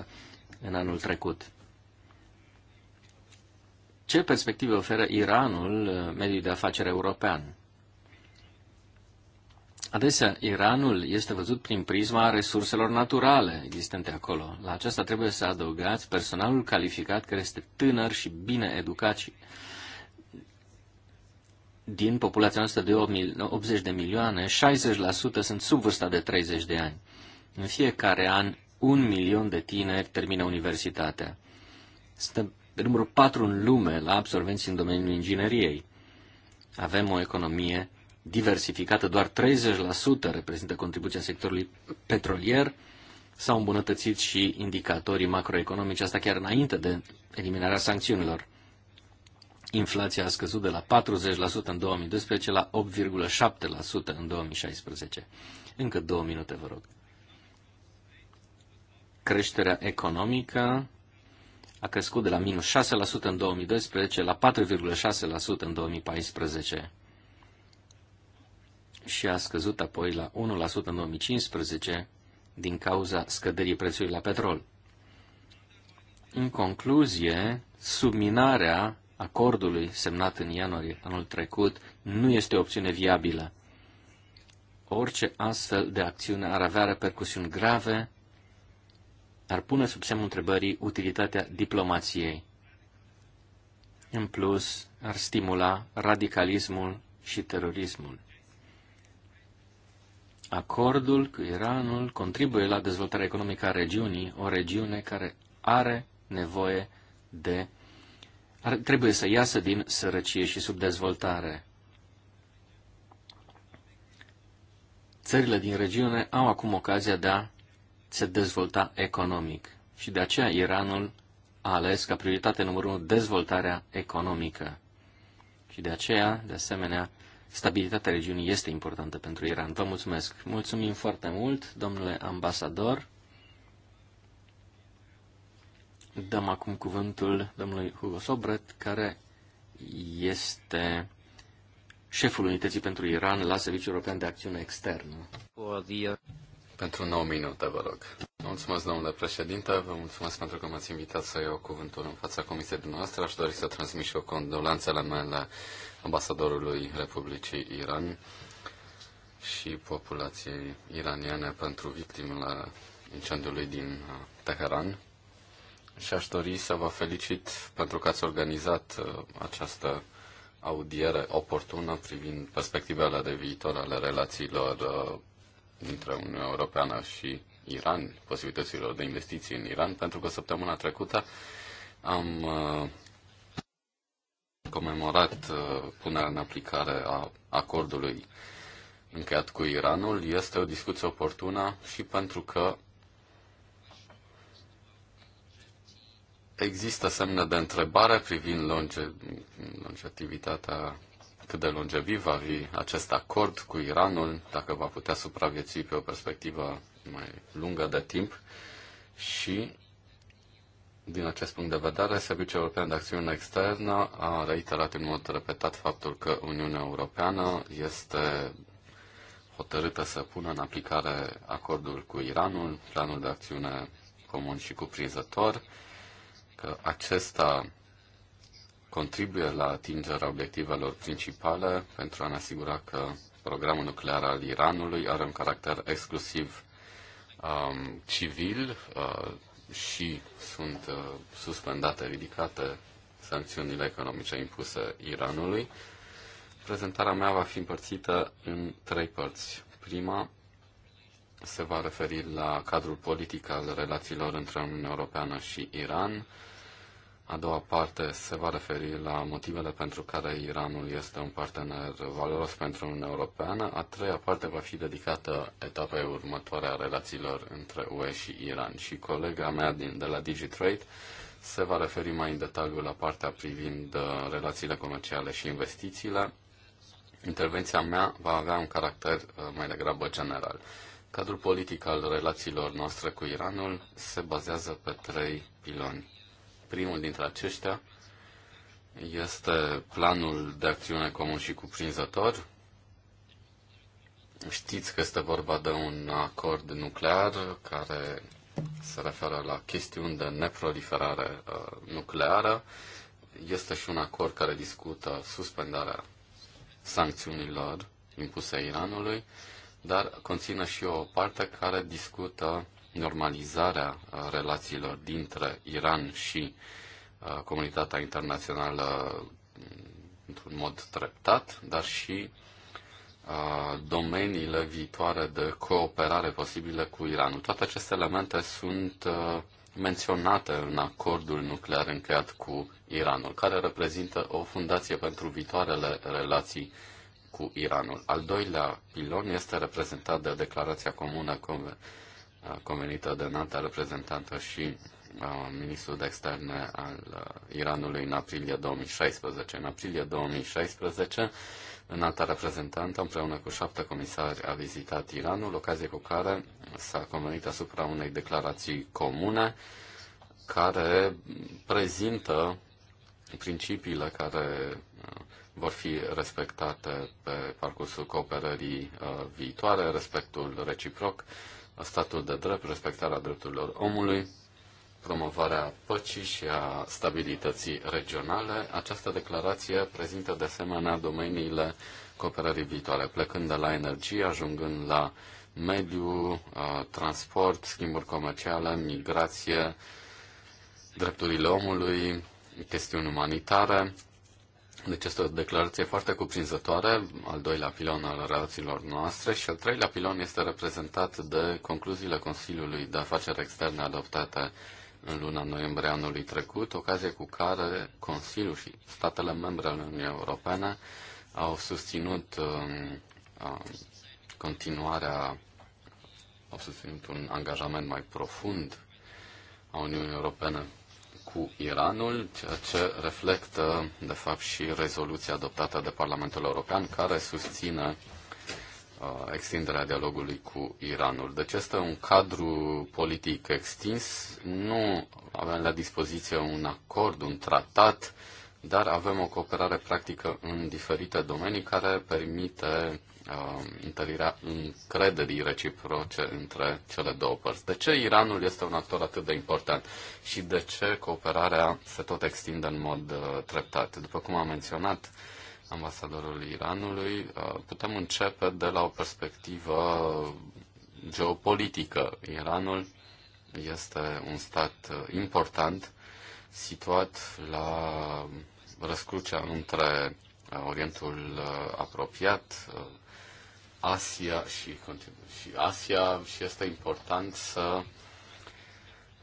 [SPEAKER 4] 63% în anul trecut. Ce perspective oferă Iranul uh, mediului de afaceri european? Adesea, Iranul este văzut prin prisma resurselor naturale existente acolo. La aceasta trebuie să adăugați personalul calificat care este tânăr și bine educat și din populația noastră de 80 de milioane, 60% sunt sub vârsta de 30 de ani. În fiecare an, un milion de tineri termină universitatea. Suntem de numărul 4 în lume la absolvenți în domeniul ingineriei. Avem o economie diversificată, doar 30% reprezintă contribuția sectorului petrolier, s-au îmbunătățit și indicatorii macroeconomici, asta chiar înainte de eliminarea sancțiunilor. Inflația a scăzut de la 40% în 2012 la 8,7% în 2016. Încă două minute, vă rog. Creșterea economică a crescut de la minus 6% în 2012 la 4,6% în 2014 și a scăzut apoi la 1% în 2015 din cauza scăderii prețului la petrol. În concluzie, subminarea acordului semnat în ianuarie anul trecut nu este o opțiune viabilă. Orice astfel de acțiune ar avea repercusiuni grave ar pune sub semnul întrebării utilitatea diplomației. În plus, ar stimula radicalismul și terorismul. Acordul cu Iranul contribuie la dezvoltarea economică a regiunii, o regiune care are nevoie de. Ar, trebuie să iasă din sărăcie și subdezvoltare. Țările din regiune au acum ocazia de a se dezvolta economic. Și de aceea Iranul a ales ca prioritate numărul 1 dezvoltarea economică. Și de aceea, de asemenea, stabilitatea regiunii este importantă pentru Iran. Vă mulțumesc. Mulțumim foarte mult, domnule ambasador. Dăm acum cuvântul domnului Hugo Sobret, care
[SPEAKER 2] este șeful unității pentru Iran la Serviciul European de Acțiune Externă. Pentru 9 minute, vă rog. Mulțumesc, domnule președinte, vă mulțumesc pentru că m-ați invitat să iau cuvântul în fața comisiei dumneavoastră. Aș dori să transmit și eu condolanțele mele ambasadorului Republicii Iran și populației iraniene pentru victimele incendiului din uh, Teheran. Și aș dori să vă felicit pentru că ați organizat uh, această audiere oportună privind perspectivele de viitor ale relațiilor uh, dintre Uniunea Europeană și Iran, posibilităților de investiții în Iran, pentru că săptămâna trecută am uh, comemorat uh, punerea în aplicare a acordului încheiat cu Iranul. Este o discuție oportună și pentru că există semne de întrebare privind longe, longevitatea cât de longeviv va fi acest acord cu Iranul, dacă va putea supraviețui pe o perspectivă mai lungă de timp și din acest punct de vedere, Serviciul European de Acțiune Externă a reiterat în mod repetat faptul că Uniunea Europeană este hotărâtă să pună în aplicare acordul cu Iranul, planul de acțiune comun și cuprinzător, că acesta contribuie la atingerea obiectivelor principale pentru a ne asigura că programul nuclear al Iranului are un caracter exclusiv um, civil uh, și sunt uh, suspendate, ridicate sancțiunile economice impuse Iranului. Prezentarea mea va fi împărțită în trei părți. Prima se va referi la cadrul politic al relațiilor între Uniunea Europeană și Iran. A doua parte se va referi la motivele pentru care Iranul este un partener valoros pentru Uniunea Europeană. A treia parte va fi dedicată etapei următoare a relațiilor între UE și Iran. Și colega mea din, de la DigiTrade se va referi mai în detaliu la partea privind uh, relațiile comerciale și investițiile. Intervenția mea va avea un caracter uh, mai degrabă general. Cadrul politic al relațiilor noastre cu Iranul se bazează pe trei piloni Primul dintre aceștia este planul de acțiune comun și cuprinzător. Știți că este vorba de un acord nuclear care se referă la chestiuni de neproliferare uh, nucleară. Este și un acord care discută suspendarea sancțiunilor impuse Iranului, dar conține și o parte care discută normalizarea uh, relațiilor dintre Iran și uh, comunitatea internațională mm, într-un mod treptat, dar și uh, domeniile viitoare de cooperare posibile cu Iranul. Toate aceste elemente sunt menționate în acordul nuclear încheiat cu Iranul, care reprezintă o fundație pentru viitoarele relații cu Iranul. Al doilea pilon este reprezentat de declarația comună convenită de înalta reprezentantă și ministrul de externe al Iranului în aprilie 2016. În aprilie 2016, înalta reprezentantă împreună cu șapte comisari a vizitat Iranul, ocazie cu care s-a convenit asupra unei declarații comune care prezintă principiile care vor fi respectate pe parcursul cooperării viitoare, respectul reciproc, statul de drept, respectarea drepturilor omului, promovarea păcii și a stabilității regionale. Această declarație prezintă de asemenea domeniile cooperării viitoare, plecând de la energie, ajungând la mediu, transport, schimburi comerciale, migrație, drepturile omului, chestiuni umanitare. Deci este o declarație foarte cuprinzătoare, al doilea pilon al relațiilor noastre și al treilea pilon este reprezentat de concluziile Consiliului de Afaceri Externe adoptate în luna noiembrie anului trecut, ocazie cu care Consiliul și statele membre ale Uniunii Europene au susținut um, um, continuarea, au susținut un angajament mai profund a Uniunii Europene cu Iranul, ceea ce reflectă, de fapt, și rezoluția adoptată de Parlamentul European, care susține uh, extinderea dialogului cu Iranul. Deci este un cadru politic extins, nu avem la dispoziție un acord, un tratat, dar avem o cooperare practică în diferite domenii care permite Um, întărirea încrederii reciproce între cele două părți. De ce Iranul este un actor atât de important și de ce cooperarea se tot extinde în mod uh, treptat? După cum a menționat ambasadorul Iranului, uh, putem începe de la o perspectivă geopolitică. Iranul este un stat uh, important situat la răscrucea între Orientul apropiat, Asia și, și Asia și este important să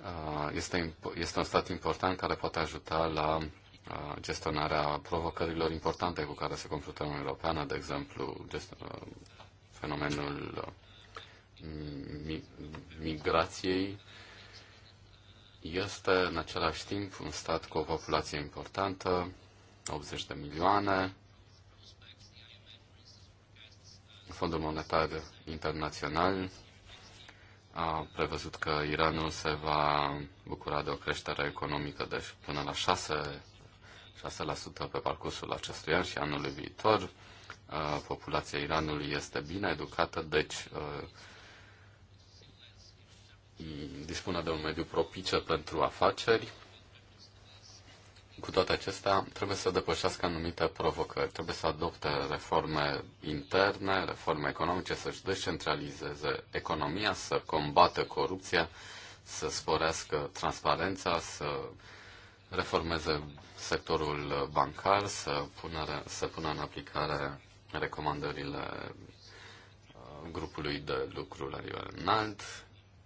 [SPEAKER 2] uh, este, este un stat important care poate ajuta la uh, gestionarea provocărilor importante cu care se confruntă Uniunea Europeană, de exemplu, uh, fenomenul migrației. Este în același timp un stat cu o populație importantă, 80 de milioane, Fondul Monetar Internațional a prevăzut că Iranul se va bucura de o creștere economică de deci până la 6, 6% pe parcursul acestui an și anului viitor. Uh, populația Iranului este bine educată, deci uh, dispune de un mediu propice pentru afaceri cu toate acestea, trebuie să depășească anumite provocări, trebuie să adopte reforme interne, reforme economice, să-și descentralizeze economia, să combată corupția, să sporească transparența, să reformeze sectorul bancar, să pună, să pună în aplicare recomandările uh, grupului de lucru la nivel înalt,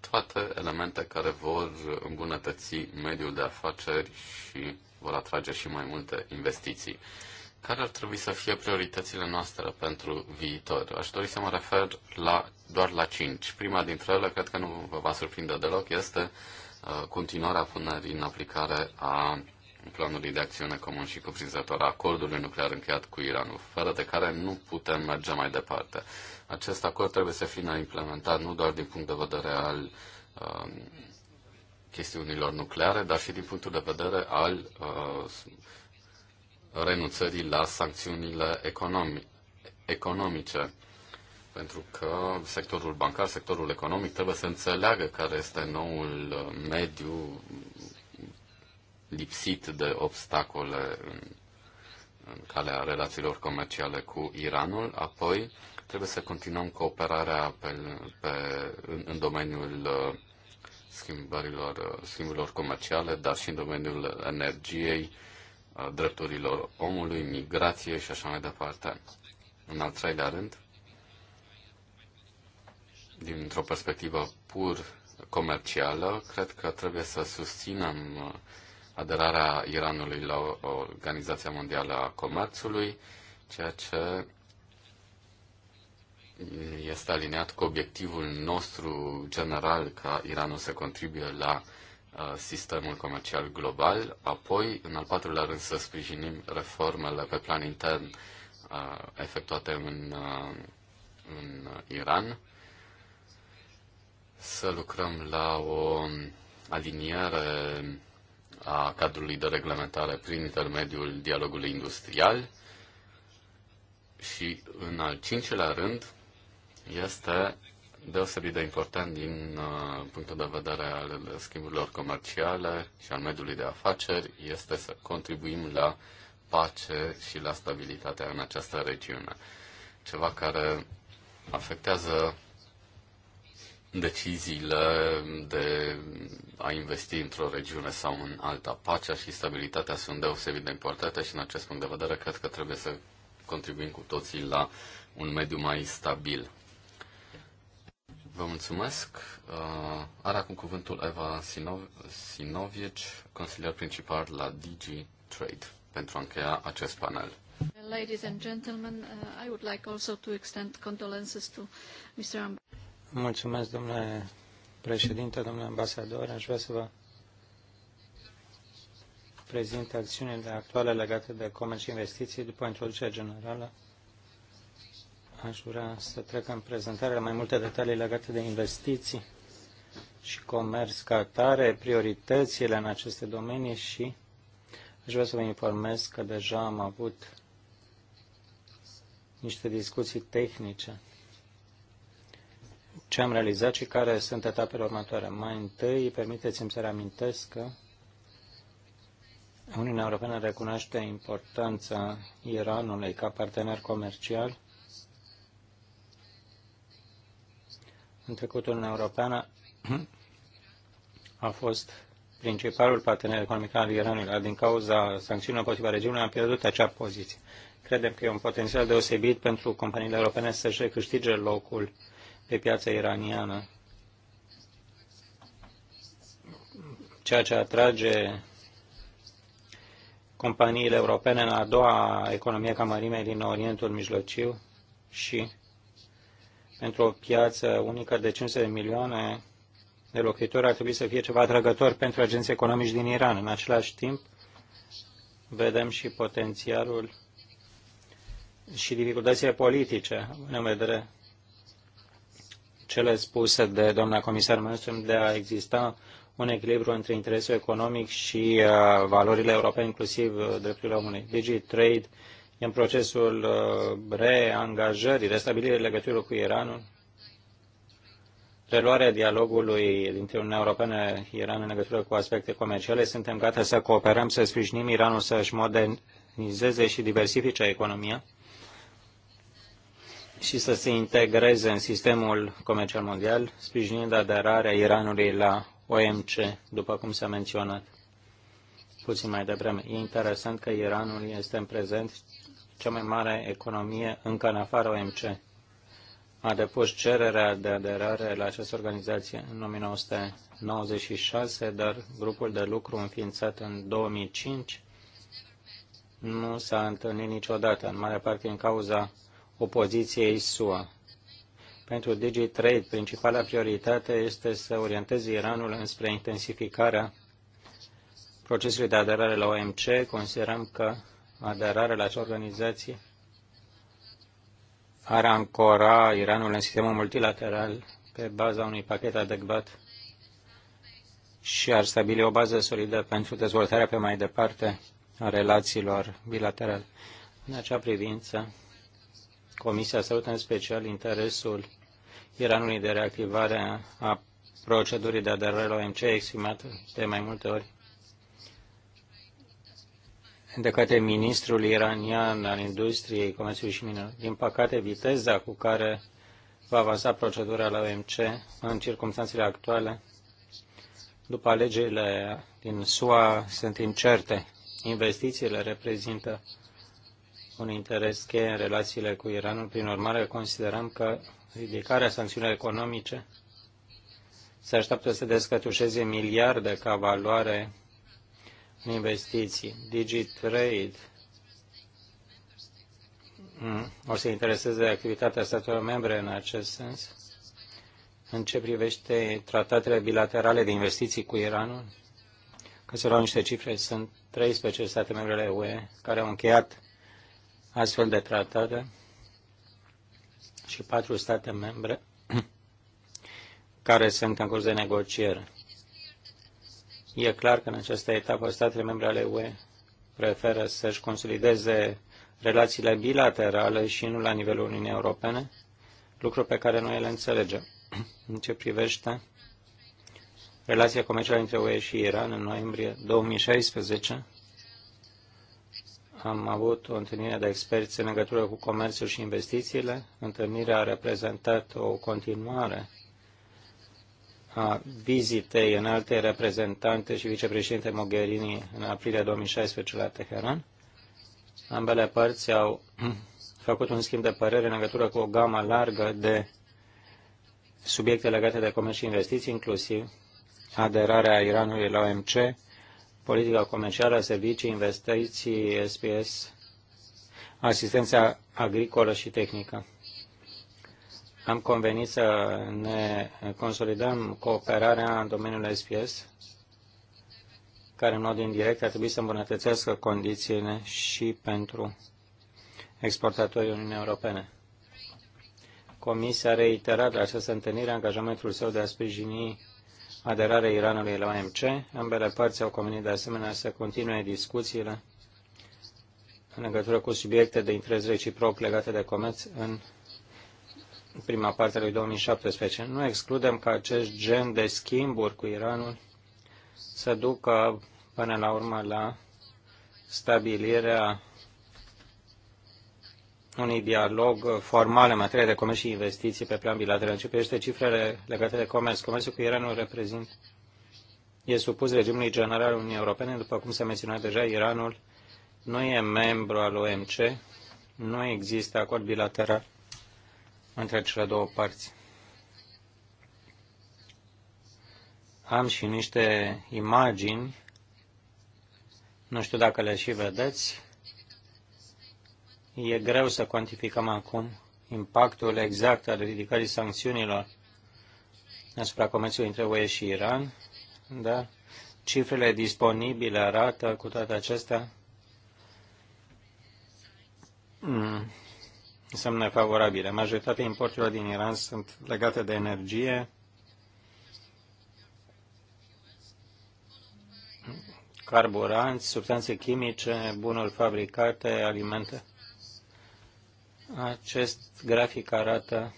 [SPEAKER 2] toate elemente care vor îmbunătăți mediul de afaceri și vor atrage și mai multe investiții. Care ar trebui să fie prioritățile noastre pentru viitor? Aș dori să mă refer la, doar la cinci. Prima dintre ele, cred că nu vă va surprinde deloc, este uh, continuarea punerii în aplicare a planului de acțiune comun și cuprinzător a acordului nuclear încheiat cu Iranul, fără de care nu putem merge mai departe. Acest acord trebuie să fie implementat nu doar din punct de vedere al uh, chestiunilor nucleare, dar și din punctul de vedere al uh, renunțării la sancțiunile economi- economice. Pentru că sectorul bancar, sectorul economic trebuie să înțeleagă care este noul uh, mediu lipsit de obstacole în, în calea relațiilor comerciale cu Iranul. Apoi trebuie să continuăm cooperarea pe, pe, în, în domeniul uh, schimbărilor, schimburilor comerciale, dar și în domeniul energiei, drepturilor omului, migrație și așa mai departe. În al treilea rând, dintr-o perspectivă pur comercială, cred că trebuie să susținem aderarea Iranului la Organizația Mondială a Comerțului, ceea ce este aliniat cu obiectivul nostru general ca Iranul să contribuie la uh, sistemul comercial global, apoi, în al patrulea rând, să sprijinim reformele pe plan intern uh, efectuate în, uh, în Iran, să lucrăm la o aliniere a cadrului de reglementare prin intermediul dialogului industrial și, în al cincilea rând, este deosebit de important din uh, punctul de vedere al schimburilor comerciale și al mediului de afaceri este să contribuim la pace și la stabilitatea în această regiune. Ceva care afectează deciziile de a investi într-o regiune sau în alta. Pacea și stabilitatea sunt deosebit de importante și în acest punct de vedere cred că trebuie să contribuim cu toții la un mediu mai stabil Vă mulțumesc. Uh, are acum cuvântul Eva Sinov- Sinoviec, consilier principal la DG Trade, pentru a încheia acest panel.
[SPEAKER 4] Ladies and gentlemen, uh, I would like also to extend condolences to
[SPEAKER 3] Mr. Amb- Mulțumesc, domnule președinte, domnule ambasador. Aș vrea să vă prezint acțiunile actuale legate de comerț și investiții după introducerea generală Aș vrea să trec în prezentare la mai multe detalii legate de investiții și comerț ca atare, prioritățile în aceste domenii și aș vrea să vă informez că deja am avut niște discuții tehnice ce am realizat și care sunt etapele următoare. Mai întâi, permiteți-mi să reamintesc că Uniunea Europeană recunoaște importanța Iranului ca partener comercial În trecutul Uniunea Europeană a fost principalul partener economic al Iranului, dar din cauza sancțiunilor împotriva regimului am pierdut acea poziție. Credem că e un potențial deosebit pentru companiile europene să-și recâștige locul pe piața iraniană, ceea ce atrage companiile europene în a doua economie ca mărime din Orientul Mijlociu și pentru o piață unică de 500 de milioane de locuitori ar trebui să fie ceva atrăgător pentru agenții economici din Iran. În același timp, vedem și potențialul și dificultățile politice, în vedere cele spuse de doamna comisar Malmström de a exista un echilibru între interesul economic și uh, valorile europene, inclusiv uh, drepturile omului. DigiTrade în procesul uh, reangajării, restabilirii legăturilor cu Iranul, reluarea dialogului dintre Uniunea Europeană Iran în legătură cu aspecte comerciale. Suntem gata să cooperăm, să sprijinim Iranul să-și modernizeze și diversifice economia și să se integreze în sistemul comercial mondial, sprijinind aderarea Iranului la OMC, după cum s-a menționat puțin mai devreme. E interesant că Iranul este în prezent cea mai mare economie încă în afară OMC, a depus cererea de aderare la această organizație în 1996, dar grupul de lucru înființat în 2005 nu s-a întâlnit niciodată, în mare parte din cauza opoziției SUA. Pentru DigiTrade, principala prioritate este să orienteze Iranul înspre intensificarea procesului de aderare la OMC. Considerăm că aderare la acea organizație ar ancora Iranul în sistemul multilateral pe baza unui pachet adecvat și ar stabili o bază solidă pentru dezvoltarea pe mai departe a relațiilor bilaterale. În acea privință, Comisia salută în special interesul Iranului de reactivare a procedurii de aderare la OMC exprimată de mai multe ori de către ministrul iranian al industriei, comerțului și minelor. Din păcate, viteza cu care va avansa procedura la OMC în circunstanțele actuale, după alegerile din SUA, sunt incerte. Investițiile reprezintă un interes cheie în relațiile cu Iranul. Prin urmare, considerăm că ridicarea sancțiunilor economice se așteaptă să descătușeze miliarde ca valoare investiții. DigiTrade mm, o să intereseze de activitatea statelor membre în acest sens. În ce privește tratatele bilaterale de investiții cu Iranul, ca să luăm niște cifre, sunt 13 state membre ale UE care au încheiat astfel de tratate și patru state membre care sunt în curs de negociere. E clar că în această etapă statele membre ale UE preferă să-și consolideze relațiile bilaterale și nu la nivelul Uniunii Europene, lucru pe care noi le înțelegem. În ce privește relația comercială între UE și Iran în noiembrie 2016, am avut o întâlnire de experți în legătură cu comerțul și investițiile. Întâlnirea a reprezentat o continuare a vizitei în alte reprezentante și vicepreședinte Mogherini în aprilie 2016 la Teheran. Ambele părți au făcut un schimb de părere în legătură cu o gamă largă de subiecte legate de comerț și investiții, inclusiv aderarea Iranului la OMC, politica comercială, servicii, investiții, SPS, asistența agricolă și tehnică am convenit să ne consolidăm cooperarea în domeniul SPS, care în mod indirect ar trebui să îmbunătățească condițiile și pentru exportatorii Uniunii Europene. Comisia a reiterat la această întâlnire angajamentul său de a sprijini aderarea Iranului la OMC. Ambele părți au convenit de asemenea să continue discuțiile în legătură cu subiecte de interes reciproc legate de comerț în prima parte a lui 2017. Nu excludem că acest gen de schimburi cu Iranul să ducă până la urmă la stabilirea unui dialog formal în materie de comerț și investiții pe plan bilateral. Ce privește cifrele legate de comerț, comerțul cu Iranul reprezintă e supus regimului general al Uniunii Europene, după cum s-a menționat deja, Iranul nu e membru al OMC, nu există acord bilateral între cele două părți. Am și niște imagini, nu știu dacă le și vedeți. E greu să cuantificăm acum impactul exact al ridicării sancțiunilor asupra comerțului între UE și Iran, dar cifrele disponibile arată cu toate acestea mm, semne favorabile. Majoritatea importurilor din Iran sunt legate de energie, carburanți, substanțe chimice, bunuri fabricate, alimente. Acest grafic arată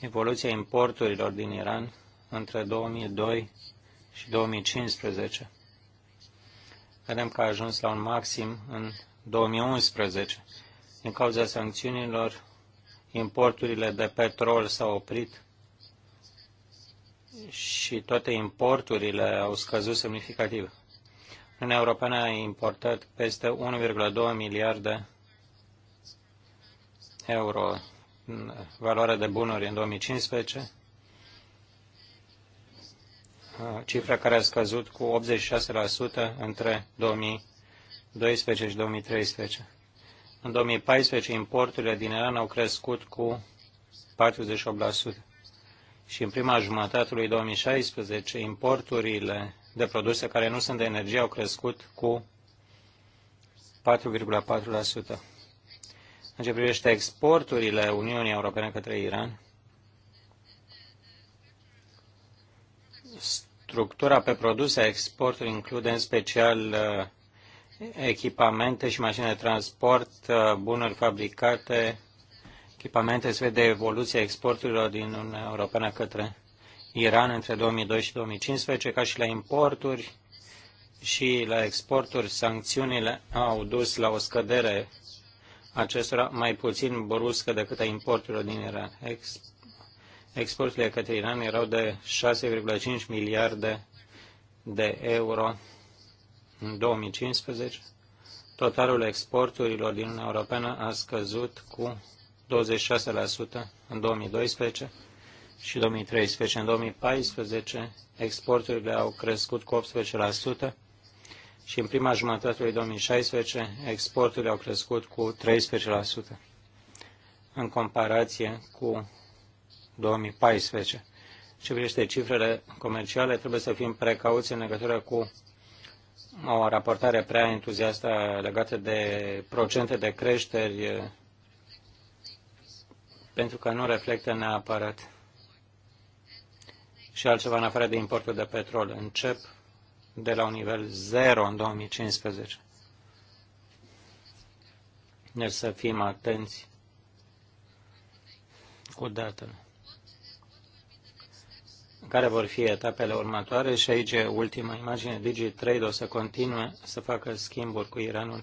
[SPEAKER 3] evoluția importurilor din Iran între 2002 și 2015. Vedem că a ajuns la un maxim în 2011 din cauza sancțiunilor, importurile de petrol s-au oprit și toate importurile au scăzut semnificativ. Uniunea Europeană a importat peste 1,2 miliarde euro valoare de bunuri în 2015, cifra care a scăzut cu 86% între 2012 și 2013. În 2014, importurile din Iran au crescut cu 48% și în prima jumătate lui 2016, importurile de produse care nu sunt de energie au crescut cu 4,4%. În ce privește exporturile Uniunii Europene către Iran, structura pe produse a exporturilor include în special uh, echipamente și mașini de transport, uh, bunuri fabricate, echipamente, se vede evoluția exporturilor din Uniunea Europeană către Iran între 2002 și 2015, ca și la importuri și la exporturi, sancțiunile au dus la o scădere acestora mai puțin bruscă decât a importurilor din Iran. Ex- exporturile către Iran erau de 6,5 miliarde de euro în 2015, totalul exporturilor din Uniunea Europeană a scăzut cu 26% în 2012 și 2013. În 2014, exporturile au crescut cu 18% și în prima jumătate a lui 2016, exporturile au crescut cu 13% în comparație cu 2014. Ce privește cifrele comerciale, trebuie să fim precauți în legătură cu o raportare prea entuziastă legată de procente de creșteri pentru că nu reflectă neapărat și altceva în afară de importul de petrol. Încep de la un nivel zero în 2015. Deci să fim atenți cu datele care vor fi etapele următoare și aici e ultima imagine. Trade o să continue să facă schimburi cu Iranul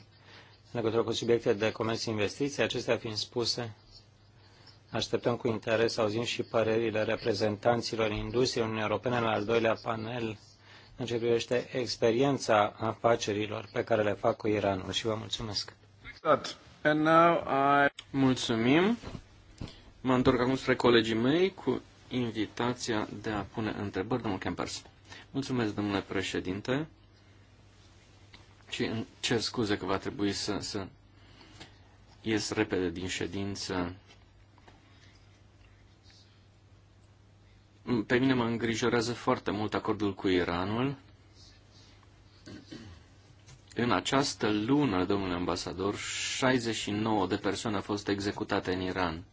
[SPEAKER 3] în legătură cu subiecte de comerț și investiții. Acestea fiind spuse, așteptăm cu interes să auzim și părerile reprezentanților industriei Uniunii Europene la al doilea panel în ce privește experiența afacerilor pe care le fac cu Iranul. Și vă mulțumesc.
[SPEAKER 4] Mulțumim. Mă întorc acum spre colegii mei cu invitația de a pune întrebări, domnul Kempers. Mulțumesc, domnule președinte, și cer scuze că va trebui să, să ies repede din ședință. Pe mine mă îngrijorează foarte mult acordul cu Iranul. În această lună, domnule ambasador, 69 de persoane au fost executate în Iran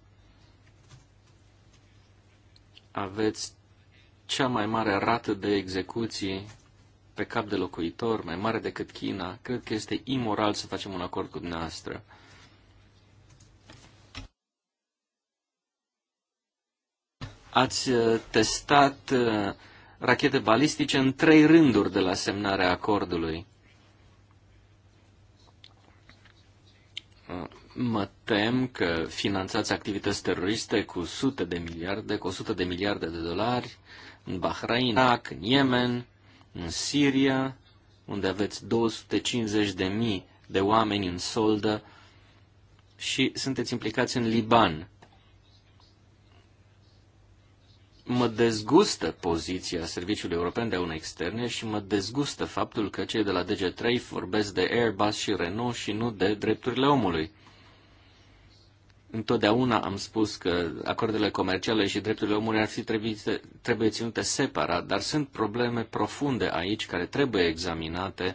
[SPEAKER 4] aveți cea mai mare rată de execuții pe cap de locuitor, mai mare decât China, cred că este imoral să facem un acord cu dumneavoastră. Ați uh, testat uh, rachete balistice în trei rânduri de la semnarea acordului. Mă tem că finanțați activități teroriste cu sute de miliarde, cu 100 de miliarde de dolari în Bahrain, Irak, în Yemen, în Siria, unde aveți 250 de mii de oameni în soldă și sunteți implicați în Liban. Mă dezgustă poziția Serviciului European de Aune Externe și mă dezgustă faptul că cei de la DG3 vorbesc de Airbus și Renault și nu de drepturile omului. Întotdeauna am spus că acordurile comerciale și drepturile omului ar fi trebuit trebuie ținute separat, dar sunt probleme profunde aici care trebuie examinate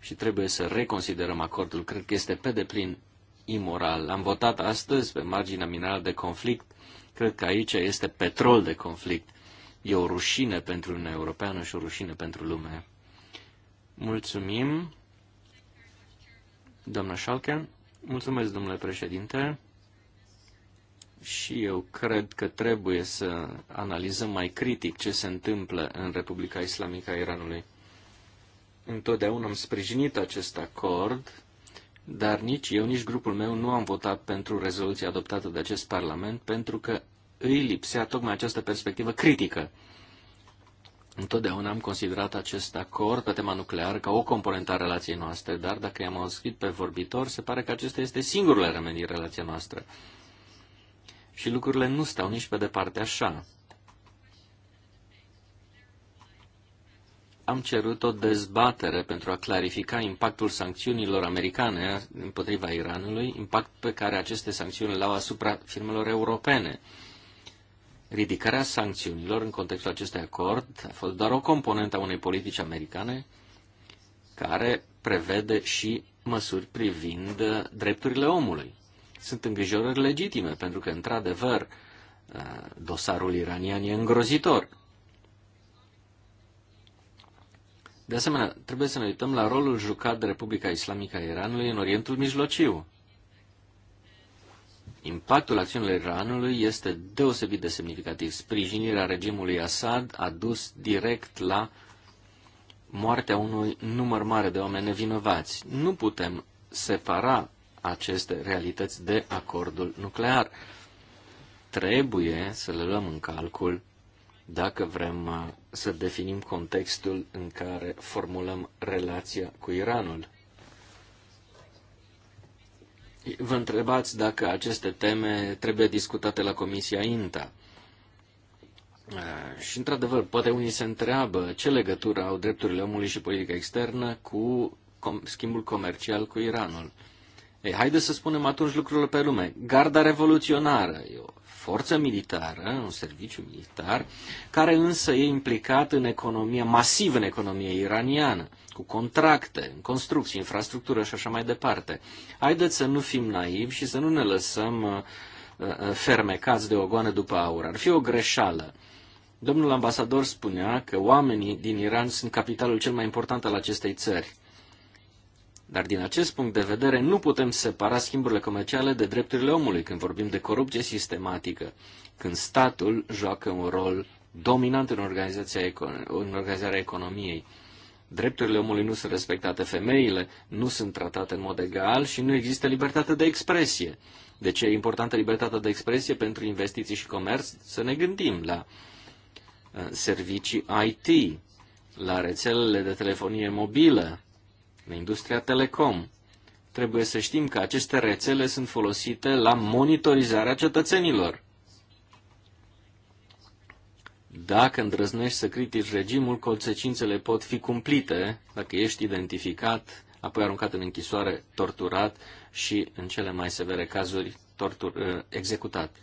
[SPEAKER 4] și trebuie să reconsiderăm acordul. Cred că este pe deplin imoral. Am votat astăzi pe marginea mineral de conflict. Cred că aici este petrol de conflict. E o rușine pentru Uniunea Europeană și o rușine pentru lume. Mulțumim, doamna Schalken. Mulțumesc, domnule președinte și eu cred că trebuie să analizăm mai critic ce se întâmplă în Republica Islamică a Iranului. Întotdeauna am sprijinit acest acord, dar nici eu, nici grupul meu nu am votat pentru rezoluția adoptată de acest Parlament, pentru că îi lipsea tocmai această perspectivă critică. Întotdeauna am considerat acest acord pe tema nucleară ca o componentă a relației noastre, dar dacă i-am auzit pe vorbitor, se pare că acesta este singurul element din relația noastră. Și lucrurile nu stau nici pe departe așa. Am cerut o dezbatere pentru a clarifica impactul sancțiunilor americane împotriva Iranului, impact pe care aceste sancțiuni le au asupra firmelor europene. Ridicarea sancțiunilor în contextul acestui acord a fost doar o componentă a unei politici americane care prevede și măsuri privind drepturile omului sunt îngrijorări legitime, pentru că, într-adevăr, uh, dosarul iranian e îngrozitor. De asemenea, trebuie să ne uităm la rolul jucat de Republica Islamică a Iranului în Orientul Mijlociu. Impactul acțiunilor Iranului este deosebit de semnificativ. Sprijinirea regimului Assad a dus direct la moartea unui număr mare de oameni nevinovați. Nu putem separa aceste realități de acordul nuclear. Trebuie să le luăm în calcul dacă vrem uh, să definim contextul în care formulăm relația cu Iranul. Vă întrebați dacă aceste teme trebuie discutate la Comisia INTA. Uh, și, într-adevăr, poate unii se întreabă ce legătură au drepturile omului și politica externă cu schimbul comercial cu Iranul. Ei, haideți să spunem atunci lucrurile pe lume. Garda revoluționară e o forță militară, un serviciu militar, care însă e implicat în economia, masiv în economia iraniană, cu contracte, în construcții, infrastructură și așa mai departe. Haideți să nu fim naivi și să nu ne lăsăm uh, uh, fermecați de o goană după aur. Ar fi o greșeală. Domnul ambasador spunea că oamenii din Iran sunt capitalul cel mai important al acestei țări. Dar din acest punct de vedere nu putem separa schimburile comerciale de drepturile omului când vorbim de corupție sistematică, când statul joacă un rol dominant în, organizația, în organizarea economiei. Drepturile omului nu sunt respectate, femeile nu sunt tratate în mod egal și nu există libertate de expresie. De ce e importantă libertatea de expresie pentru investiții și comerț? Să ne gândim la uh, servicii IT, la rețelele de telefonie mobilă, în industria telecom. Trebuie să știm că aceste rețele sunt folosite la monitorizarea cetățenilor. Dacă îndrăznești să critici regimul, consecințele pot fi cumplite dacă ești identificat, apoi aruncat în închisoare, torturat și, în cele mai severe cazuri, tortur, uh, executat.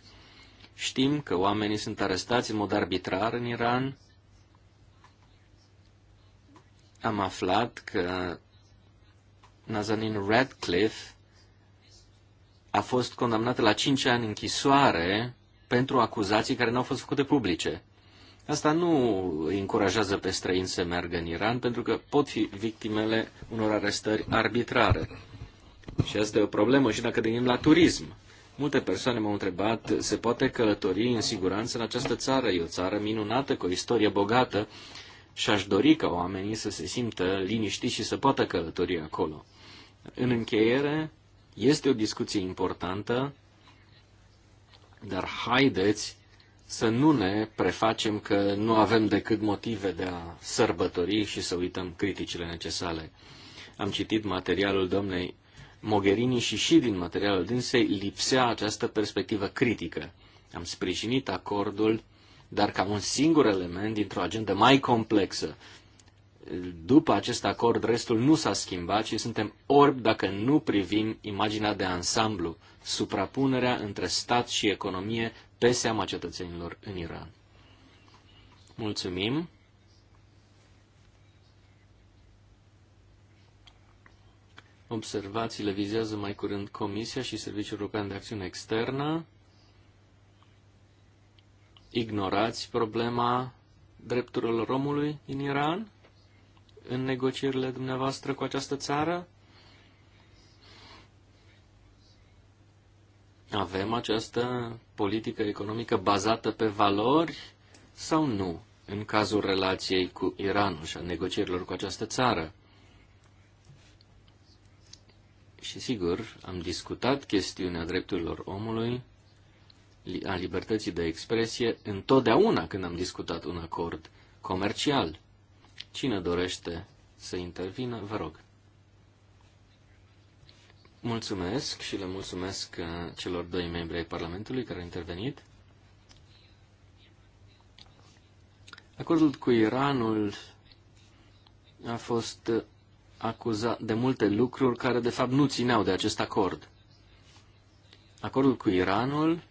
[SPEAKER 4] Știm că oamenii sunt arestați în mod arbitrar în Iran. Am aflat că Nazanin Radcliffe a fost condamnată la 5 ani închisoare pentru acuzații care nu au fost făcute publice. Asta nu îi încurajează pe străini să meargă în Iran, pentru că pot fi victimele unor arestări arbitrare. Și asta e o problemă și dacă gândim la turism. Multe persoane m-au întrebat, se poate călători în siguranță în această țară? E o țară minunată, cu o istorie bogată și aș dori ca oamenii să se simtă liniștiți și să poată călători acolo. În încheiere, este o discuție importantă, dar haideți să nu ne prefacem că nu avem decât motive de a sărbători și să uităm criticile necesare. Am citit materialul domnei Mogherini și și din materialul dânsei lipsea această perspectivă critică. Am sprijinit acordul, dar ca un singur element dintr-o agendă mai complexă după acest acord restul nu s-a schimbat și suntem orbi dacă nu privim imaginea de ansamblu, suprapunerea între stat și economie pe seama cetățenilor în Iran. Mulțumim! Observațiile vizează mai curând Comisia și Serviciul European de Acțiune Externă. Ignorați problema drepturilor omului în Iran? în negocierile dumneavoastră cu această țară? Avem această politică economică bazată pe valori sau nu în cazul relației cu Iranul și a negocierilor cu această țară? Și sigur, am discutat chestiunea drepturilor omului, a libertății de expresie, întotdeauna când am discutat un acord comercial. Cine dorește să intervină, vă rog. Mulțumesc și le mulțumesc uh, celor doi membri ai Parlamentului care au intervenit. Acordul cu Iranul a fost uh, acuzat de multe lucruri care de fapt nu țineau de acest acord. Acordul cu Iranul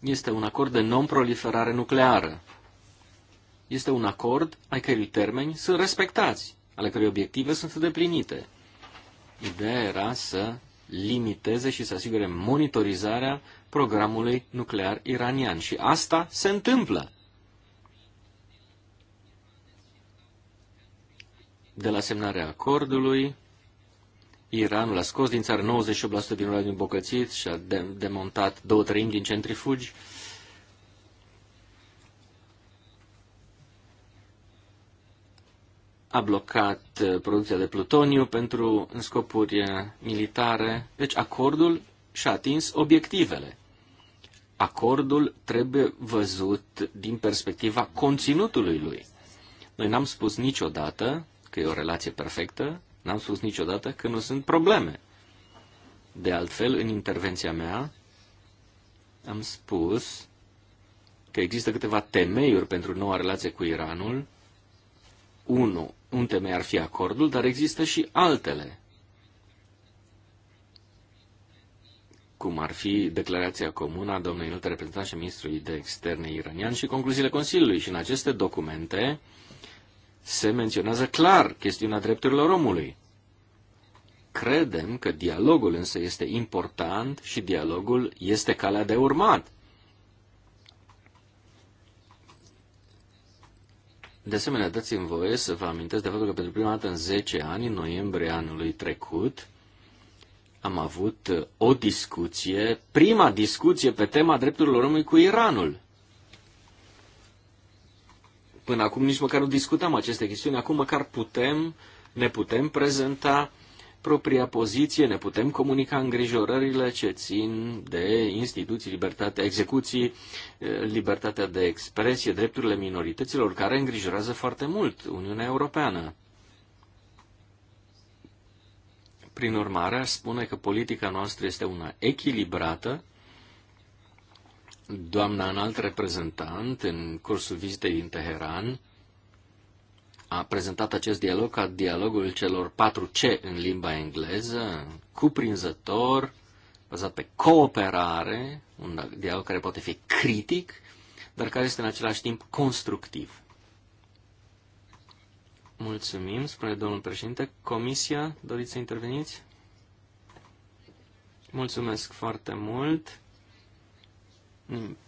[SPEAKER 4] este un acord de non-proliferare nucleară este un acord ai cărui termeni sunt respectați, ale cărui obiective sunt îndeplinite. Ideea era să limiteze și să asigure monitorizarea programului nuclear iranian. Și asta se întâmplă. De la semnarea acordului, Iranul a scos din țară 98% din uraniu îmbogățit și a demontat două treimi din centrifugi. a blocat uh, producția de plutoniu pentru în scopuri uh, militare. Deci acordul și-a atins obiectivele. Acordul trebuie văzut din perspectiva conținutului lui. Noi n-am spus niciodată că e o relație perfectă, n-am spus niciodată că nu sunt probleme. De altfel, în intervenția mea, am spus că există câteva temeiuri pentru noua relație cu Iranul. 1 un temei ar fi acordul, dar există și altele, cum ar fi declarația comună a domnului înalt reprezentant și ministrului de externe iranian și concluziile Consiliului. Și în aceste documente se menționează clar chestiunea drepturilor omului. Credem că dialogul însă este important și dialogul este calea de urmat. De asemenea, dați-mi voie să vă amintesc de faptul că pentru prima dată în 10 ani, în noiembrie anului trecut, am avut uh, o discuție, prima discuție pe tema drepturilor omului cu Iranul. Până acum nici măcar nu discutam aceste chestiuni, acum măcar putem, ne putem prezenta propria poziție, ne putem comunica îngrijorările ce țin de instituții, libertatea execuții, eh, libertatea de expresie, drepturile minorităților, care îngrijorează foarte mult Uniunea Europeană. Prin urmare, aș spune că politica noastră este una echilibrată. Doamna înalt reprezentant, în cursul vizitei din Teheran, a prezentat acest dialog ca dialogul celor 4C în limba engleză, cuprinzător, bazat pe cooperare, un dialog care poate fi critic, dar care este în același timp constructiv. Mulțumim, spune domnul președinte. Comisia, doriți să interveniți? Mulțumesc foarte mult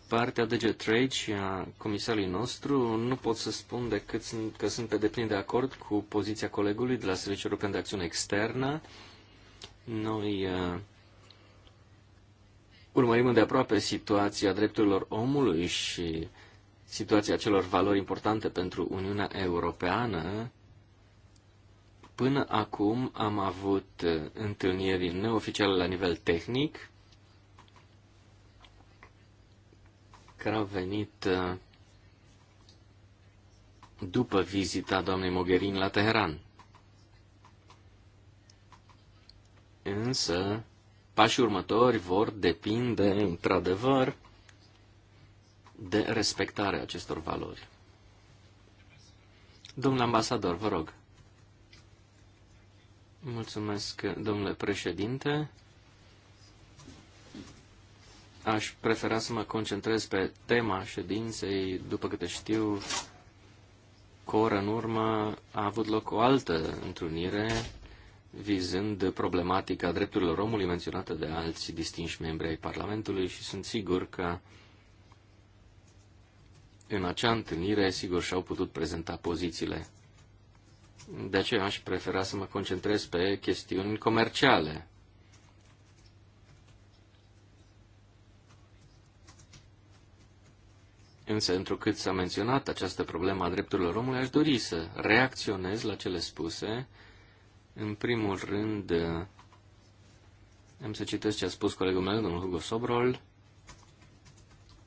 [SPEAKER 4] partea DG Trade și a comisarului nostru, nu pot să spun decât că sunt pe deplin de acord cu poziția colegului de la Serviciul European de Acțiune Externă. Noi uh, urmărim îndeaproape situația drepturilor omului și situația celor valori importante pentru Uniunea Europeană. Până acum am avut uh, întâlniri neoficiale la nivel tehnic care au venit uh, după vizita doamnei Mogherin la Teheran. Însă, pașii următori vor depinde, într-adevăr, de respectarea acestor valori. Domnule ambasador, vă rog. Mulțumesc, domnule președinte aș prefera să mă concentrez pe tema ședinței. După câte știu, cu o oră în urmă a avut loc o altă întrunire vizând problematica drepturilor omului menționată de alți distinși membri ai Parlamentului și sunt sigur că în acea întâlnire, sigur, și-au putut prezenta pozițiile. De aceea aș prefera să mă concentrez pe chestiuni comerciale. Însă, întrucât s-a menționat această problemă a drepturilor omului, aș dori să reacționez la cele spuse. În primul rând, am să citesc ce a spus colegul meu, domnul Hugo Sobrol.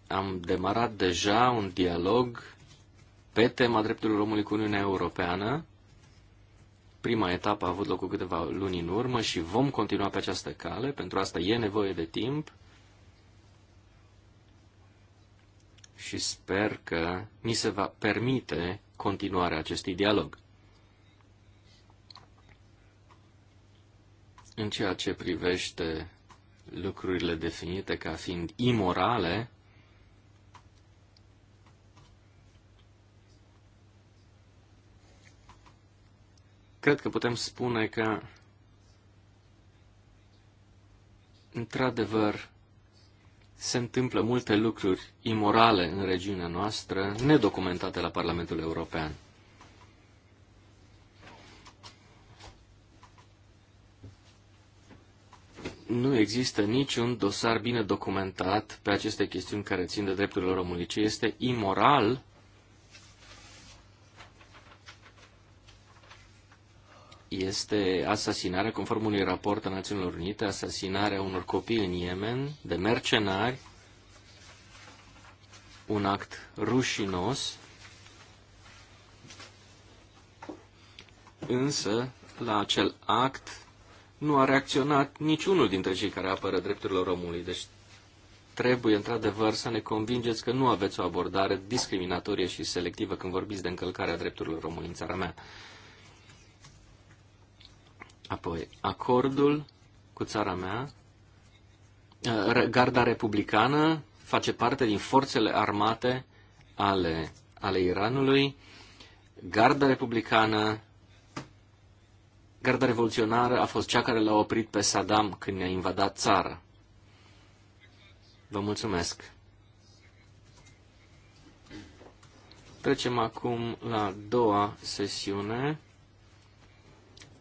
[SPEAKER 4] Am demarat deja un dialog pe tema drepturilor omului cu Uniunea Europeană. Prima etapă a avut loc cu câteva luni în urmă și vom continua pe această cale. Pentru asta e nevoie de timp. și sper că ni se va permite continuarea acestui dialog. În ceea ce privește lucrurile definite ca fiind imorale,
[SPEAKER 2] cred că putem spune că,
[SPEAKER 4] într-adevăr, se întâmplă multe lucruri imorale în regiunea noastră, nedocumentate la Parlamentul European. Nu există niciun dosar bine documentat pe aceste chestiuni care țin de drepturile omului, ci este imoral este asasinarea, conform unui raport al Națiunilor Unite, asasinarea unor copii în Yemen de mercenari, un act rușinos, însă la acel act nu a reacționat niciunul dintre cei care apără drepturile omului. Deci trebuie într-adevăr să ne convingeți că nu aveți o abordare discriminatorie și selectivă când vorbiți de încălcarea drepturilor omului în țara mea. Apoi, acordul cu țara mea, uh, garda republicană face parte din forțele armate ale, ale Iranului. Garda republicană, garda revoluționară a fost cea care l-a oprit pe Saddam când ne-a invadat țara. Vă mulțumesc. Trecem acum la a doua sesiune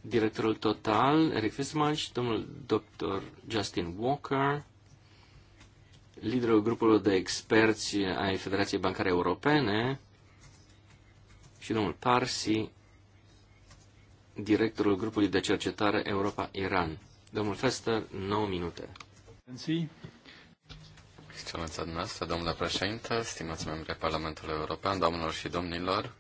[SPEAKER 4] directorul total, Eric Fisman și domnul dr. Justin Walker, liderul grupului de experți ai Federației Bancare Europene și domnul Parsi, directorul grupului de cercetare Europa-Iran. Domnul Fester, 9 minute.
[SPEAKER 2] Excelența dumneavoastră, domnule președinte, stimați membri ai Parlamentului European, doamnelor și domnilor,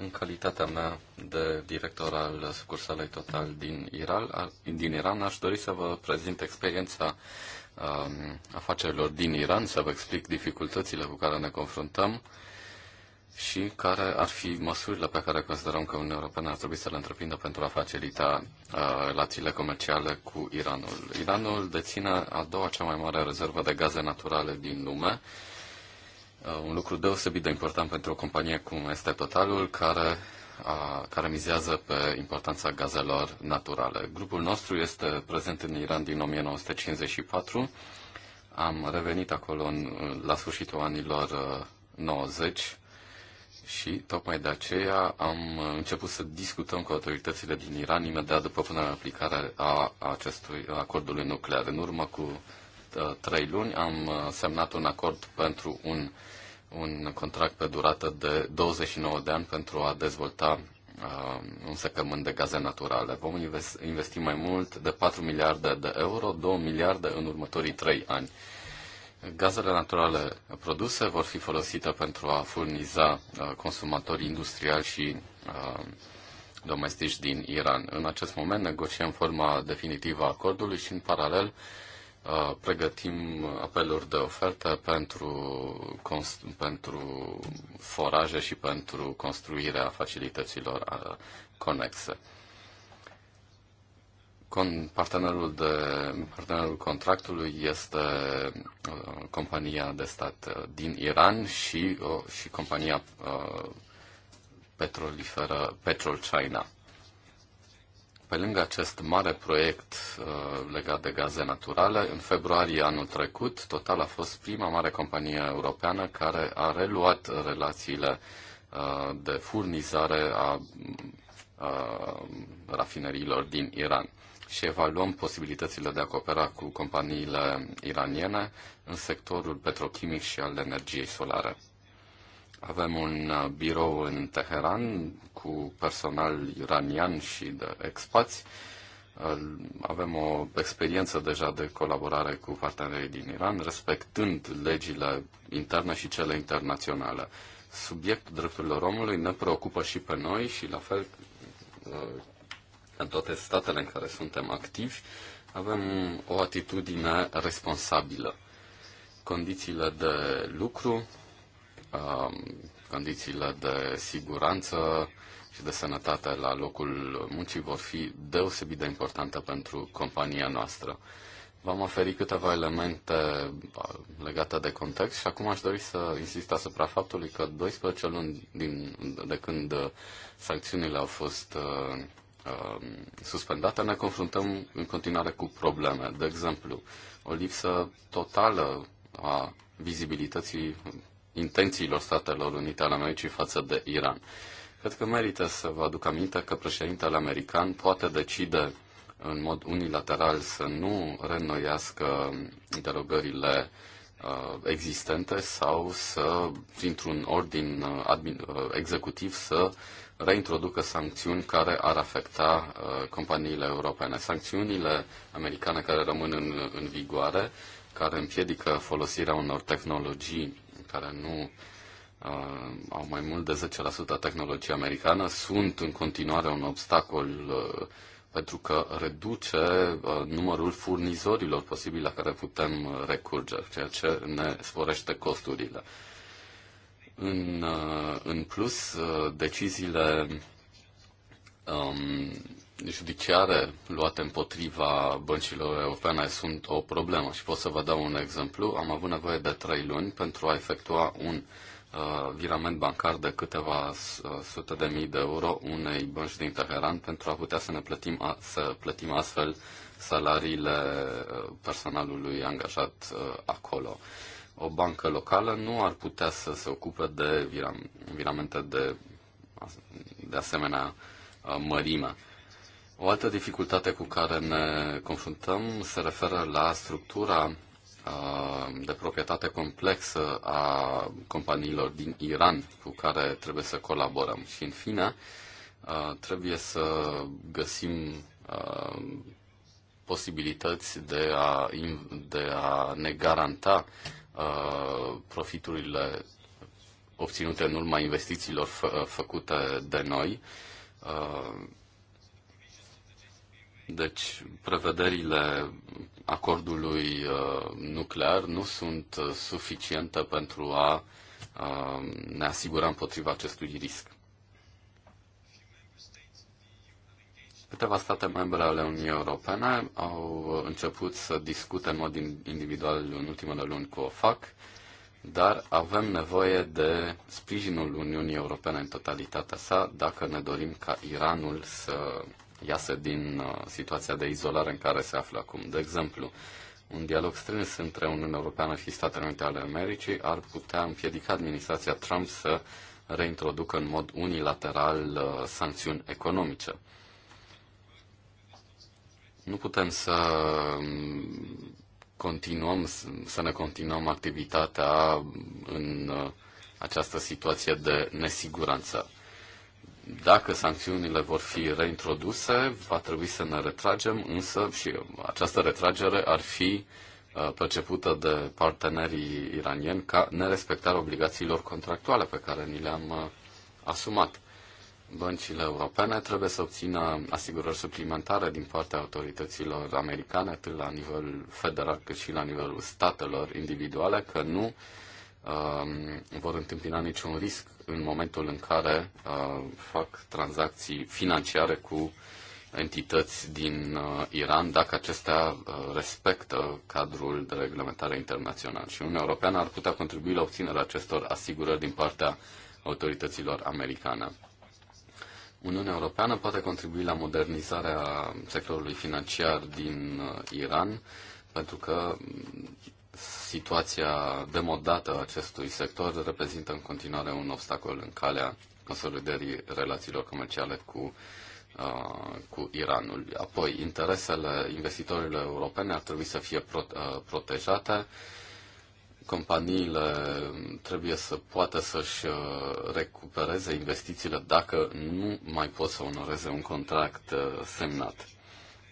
[SPEAKER 2] în calitatea mea de director al sucursalei Total din Iran, din Iran aș dori să vă prezint experiența um, afacerilor din Iran, să vă explic dificultățile cu care ne confruntăm și care ar fi măsurile pe care considerăm că Uniunea Europeană ar trebui să le întreprindă pentru a facilita uh, relațiile comerciale cu Iranul. Iranul deține a doua cea mai mare rezervă de gaze naturale din lume, uh, Uh, un lucru deosebit de important pentru o companie cum este Totalul, care, a, care mizează pe importanța gazelor naturale. Grupul nostru este prezent în Iran din 1954. Am revenit acolo în, la sfârșitul anilor 90 uh, și tocmai de aceea am uh, început să discutăm cu autoritățile din Iran imediat după punerea în aplicare a acestui acordului nuclear. În urmă cu Uh, trei luni am uh, semnat un acord pentru un, un contract pe durată de 29 de ani pentru a dezvolta uh, un secământ de gaze naturale. Vom investi mai mult de 4 miliarde de euro, 2 miliarde în următorii 3 ani. Gazele naturale produse vor fi folosite pentru a furniza uh, consumatorii industriali și uh, domestici din Iran. În acest moment negociem forma definitivă a acordului și, în paralel, Uh, pregătim apeluri de ofertă pentru, pentru foraje și pentru construirea facilităților uh, conexe. Con, partenerul, de, partenerul contractului este uh, compania de stat uh, din Iran și, uh, și compania uh, petroliferă Petrol China. Pe lângă acest mare proiect uh, legat de gaze naturale, în februarie anul trecut, Total a fost prima mare companie europeană care a reluat relațiile uh, de furnizare a uh, rafineriilor din Iran și evaluăm posibilitățile de a coopera cu companiile iraniene în sectorul petrochimic și al energiei solare. Avem un uh, birou în Teheran cu personal iranian și de expați. Avem o experiență deja de colaborare cu partenerii din Iran, respectând legile interne și cele internaționale. Subiectul drepturilor omului ne preocupă și pe noi și la fel uh, în toate statele în care suntem activi, avem o atitudine responsabilă. Condițiile de lucru, uh, condițiile de siguranță, de sănătate la locul muncii vor fi deosebit de importante pentru compania noastră. V-am oferit câteva elemente legate de context și acum aș dori să insist asupra faptului că 12 luni din, de când sancțiunile au fost uh, uh, suspendate, ne confruntăm în continuare cu probleme. De exemplu, o lipsă totală a vizibilității intențiilor Statelor Unite ale Americii față de Iran. Uh, Cred că merită să vă aduc aminte că președintele american poate decide în mod unilateral să nu reînnoiască derogările uh, existente sau să, printr-un ordin uh, admin, uh, executiv, să reintroducă sancțiuni care ar afecta companiile europene. Sancțiunile americane care rămân în, în vigoare, care împiedică folosirea unor tehnologii care nu uh, au mai mult de 10% tehnologie americană, sunt în continuare un obstacol uh, pentru că reduce uh, numărul furnizorilor posibili la care putem uh, recurge, ceea ce ne sporește costurile. În, uh, în plus, uh, deciziile um, judiciare luate împotriva băncilor europene sunt o problemă și pot să vă dau un exemplu. Am avut nevoie de trei luni pentru a efectua un uh, Uh, virament bancar de câteva uh, sute de mii de euro unei bănci din Teheran pentru a putea să ne plătim, să plătim astfel salariile uh, personalului angajat acolo. O bancă locală nu ar putea să se ocupe de viram, viramente de, de asemenea mărime. O altă dificultate cu care ne confruntăm se referă la structura de proprietate complexă a companiilor din Iran cu care trebuie să colaborăm. Și în fine, trebuie să găsim posibilități de a, de a ne garanta profiturile obținute în urma investițiilor fă, făcute de noi. Deci, prevederile acordului uh, nuclear nu sunt uh, suficiente pentru a ne asigura împotriva acestui risc. Câteva state membre ale Uniunii Europene au început să discute în mod individual în ultimele luni cu OFAC, dar avem nevoie de sprijinul Uniunii Europene în totalitatea sa dacă ne dorim ca Iranul să iasă din uh, situația de izolare în care se află acum. De exemplu, un dialog strâns între Uniunea Europeană și Statele Unite ale Americii ar putea împiedica administrația Trump să reintroducă în mod unilateral uh, sancțiuni economice. Nu putem să um, continuăm, să ne continuăm activitatea în uh, această situație de nesiguranță. Dacă sancțiunile vor fi reintroduse, va trebui să ne retragem, însă și această retragere ar fi uh, percepută de partenerii iranieni ca nerespectarea obligațiilor contractuale pe care ni le-am uh, asumat. Băncile europene trebuie să obțină asigurări suplimentare din partea autorităților americane, atât la nivel federal cât și la nivelul statelor individuale, că nu um, vor întâmpina niciun risc în momentul în care uh, fac tranzacții financiare cu entități din uh, Iran, dacă acestea uh, respectă cadrul de reglementare internațional. Și Uniunea Europeană ar putea contribui la obținerea acestor asigurări din partea autorităților americane. Uniunea Europeană poate contribui la modernizarea sectorului financiar din uh, Iran, pentru că situația demodată a acestui sector reprezintă în continuare un obstacol în calea consolidării relațiilor comerciale cu, uh, cu Iranul. Apoi, interesele investitorilor europene ar trebui să fie pro, uh, protejate. Companiile trebuie să poată să-și uh, recupereze investițiile dacă nu mai pot să onoreze un contract uh, semnat.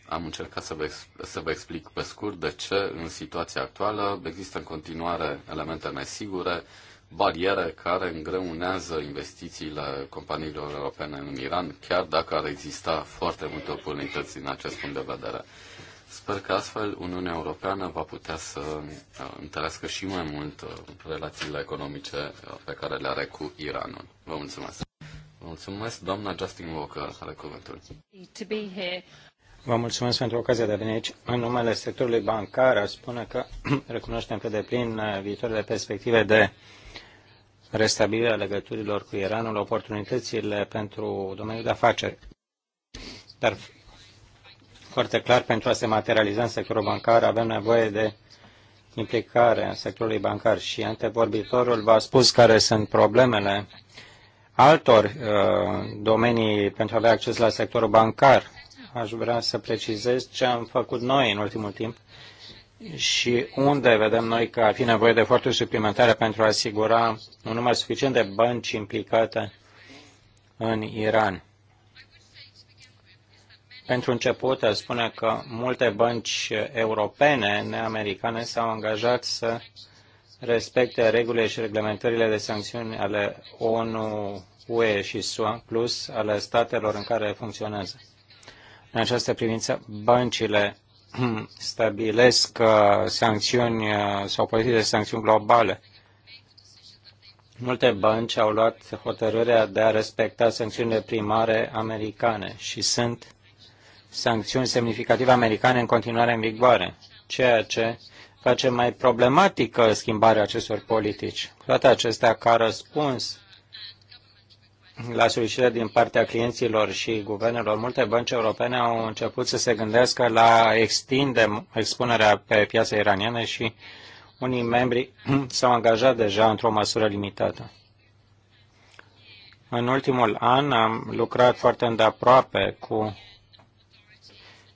[SPEAKER 2] Am încercat să vă, să vă explic pe scurt de ce în situația actuală există în continuare elemente nesigure, bariere care îngreunează investițiile companiilor europene în Iran, chiar dacă ar exista foarte multe oportunități din acest punct de vedere. Sper că astfel Uniunea Europeană va putea să uh, întărească și mai mult uh, relațiile economice uh, pe care le are cu Iranul. Vă mulțumesc! Vă mulțumesc, doamna Justin Walker, are cuvântul.
[SPEAKER 1] To be here.
[SPEAKER 3] Vă mulțumesc pentru ocazia de a veni aici. În numele sectorului bancar, aș spune că recunoaștem pe deplin uh, viitoarele perspective de restabilire a legăturilor cu Iranul, oportunitățile pentru domeniul de afaceri. Dar foarte clar, pentru a se materializa în sectorul bancar, avem nevoie de implicare în sectorul bancar și antevorbitorul v-a spus care sunt problemele altor uh, domenii pentru a avea acces la sectorul bancar aș vrea să precizez ce am făcut noi în ultimul timp și unde vedem noi că ar fi nevoie de eforturi suplimentare pentru a asigura un număr suficient de bănci implicate în Iran. Pentru început, aș spune că multe bănci europene, neamericane, s-au angajat să respecte regulile și reglementările de sancțiuni ale ONU, UE și SUA, plus ale statelor în care funcționează. În această privință, băncile stabilesc uh, sancțiuni uh, sau politici de sancțiuni globale. Multe bănci au luat hotărârea de a respecta sancțiunile primare americane și sunt sancțiuni semnificative americane în continuare în vigoare, ceea ce face mai problematică schimbarea acestor politici. Toate acestea ca răspuns la solicitări din partea clienților și guvernelor, multe bănci europene au început să se gândească la extinde expunerea pe piața iraniană și unii membri s-au angajat deja într-o măsură limitată. În ultimul an am lucrat foarte îndeaproape cu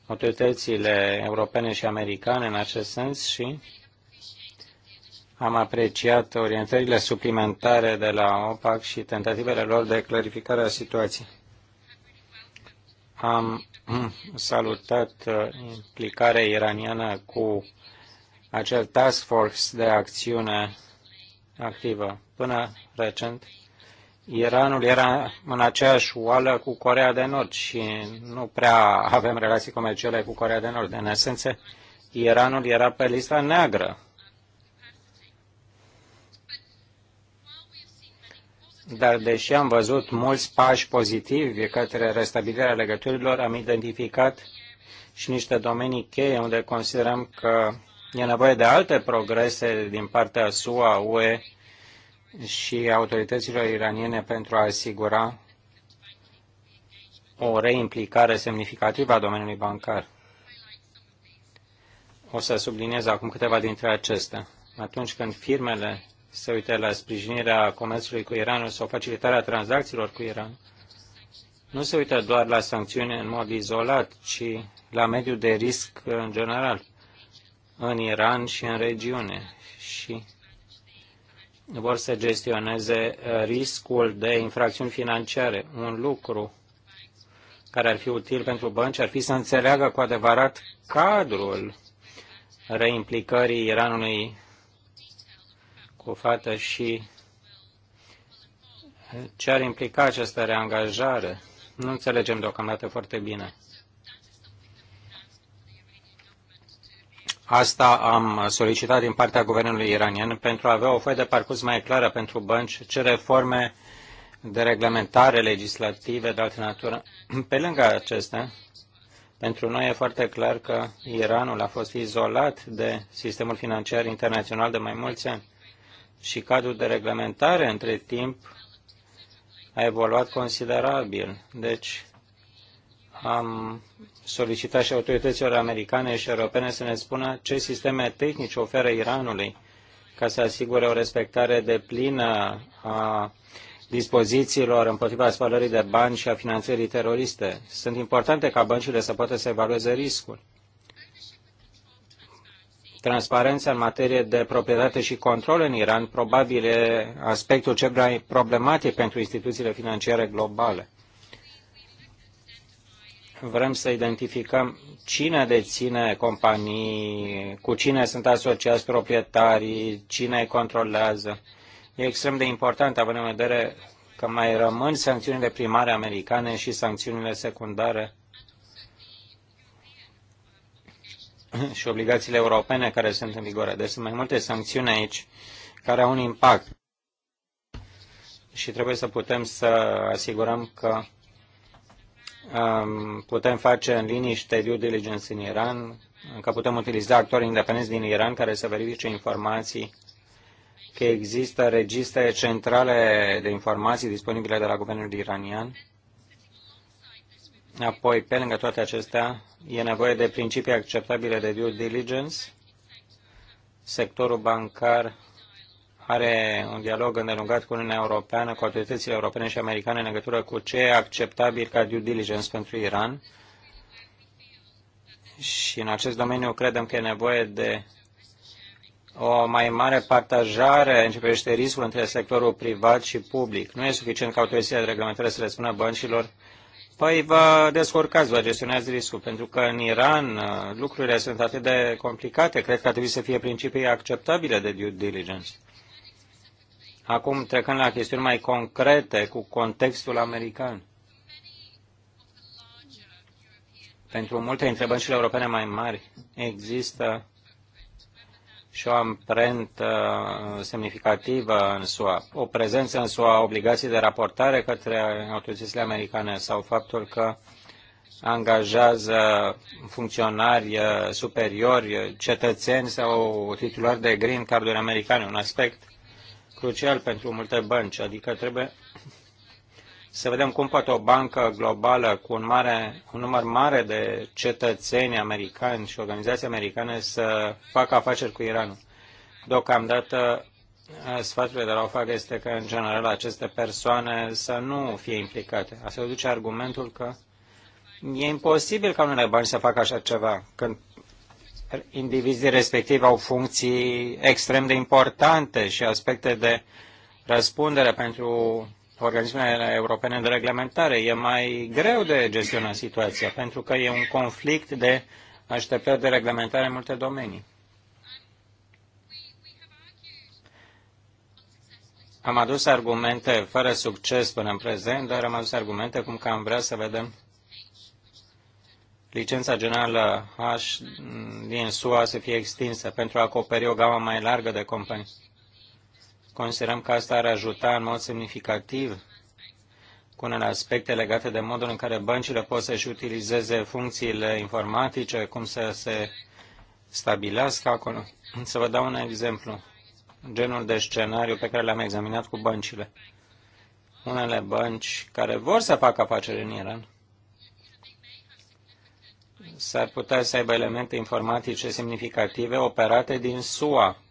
[SPEAKER 3] autoritățile europene și americane în acest sens și am apreciat orientările suplimentare de la OPAC și tentativele lor de clarificare a situației. Am salutat uh, implicarea iraniană cu acel task force de acțiune activă. Până recent, Iranul era în aceeași oală cu Corea de Nord și nu prea avem relații comerciale cu Corea de Nord. În esență, Iranul era pe lista neagră dar deși am văzut mulți pași pozitivi către restabilirea legăturilor, am identificat și niște domenii cheie unde considerăm că e nevoie de alte progrese din partea SUA, UE și autorităților iraniene pentru a asigura o reimplicare semnificativă a domeniului bancar. O să subliniez acum câteva dintre acestea. Atunci când firmele se uite la sprijinirea comerțului cu Iranul sau facilitarea tranzacțiilor cu Iranul, nu se uită doar la sancțiuni în mod izolat, ci la mediul de risc în general, în Iran și în regiune. Și vor să gestioneze uh, riscul de infracțiuni financiare. Un lucru care ar fi util pentru bănci ar fi să înțeleagă cu adevărat cadrul reimplicării Iranului cu o fată și ce ar implica această reangajare. Nu înțelegem deocamdată foarte bine. Asta am solicitat din partea guvernului iranian pentru a avea o foaie de parcurs mai clară pentru bănci, ce reforme de reglementare legislative de altă natură. Pe lângă acestea, pentru noi e foarte clar că Iranul a fost izolat de sistemul financiar internațional de mai mulți ani și cadrul de reglementare între timp a evoluat considerabil. Deci am solicitat și autorităților americane și europene să ne spună ce sisteme tehnice oferă Iranului ca să asigure o respectare de plină a dispozițiilor împotriva spălării de bani și a finanțării teroriste. Sunt importante ca băncile să poată să evalueze riscul transparența în materie de proprietate și control în Iran probabil e aspectul cel mai problematic pentru instituțiile financiare globale. Vrem să identificăm cine deține companii, cu cine sunt asociați proprietarii, cine îi controlează. E extrem de important, având în vedere că mai rămân sancțiunile primare americane și sancțiunile secundare și obligațiile europene care sunt în vigoare. Deci sunt mai multe sancțiuni aici care au un impact și trebuie să putem să asigurăm că um, putem face în liniște due diligence în Iran, că putem utiliza actori independenți din Iran care să verifice informații, că există registre centrale de informații disponibile de la guvernul iranian Apoi, pe lângă toate acestea, e nevoie de principii acceptabile de due diligence. Sectorul bancar are un dialog îndelungat cu Uniunea Europeană, cu autoritățile europene și americane în legătură cu ce e acceptabil ca due diligence pentru Iran. Și în acest domeniu credem că e nevoie de o mai mare partajare în ce privește riscul între sectorul privat și public. Nu e suficient ca autoritățile de reglementare să le spună băncilor Păi vă descurcați, vă gestionați riscul, pentru că în Iran uh, lucrurile sunt atât de complicate, cred că ar trebui să fie principii acceptabile de due diligence. Acum, trecând la chestiuni mai concrete cu contextul american. Pentru multe întrebări europene mai mari există și o amprentă semnificativă în SUA. O prezență în SUA, obligații de raportare către autoritățile americane sau faptul că angajează funcționari eh, superiori, cetățeni sau titulari de green carduri americane, un aspect crucial pentru multe bănci, adică trebuie să vedem cum poate o bancă globală cu un, mare, un număr mare de cetățeni americani și organizații americane să facă afaceri cu Iranul. Deocamdată, eh, sfatul de la OFAC este că, în general, aceste persoane să nu fie implicate. Asta duce argumentul că e imposibil ca unele bani să facă așa ceva, când indivizii respectivi au funcții extrem de importante și aspecte de răspundere pentru organismele europene de reglementare. E mai greu de gestionat situația, pentru că e un conflict de așteptări de reglementare în multe domenii. Am adus argumente fără succes până în prezent, dar am adus argumente cum că am vrea să vedem licența generală H din SUA să fie extinsă pentru a acoperi o gamă mai largă de companii Considerăm că asta ar ajuta în mod semnificativ cu unele aspecte legate de modul în care băncile pot să-și utilizeze funcțiile informatice, cum să se stabilească acolo. Să vă dau un exemplu, genul de scenariu pe care l-am examinat cu băncile. Unele bănci care vor să facă afaceri în Iran s-ar putea să aibă elemente informatice semnificative operate din SUA,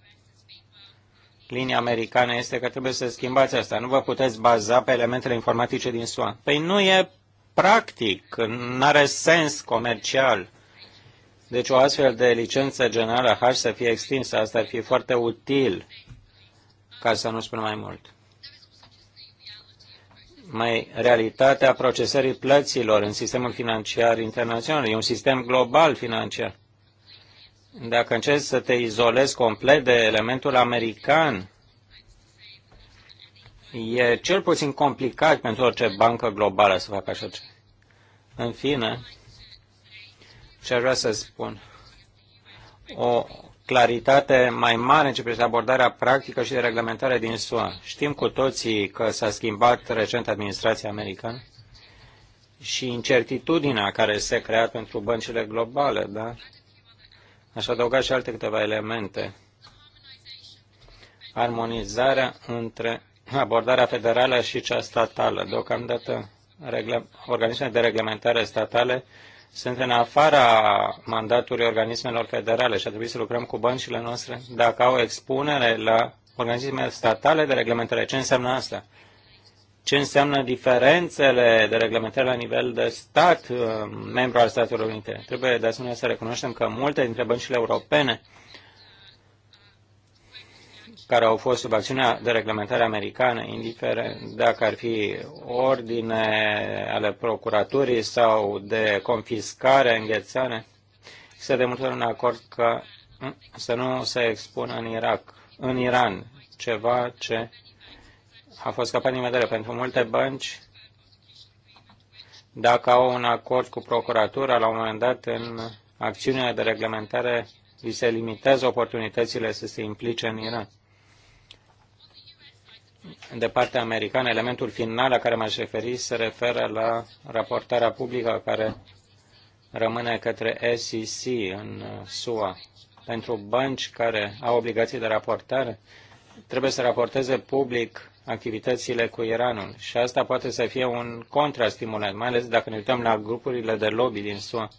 [SPEAKER 3] linia americană este că trebuie să schimbați asta. Nu vă puteți baza pe elementele informatice din SUA. Păi nu e practic, nu are sens comercial. Deci o astfel de licență generală H să fie extinsă, asta ar fi foarte util, ca să nu spun mai mult. Mai realitatea procesării plăților în sistemul financiar internațional. E un sistem global financiar. Dacă încerci să te izolezi complet de elementul american, e cel puțin complicat pentru orice bancă globală să facă așa ceva. În fine, ce aș vrea să spun, o claritate mai mare în ce privește abordarea practică și de reglementare din SUA. Știm cu toții că s-a schimbat recent administrația americană și incertitudinea care se creat pentru băncile globale, dar Aș adăuga și alte câteva elemente. Armonizarea între abordarea federală și cea statală. Deocamdată, organismele de reglementare statale sunt în afara mandatului organismelor federale și ar trebui să lucrăm cu băncile noastre dacă au expunere la organismele statale de reglementare. Ce înseamnă asta? ce înseamnă diferențele de reglementare la nivel de stat, uh, membru al Statelor Unite. Trebuie de asemenea să recunoaștem că multe dintre băncile europene care au fost sub acțiunea de reglementare americană, indiferent dacă ar fi ordine ale procuraturii sau de confiscare înghețane, se de multe ori acord că mm, să nu se expună în Irak, în Iran, ceva ce a fost scăpat din vedere. Pentru multe bănci, dacă au un acord cu procuratura, la un moment dat, în acțiunile de reglementare, li se limitează oportunitățile să se implice în Iran. De partea americană, elementul final la care m-aș referi se referă la raportarea publică care rămâne către SEC în SUA. Pentru bănci care au obligații de raportare, trebuie să raporteze public activitățile cu Iranul. Și asta poate să fie un contrastimulant, mai ales dacă ne uităm la grupurile de lobby din SUA,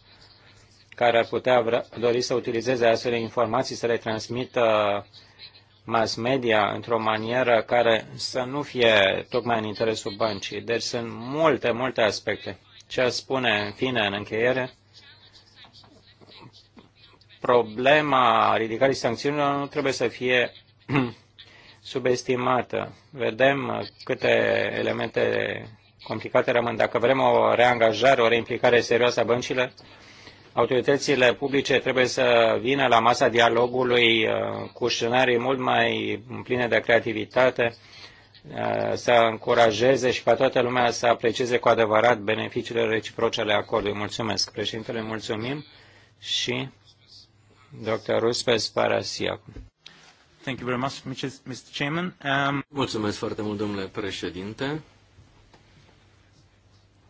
[SPEAKER 3] care ar putea dori să utilizeze astfel de informații, să le transmită mass media într-o manieră care să nu fie tocmai în interesul băncii. Deci sunt multe, multe aspecte. Ce spune, în fine, în încheiere, problema ridicării sancțiunilor nu trebuie să fie subestimată. Vedem uh, câte elemente complicate rămân. Dacă vrem o reangajare, o reimplicare serioasă a băncilor, autoritățile publice trebuie să vină la masa dialogului uh, cu scenarii mult mai pline de creativitate, uh, să încurajeze și ca toată lumea să aprecieze cu adevărat beneficiile reciproce ale acordului. Mulțumesc, președintele, mulțumim și dr. Ruspes parasiac. Thank you very much, Mr. Chairman. Um... Mulțumesc foarte mult, domnule președinte.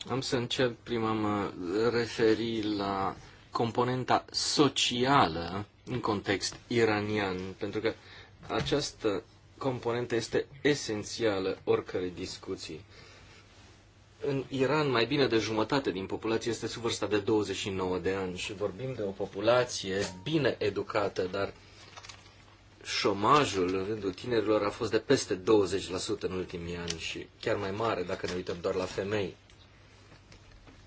[SPEAKER 4] Am să încep prima mă referi la componenta socială în context iranian, pentru că această componentă este esențială oricărei discuții. În Iran, mai bine de jumătate din populație este sub vârsta de 29 de ani și vorbim de o populație bine educată, dar șomajul în rândul tinerilor a fost de peste 20% în ultimii ani și chiar mai mare dacă ne uităm doar la femei.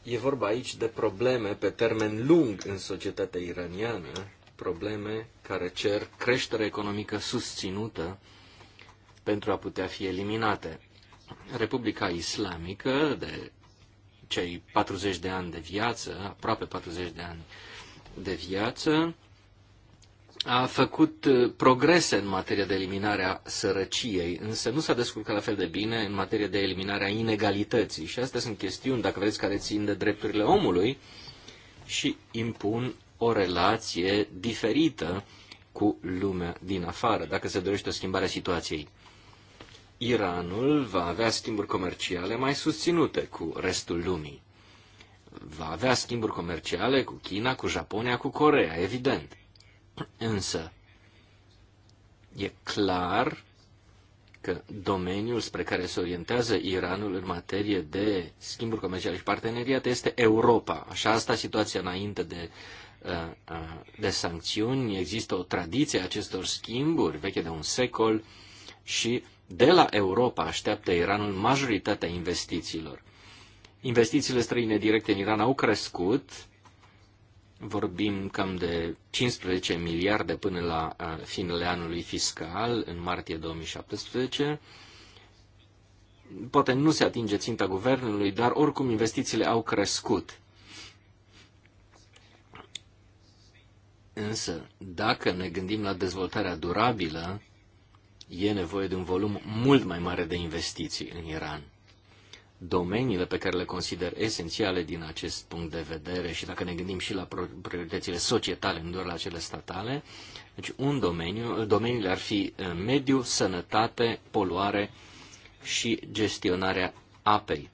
[SPEAKER 4] E vorba aici de probleme pe termen lung în societatea iraniană, probleme care cer creștere economică susținută pentru a putea fi eliminate. Republica Islamică, de cei 40 de ani de viață, aproape 40 de ani de viață, a făcut uh, progrese în materie de eliminare a sărăciei, însă nu s-a descurcat la fel de bine în materie de eliminare a inegalității. Și astea sunt chestiuni, dacă vreți, care țin de drepturile omului și impun o relație diferită cu lumea din afară, dacă se dorește o schimbare a situației. Iranul va avea schimburi comerciale mai susținute cu restul lumii. Va avea schimburi comerciale cu China, cu Japonia, cu Corea, evident. Însă, e clar că domeniul spre care se orientează Iranul în materie de schimburi comerciale și parteneriate este Europa. Așa asta situația înainte de, uh, uh, de sancțiuni. Există o tradiție a acestor schimburi veche de un secol și de la Europa așteaptă Iranul majoritatea investițiilor. Investițiile străine directe în Iran au crescut, vorbim cam de 15 miliarde până la finele anului fiscal, în martie 2017. Poate nu se atinge ținta guvernului, dar oricum investițiile au crescut. Însă, dacă ne gândim la dezvoltarea durabilă, e nevoie de un volum mult mai mare de investiții în Iran domeniile pe care le consider esențiale din acest punct de vedere și dacă ne gândim și la prioritățile societale, nu doar la cele statale, deci un domeniu, domeniile ar fi eh, mediu, sănătate, poluare și gestionarea apei.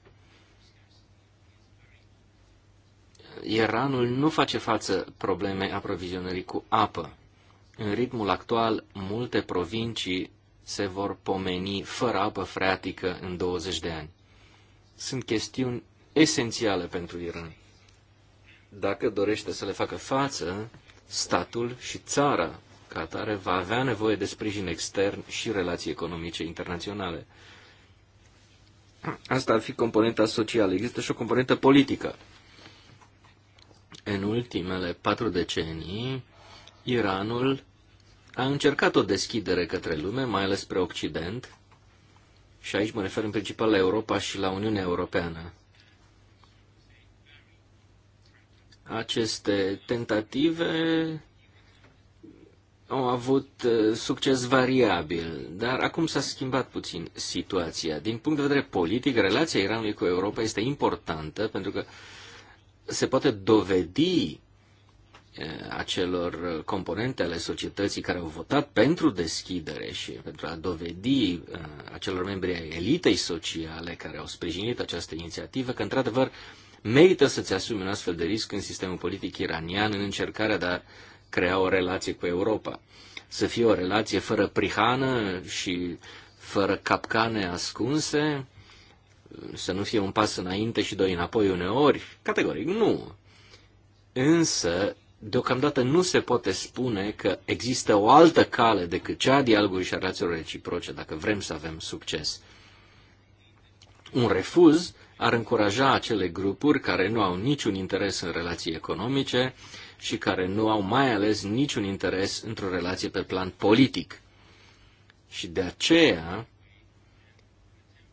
[SPEAKER 4] Iranul nu face față probleme aprovizionării cu apă. În ritmul actual, multe provincii se vor pomeni fără apă freatică în 20 de ani sunt chestiuni esențiale pentru Iran. Dacă dorește să le facă față, statul și țara ca atare va avea nevoie de sprijin extern și relații economice internaționale. Asta ar fi componenta socială. Există și o componentă politică. În ultimele patru decenii, Iranul a încercat o deschidere către lume, mai ales spre Occident, și aici mă refer în principal la Europa și la Uniunea Europeană. Aceste tentative au avut uh, succes variabil, dar acum s-a schimbat puțin situația. Din punct de vedere politic, relația Iranului cu Europa este importantă pentru că se poate dovedi Eh, acelor componente ale societății care au votat pentru deschidere și pentru a dovedi eh, acelor membri ai elitei sociale care au sprijinit această inițiativă că, într-adevăr, merită să-ți asumi un astfel de risc în sistemul politic iranian în încercarea de a crea o relație cu Europa. Să fie o relație fără prihană și fără capcane ascunse, să nu fie un pas înainte și doi înapoi uneori, categoric nu. Însă deocamdată nu se poate spune că există o altă cale decât cea a dialogului și a relațiilor reciproce dacă vrem să avem succes. Un refuz ar încuraja acele grupuri care nu au niciun interes în relații economice și care nu au mai ales niciun interes într-o relație pe plan politic. Și de aceea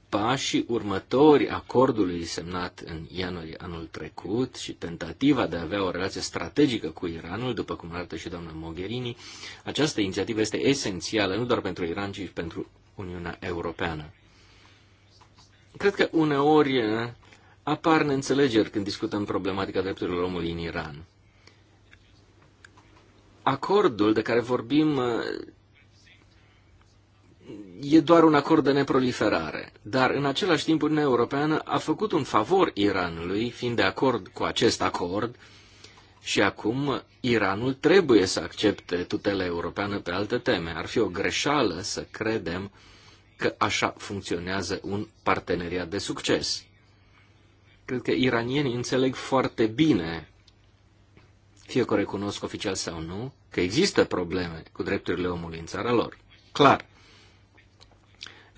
[SPEAKER 4] pașii următori acordului semnat în ianuarie anul trecut și tentativa de a avea o relație strategică cu Iranul, după cum arată și doamna Mogherini, această inițiativă este esențială nu doar pentru Iran, ci și pentru Uniunea Europeană. Cred că uneori eh, apar neînțelegeri când discutăm problematica drepturilor omului în Iran. Acordul de care vorbim eh, e doar un acord de neproliferare, dar în același timp Uniunea Europeană a făcut un favor Iranului, fiind de acord cu acest acord, și acum Iranul trebuie să accepte tutela europeană pe alte teme. Ar fi o greșeală să credem că așa funcționează un parteneriat de succes. Cred că iranienii înțeleg foarte bine, fie că o recunosc oficial sau nu, că există probleme cu drepturile omului în țara lor. Clar.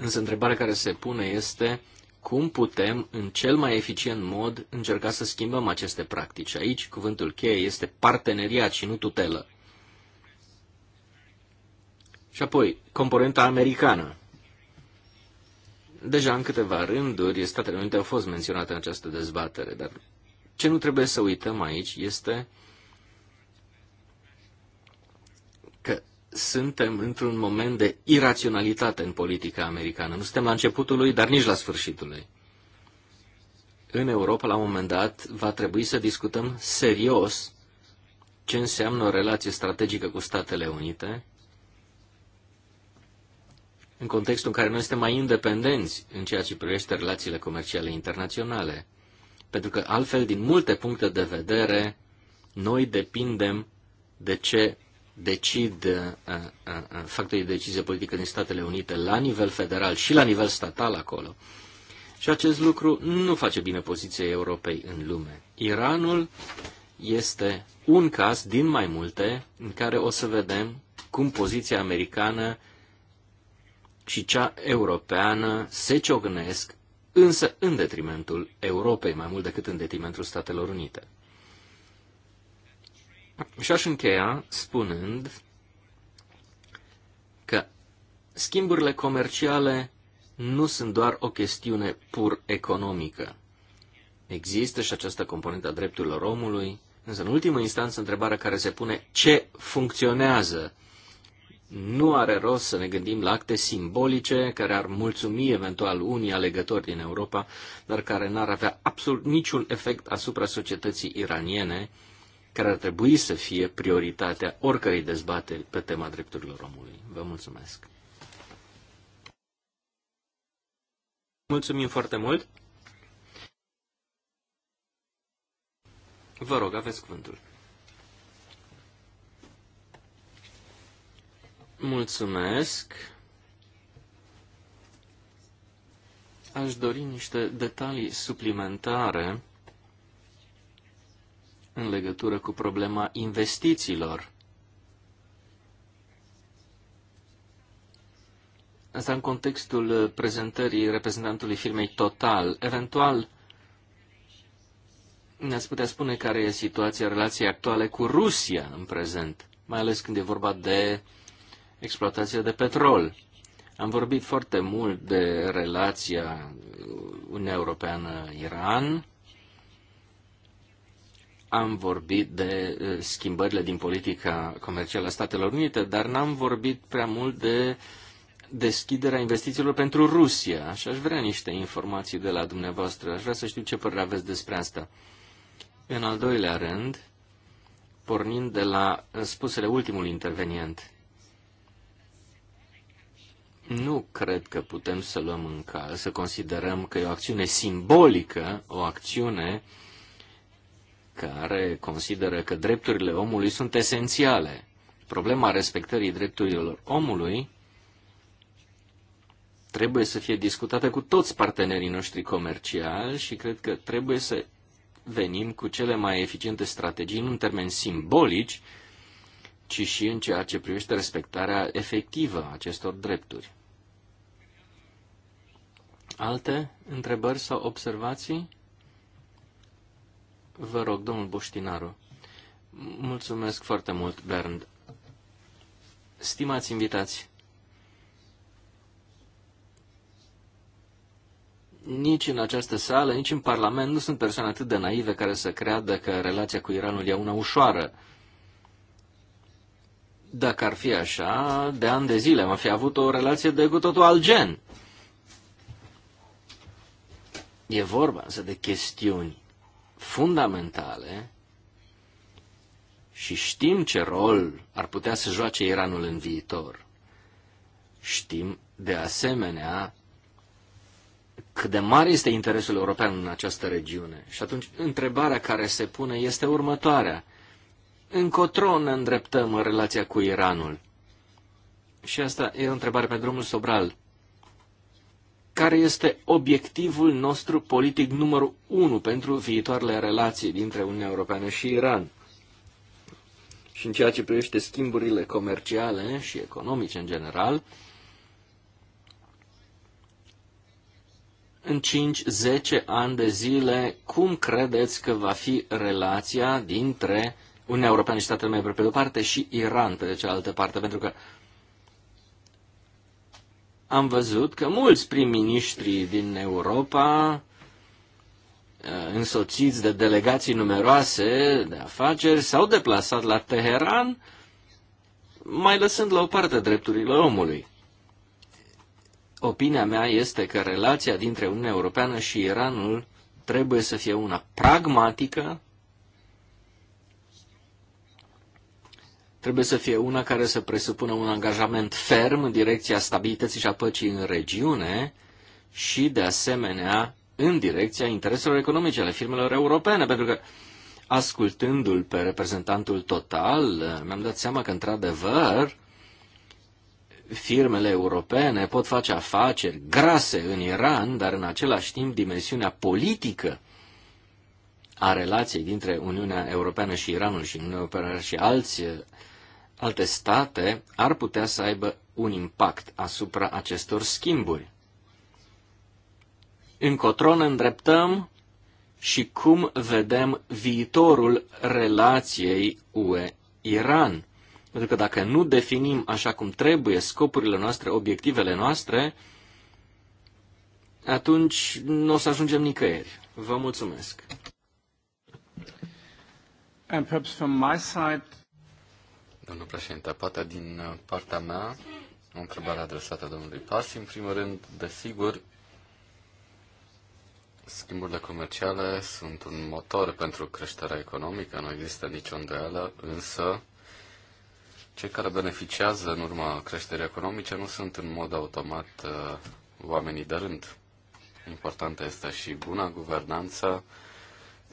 [SPEAKER 4] Însă întrebarea care se pune este cum putem, în cel mai eficient mod, încerca să schimbăm aceste practici. Aici cuvântul cheie este parteneriat și nu tutelă. Și apoi, componenta americană. Deja în câteva rânduri, Statele Unite au fost menționate în această dezbatere, dar ce nu trebuie să uităm aici este suntem într-un moment de iraționalitate în politica americană. Nu suntem la începutul lui, dar nici la sfârșitul lui. În Europa, la un moment dat, va trebui să discutăm serios ce înseamnă o relație strategică cu Statele Unite, în contextul în care noi suntem mai independenți în ceea ce privește relațiile comerciale internaționale. Pentru că altfel, din multe puncte de vedere, noi depindem de ce decid uh, uh, uh, factorii de decizie politică din Statele Unite la nivel federal și la nivel statal acolo. Și acest lucru nu face bine poziției Europei în lume. Iranul este un caz din mai multe în care o să vedem cum poziția americană și cea europeană se ciocnesc, însă în detrimentul Europei, mai mult decât în detrimentul Statelor Unite. Și aș încheia spunând că schimburile comerciale nu sunt doar o chestiune pur economică. Există și această componentă a drepturilor omului, însă în ultimă instanță întrebarea care se pune ce funcționează. Nu are rost să ne gândim la acte simbolice care ar mulțumi eventual unii alegători din Europa, dar care n-ar avea absolut niciun efect asupra societății iraniene, care ar trebui să fie prioritatea oricărei dezbateri pe tema drepturilor omului. Vă mulțumesc! Mulțumim foarte mult! Vă rog, aveți cuvântul. Mulțumesc! Aș dori niște detalii suplimentare în legătură cu problema investițiilor. Asta în contextul prezentării reprezentantului firmei Total. Eventual, ne-ați putea spune care e situația relației actuale cu Rusia în prezent, mai ales când e vorba de exploatația de petrol. Am vorbit foarte mult de relația Uniunea Europeană-Iran, am vorbit de uh, schimbările din politica comercială a Statelor Unite, dar n-am vorbit prea mult de deschiderea investițiilor pentru Rusia. Și aș vrea niște informații de la dumneavoastră. Aș vrea să știu ce părere aveți despre asta. În al doilea rând, pornind de la spusele ultimului intervenient, nu cred că putem să luăm în cal, să considerăm că e o acțiune simbolică, o acțiune uh, care consideră că drepturile omului sunt esențiale. Problema respectării drepturilor omului trebuie să fie discutată cu toți partenerii noștri comerciali și cred că trebuie să venim cu cele mai eficiente strategii, nu în termeni simbolici, ci și în ceea ce privește respectarea efectivă a acestor drepturi. Alte întrebări sau observații? Vă rog, domnul Boștinaru. Mulțumesc foarte mult, Bernd. Stimați invitați, nici în această sală, nici în Parlament nu sunt persoane atât de naive care să creadă că relația cu Iranul e una ușoară. Dacă ar fi așa, de ani de zile am fi avut o relație de cu totul alt gen. E vorba însă de chestiuni fundamentale și știm ce rol ar putea să joace Iranul în viitor. Știm, de asemenea, cât de mare este interesul european în această regiune. Și atunci, întrebarea care se pune este următoarea. Încotro ne îndreptăm în relația cu Iranul? Și asta e o întrebare pe drumul Sobral care este obiectivul nostru politic numărul unu pentru viitoarele relații dintre Uniunea Europeană și Iran. Și în ceea ce privește schimburile comerciale și economice în general, în 5-10 ani de zile, cum credeți că va fi relația dintre Uniunea Europeană și statele membre pe de-o parte și Iran pe de cealaltă parte? Pentru că am văzut că mulți prim-ministri din Europa, eh, însoțiți de delegații numeroase de afaceri, s-au deplasat la Teheran, mai lăsând la o parte drepturile omului. Opinia mea este că relația dintre Uniunea Europeană și Iranul trebuie să fie una pragmatică, trebuie să fie una care să presupună un angajament ferm în direcția stabilității și a păcii în regiune și, de asemenea, în direcția intereselor economice ale firmelor europene, pentru că, ascultându-l pe reprezentantul total, mi-am dat seama că, într-adevăr, firmele europene pot face afaceri grase în Iran, dar în același timp dimensiunea politică a relației dintre Uniunea Europeană și Iranul și Uniunea Europeană și alți alte state ar putea să aibă un impact asupra acestor schimburi. Încotro ne îndreptăm și cum vedem viitorul relației UE-Iran. Pentru că dacă nu definim așa cum trebuie scopurile noastre, obiectivele noastre, atunci nu o
[SPEAKER 2] să ajungem nicăieri. Vă mulțumesc. And perhaps from my side, Domnul președinte, poate din uh, partea mea, o întrebare adresată domnului Pasi. În primul rând, desigur, schimburile comerciale sunt un motor pentru creșterea economică, nu există nicio îndoială, însă cei care beneficiază în urma creșterii economice nu sunt în mod automat uh, oamenii de rând. Importantă este și buna guvernanță,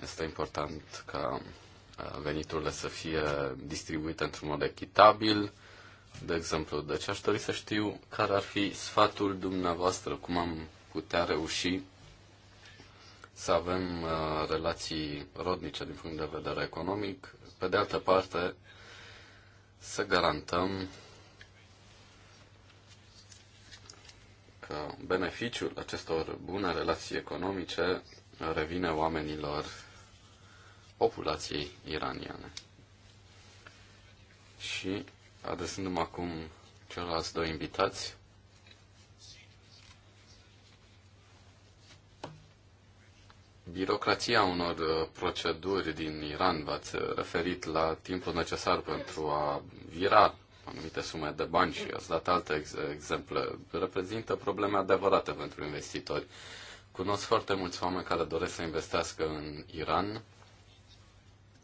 [SPEAKER 2] este important ca veniturile să fie distribuite într-un mod echitabil, de exemplu. Deci aș dori să știu care ar fi sfatul dumneavoastră, cum am putea reuși să avem uh, relații rodnice din punct de vedere economic, pe de altă parte să garantăm că beneficiul acestor bune relații economice revine oamenilor populației iraniene. Și adresându-mă acum celorlalți doi invitați, birocrația unor uh, proceduri din Iran, v-ați uh, referit la timpul necesar pentru a vira anumite sume de bani și ați dat alte ex- exemple, reprezintă probleme adevărate pentru investitori. Cunosc foarte mulți oameni care doresc să investească în Iran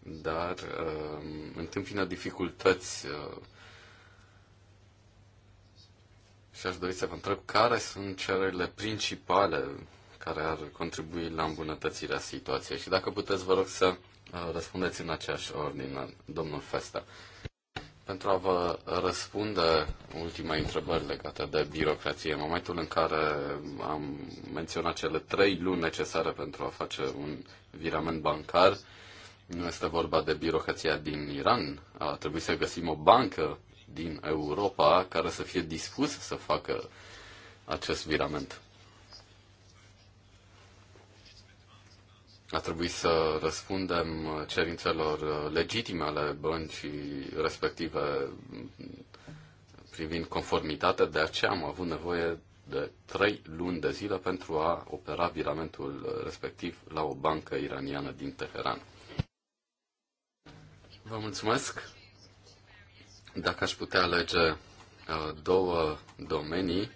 [SPEAKER 2] dar uh, întâmpină dificultăți. Uh, și aș dori să vă întreb care sunt cererile principale care ar contribui la îmbunătățirea situației și dacă puteți, vă rog să uh, răspundeți în aceeași ordine, domnul Festa. Pentru a vă răspunde ultima întrebări legată de birocrație, în momentul în care am menționat cele trei luni necesare pentru a face un virament bancar, nu este vorba de birocrația din Iran. A trebuit să găsim o bancă din Europa care să fie dispusă să facă acest virament. A trebuit să răspundem cerințelor legitime ale băncii respective privind conformitatea, de aceea am avut nevoie de trei luni de zile pentru a opera viramentul respectiv la o bancă iraniană din Teheran. Vă mulțumesc. Dacă aș putea alege uh, două domenii,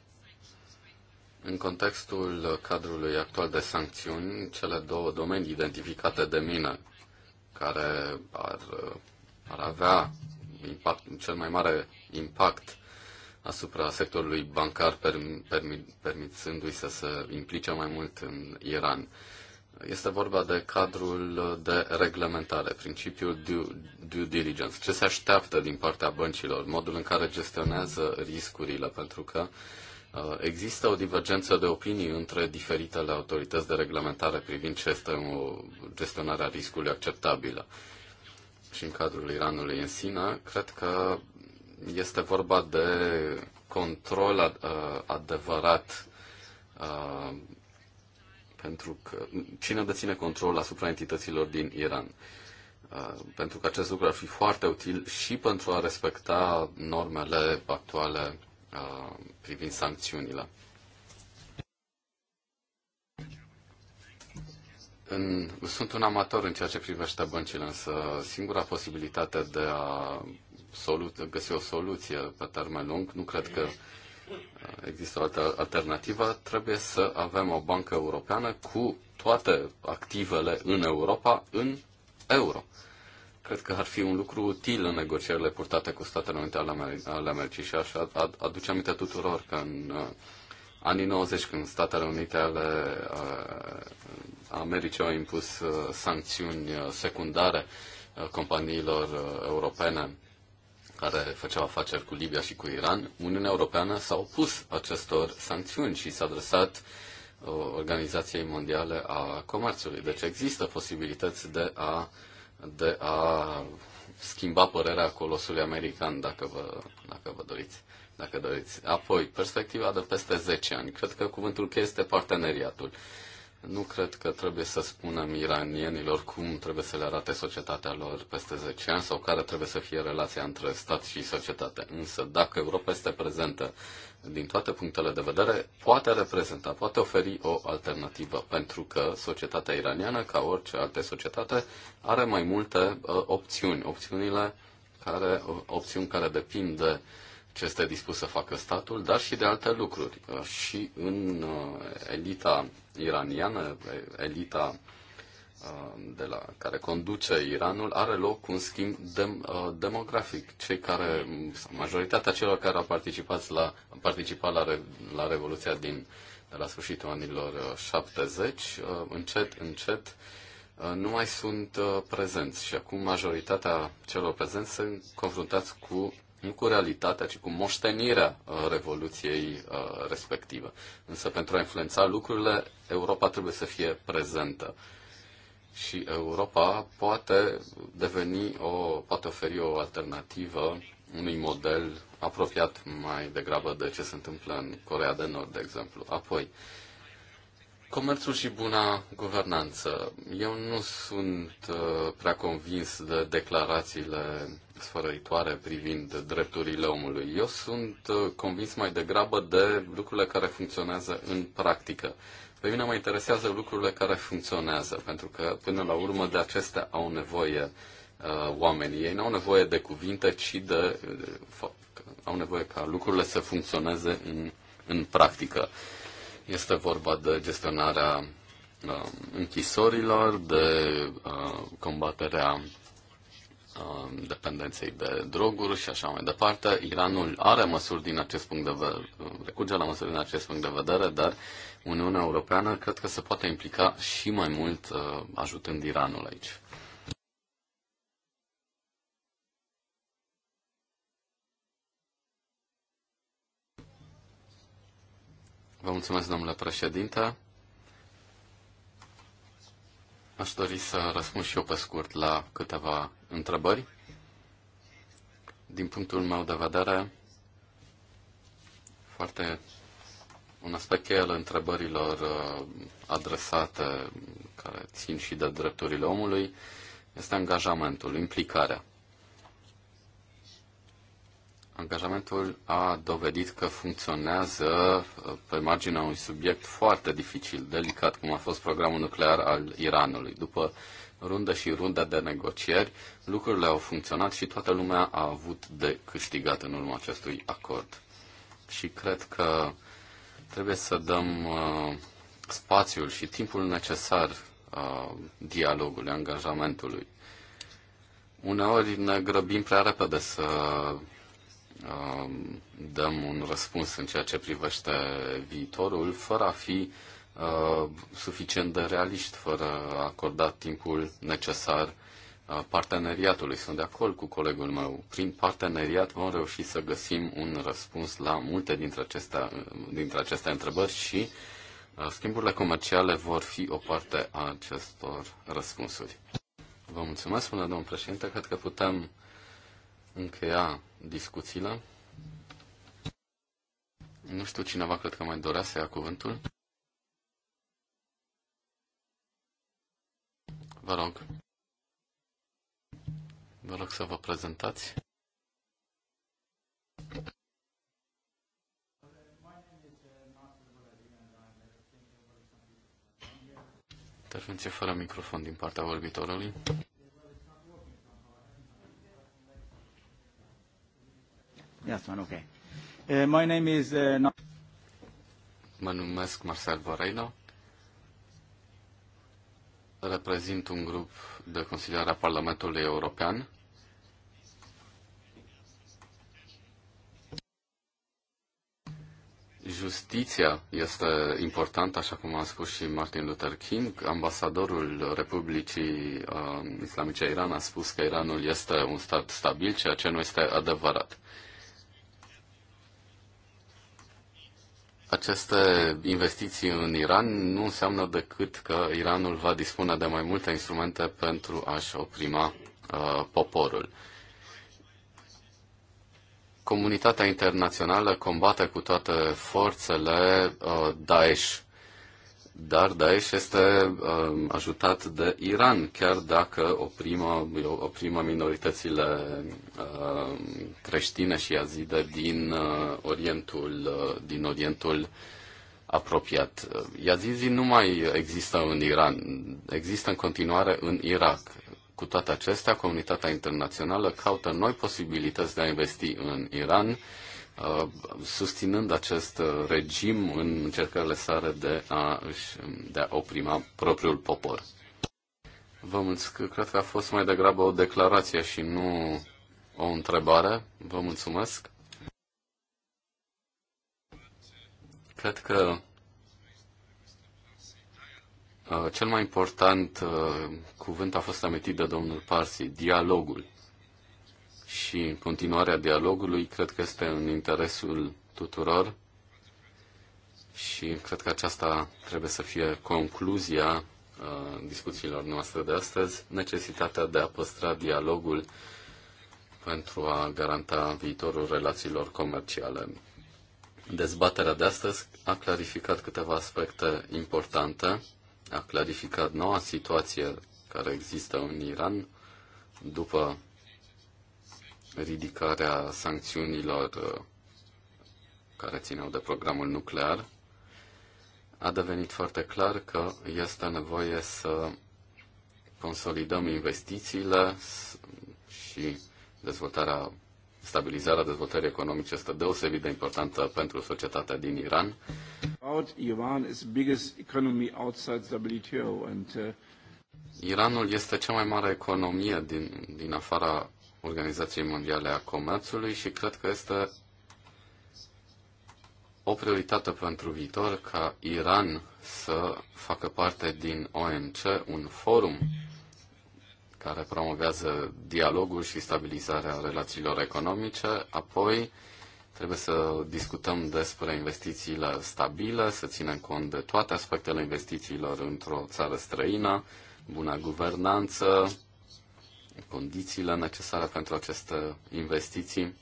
[SPEAKER 2] în contextul cadrului actual de sancțiuni, cele două domenii identificate de mine, care ar, uh, ar avea impact, cel mai mare impact asupra sectorului bancar, permi, permițându-i să se implice mai mult în Iran. Uh, este vorba de cadrul de reglementare, principiul due, due diligence, ce se așteaptă din partea băncilor, modul în care gestionează riscurile, pentru că uh, există o divergență de opinii între diferitele autorități de reglementare privind ce este o gestionare a riscului acceptabilă. Și în cadrul Iranului în sine, cred că este vorba de control uh, adevărat uh, pentru că cine deține control asupra entităților din Iran. Uh, pentru că acest lucru ar fi foarte util și pentru a respecta normele actuale uh, privind sancțiunile. În, sunt un amator în ceea ce privește băncile, însă singura posibilitate de a solu- găsi o soluție pe termen lung nu cred că există o altă alternativă, trebuie să avem o bancă europeană cu toate activele în Europa în euro. Cred că ar fi un lucru util în negocierile purtate cu Statele Unite ale, Americii și aș aduce aminte tuturor că în uh, anii 90, când Statele Unite ale uh, Americii au impus uh, sancțiuni secundare companiilor europene care făceau afaceri cu Libia și cu Iran, Uniunea Europeană s-a opus acestor sancțiuni și s-a adresat uh, Organizației Mondiale a Comerțului. Deci există posibilități de a, de a schimba părerea colosului american, dacă vă, dacă vă doriți. Dacă doriți. Apoi, perspectiva de peste 10 ani. Cred că cuvântul cheie este parteneriatul. Uh, nu cred că trebuie să spunem iranienilor cum trebuie să le arate societatea lor peste 10 ani sau care trebuie să fie relația între stat și societate. Însă, dacă Europa este prezentă din toate punctele de vedere, poate reprezenta, poate oferi o alternativă, pentru că societatea iraniană, ca orice alte societate, are mai multe uh, opțiuni. Opțiunile care, opțiuni care depind de uh, ce este dispus să facă statul, dar și de alte lucruri. Și în uh, elita iraniană, elita uh, de la care conduce Iranul, are loc un schimb dem, uh, demografic. Cei care, majoritatea celor care au participat la, participat la, re, la Revoluția din, de la sfârșitul anilor 70, încet, încet, nu mai sunt prezenți și acum majoritatea celor prezenți sunt confruntați cu nu cu realitatea, ci cu moștenirea uh, revoluției uh, respective. Însă pentru a influența lucrurile, Europa trebuie să fie prezentă. Și Europa poate deveni o, poate oferi o alternativă unui model apropiat mai degrabă de ce se întâmplă în Corea de Nord, de exemplu. Apoi, Comerțul și buna guvernanță. Eu nu sunt uh, prea convins de declarațiile sfărăitoare privind drepturile omului. Eu sunt uh, convins mai degrabă de lucrurile care funcționează în practică. Pe mine mă interesează lucrurile care funcționează, pentru că până la urmă de acestea au nevoie uh, oamenii. Ei nu au nevoie de cuvinte, ci de. Uh, au nevoie ca lucrurile să funcționeze în, în practică. Este vorba de gestionarea uh, închisorilor, de uh, combaterea Um, dependenței de droguri și așa mai departe. Iranul are măsuri din acest punct de vedere, recurge la măsuri din acest punct de vedere, dar Uniunea Europeană cred că se poate implica și mai mult uh, ajutând Iranul aici. Vă mulțumesc, domnule președinte. Aș dori să răspund și eu pe scurt la câteva întrebări. Din punctul meu de vedere, foarte un aspect cheie al întrebărilor uh, adresate, care țin și de drepturile omului, este angajamentul, implicarea. Angajamentul a dovedit că funcționează uh, pe marginea unui subiect foarte dificil, delicat, cum a fost programul nuclear al Iranului. După rundă și runda de negocieri, lucrurile au funcționat și toată lumea a avut de câștigat în urma acestui acord. Și cred că trebuie să dăm uh, spațiul și timpul necesar uh, dialogului, angajamentului. Uneori ne grăbim prea repede să uh, dăm un răspuns în ceea ce privește viitorul, fără a fi uh, Uh, suficient de realiști fără a acorda timpul necesar uh, parteneriatului. Sunt de acord cu colegul meu. Prin parteneriat vom reuși să găsim un răspuns la multe dintre acestea, uh, dintre aceste întrebări și schimburile comerciale vor fi o parte a acestor răspunsuri. Vă mulțumesc, spune domnul președinte. Cred că putem încheia discuțiile. Nu știu, cineva cred că mai dorea să ia cuvântul. Vă rog. Vă rog să vă prezentați. Intervenție fără microfon din partea vorbitorului. Yes, man, okay. Uh, my name is... Uh, mă numesc Marcel Uh, reprezint un grup de consiliare a Parlamentului European. Justiția este importantă, așa cum a spus și Martin Luther King. Ambasadorul Republicii uh, Islamice Iran a spus că Iranul este un stat stabil, ceea ce nu este adevărat. Aceste investiții în Iran nu înseamnă decât că Iranul va dispune de mai multe instrumente pentru a-și oprima uh, poporul. Comunitatea internațională combate cu toate forțele uh, Daesh dar Daesh este uh, ajutat de Iran, chiar dacă oprimă, oprimă minoritățile uh, creștine și azide din uh, Orientul, uh, din Orientul apropiat. Iazizii nu mai există în Iran, există în continuare în Irak. Cu toate acestea, comunitatea internațională caută noi posibilități de a investi în Iran Uh, susținând acest uh, regim în încercările sale de a, um, de a oprima propriul popor. Vă mulțumesc. Cred că a fost mai degrabă o declarație și nu o întrebare. Vă mulțumesc. Cred că uh, cel mai important cuvânt a fost amintit de domnul Parsi, dialogul și continuarea dialogului cred că este în interesul tuturor și cred că aceasta trebuie să fie concluzia uh, discuțiilor noastre de astăzi, necesitatea de a păstra dialogul pentru a garanta viitorul relațiilor comerciale. Dezbaterea de astăzi a clarificat câteva aspecte importante, a clarificat noua situație care există în Iran după ridicarea sancțiunilor uh, care țineau de programul nuclear, a devenit foarte clar că este nevoie să consolidăm investițiile și dezvoltarea, stabilizarea dezvoltării economice este deosebit de importantă pentru societatea din Iran. Uh, Iranul este cea mai mare economie din, din afara Organizației Mondiale a Comerțului și cred că este o prioritate pentru viitor ca Iran să facă parte din OMC, un forum care promovează dialogul și stabilizarea relațiilor economice, apoi trebuie să discutăm despre investițiile stabile, să ținem cont de toate aspectele investițiilor într-o țară străină, bună guvernanță, condițiile necesare pentru aceste investiții.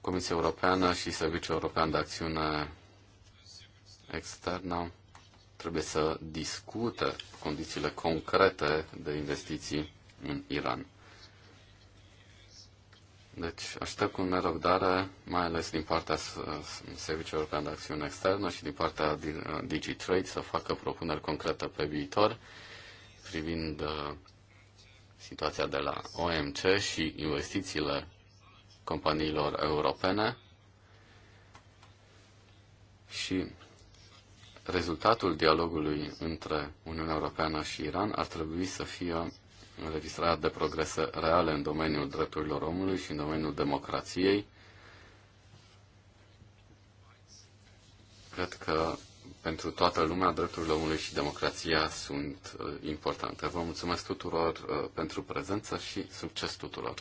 [SPEAKER 2] Comisia Europeană și Serviciul European de Acțiune Externă trebuie să discute condițiile concrete de investiții în Iran. Deci aștept cu nerăbdare, mai ales din partea Serviciului European de Acțiune Externă și din partea DigiTrade, să facă propuneri concrete pe viitor privind uh, situația de la OMC și investițiile companiilor europene și rezultatul dialogului între Uniunea Europeană și Iran ar trebui să fie înregistrat de progrese reale în domeniul drepturilor omului și în domeniul democrației. Cred că pentru toată lumea drepturile omului și democrația sunt uh, importante. Vă mulțumesc tuturor uh, pentru prezență și succes
[SPEAKER 1] tuturor!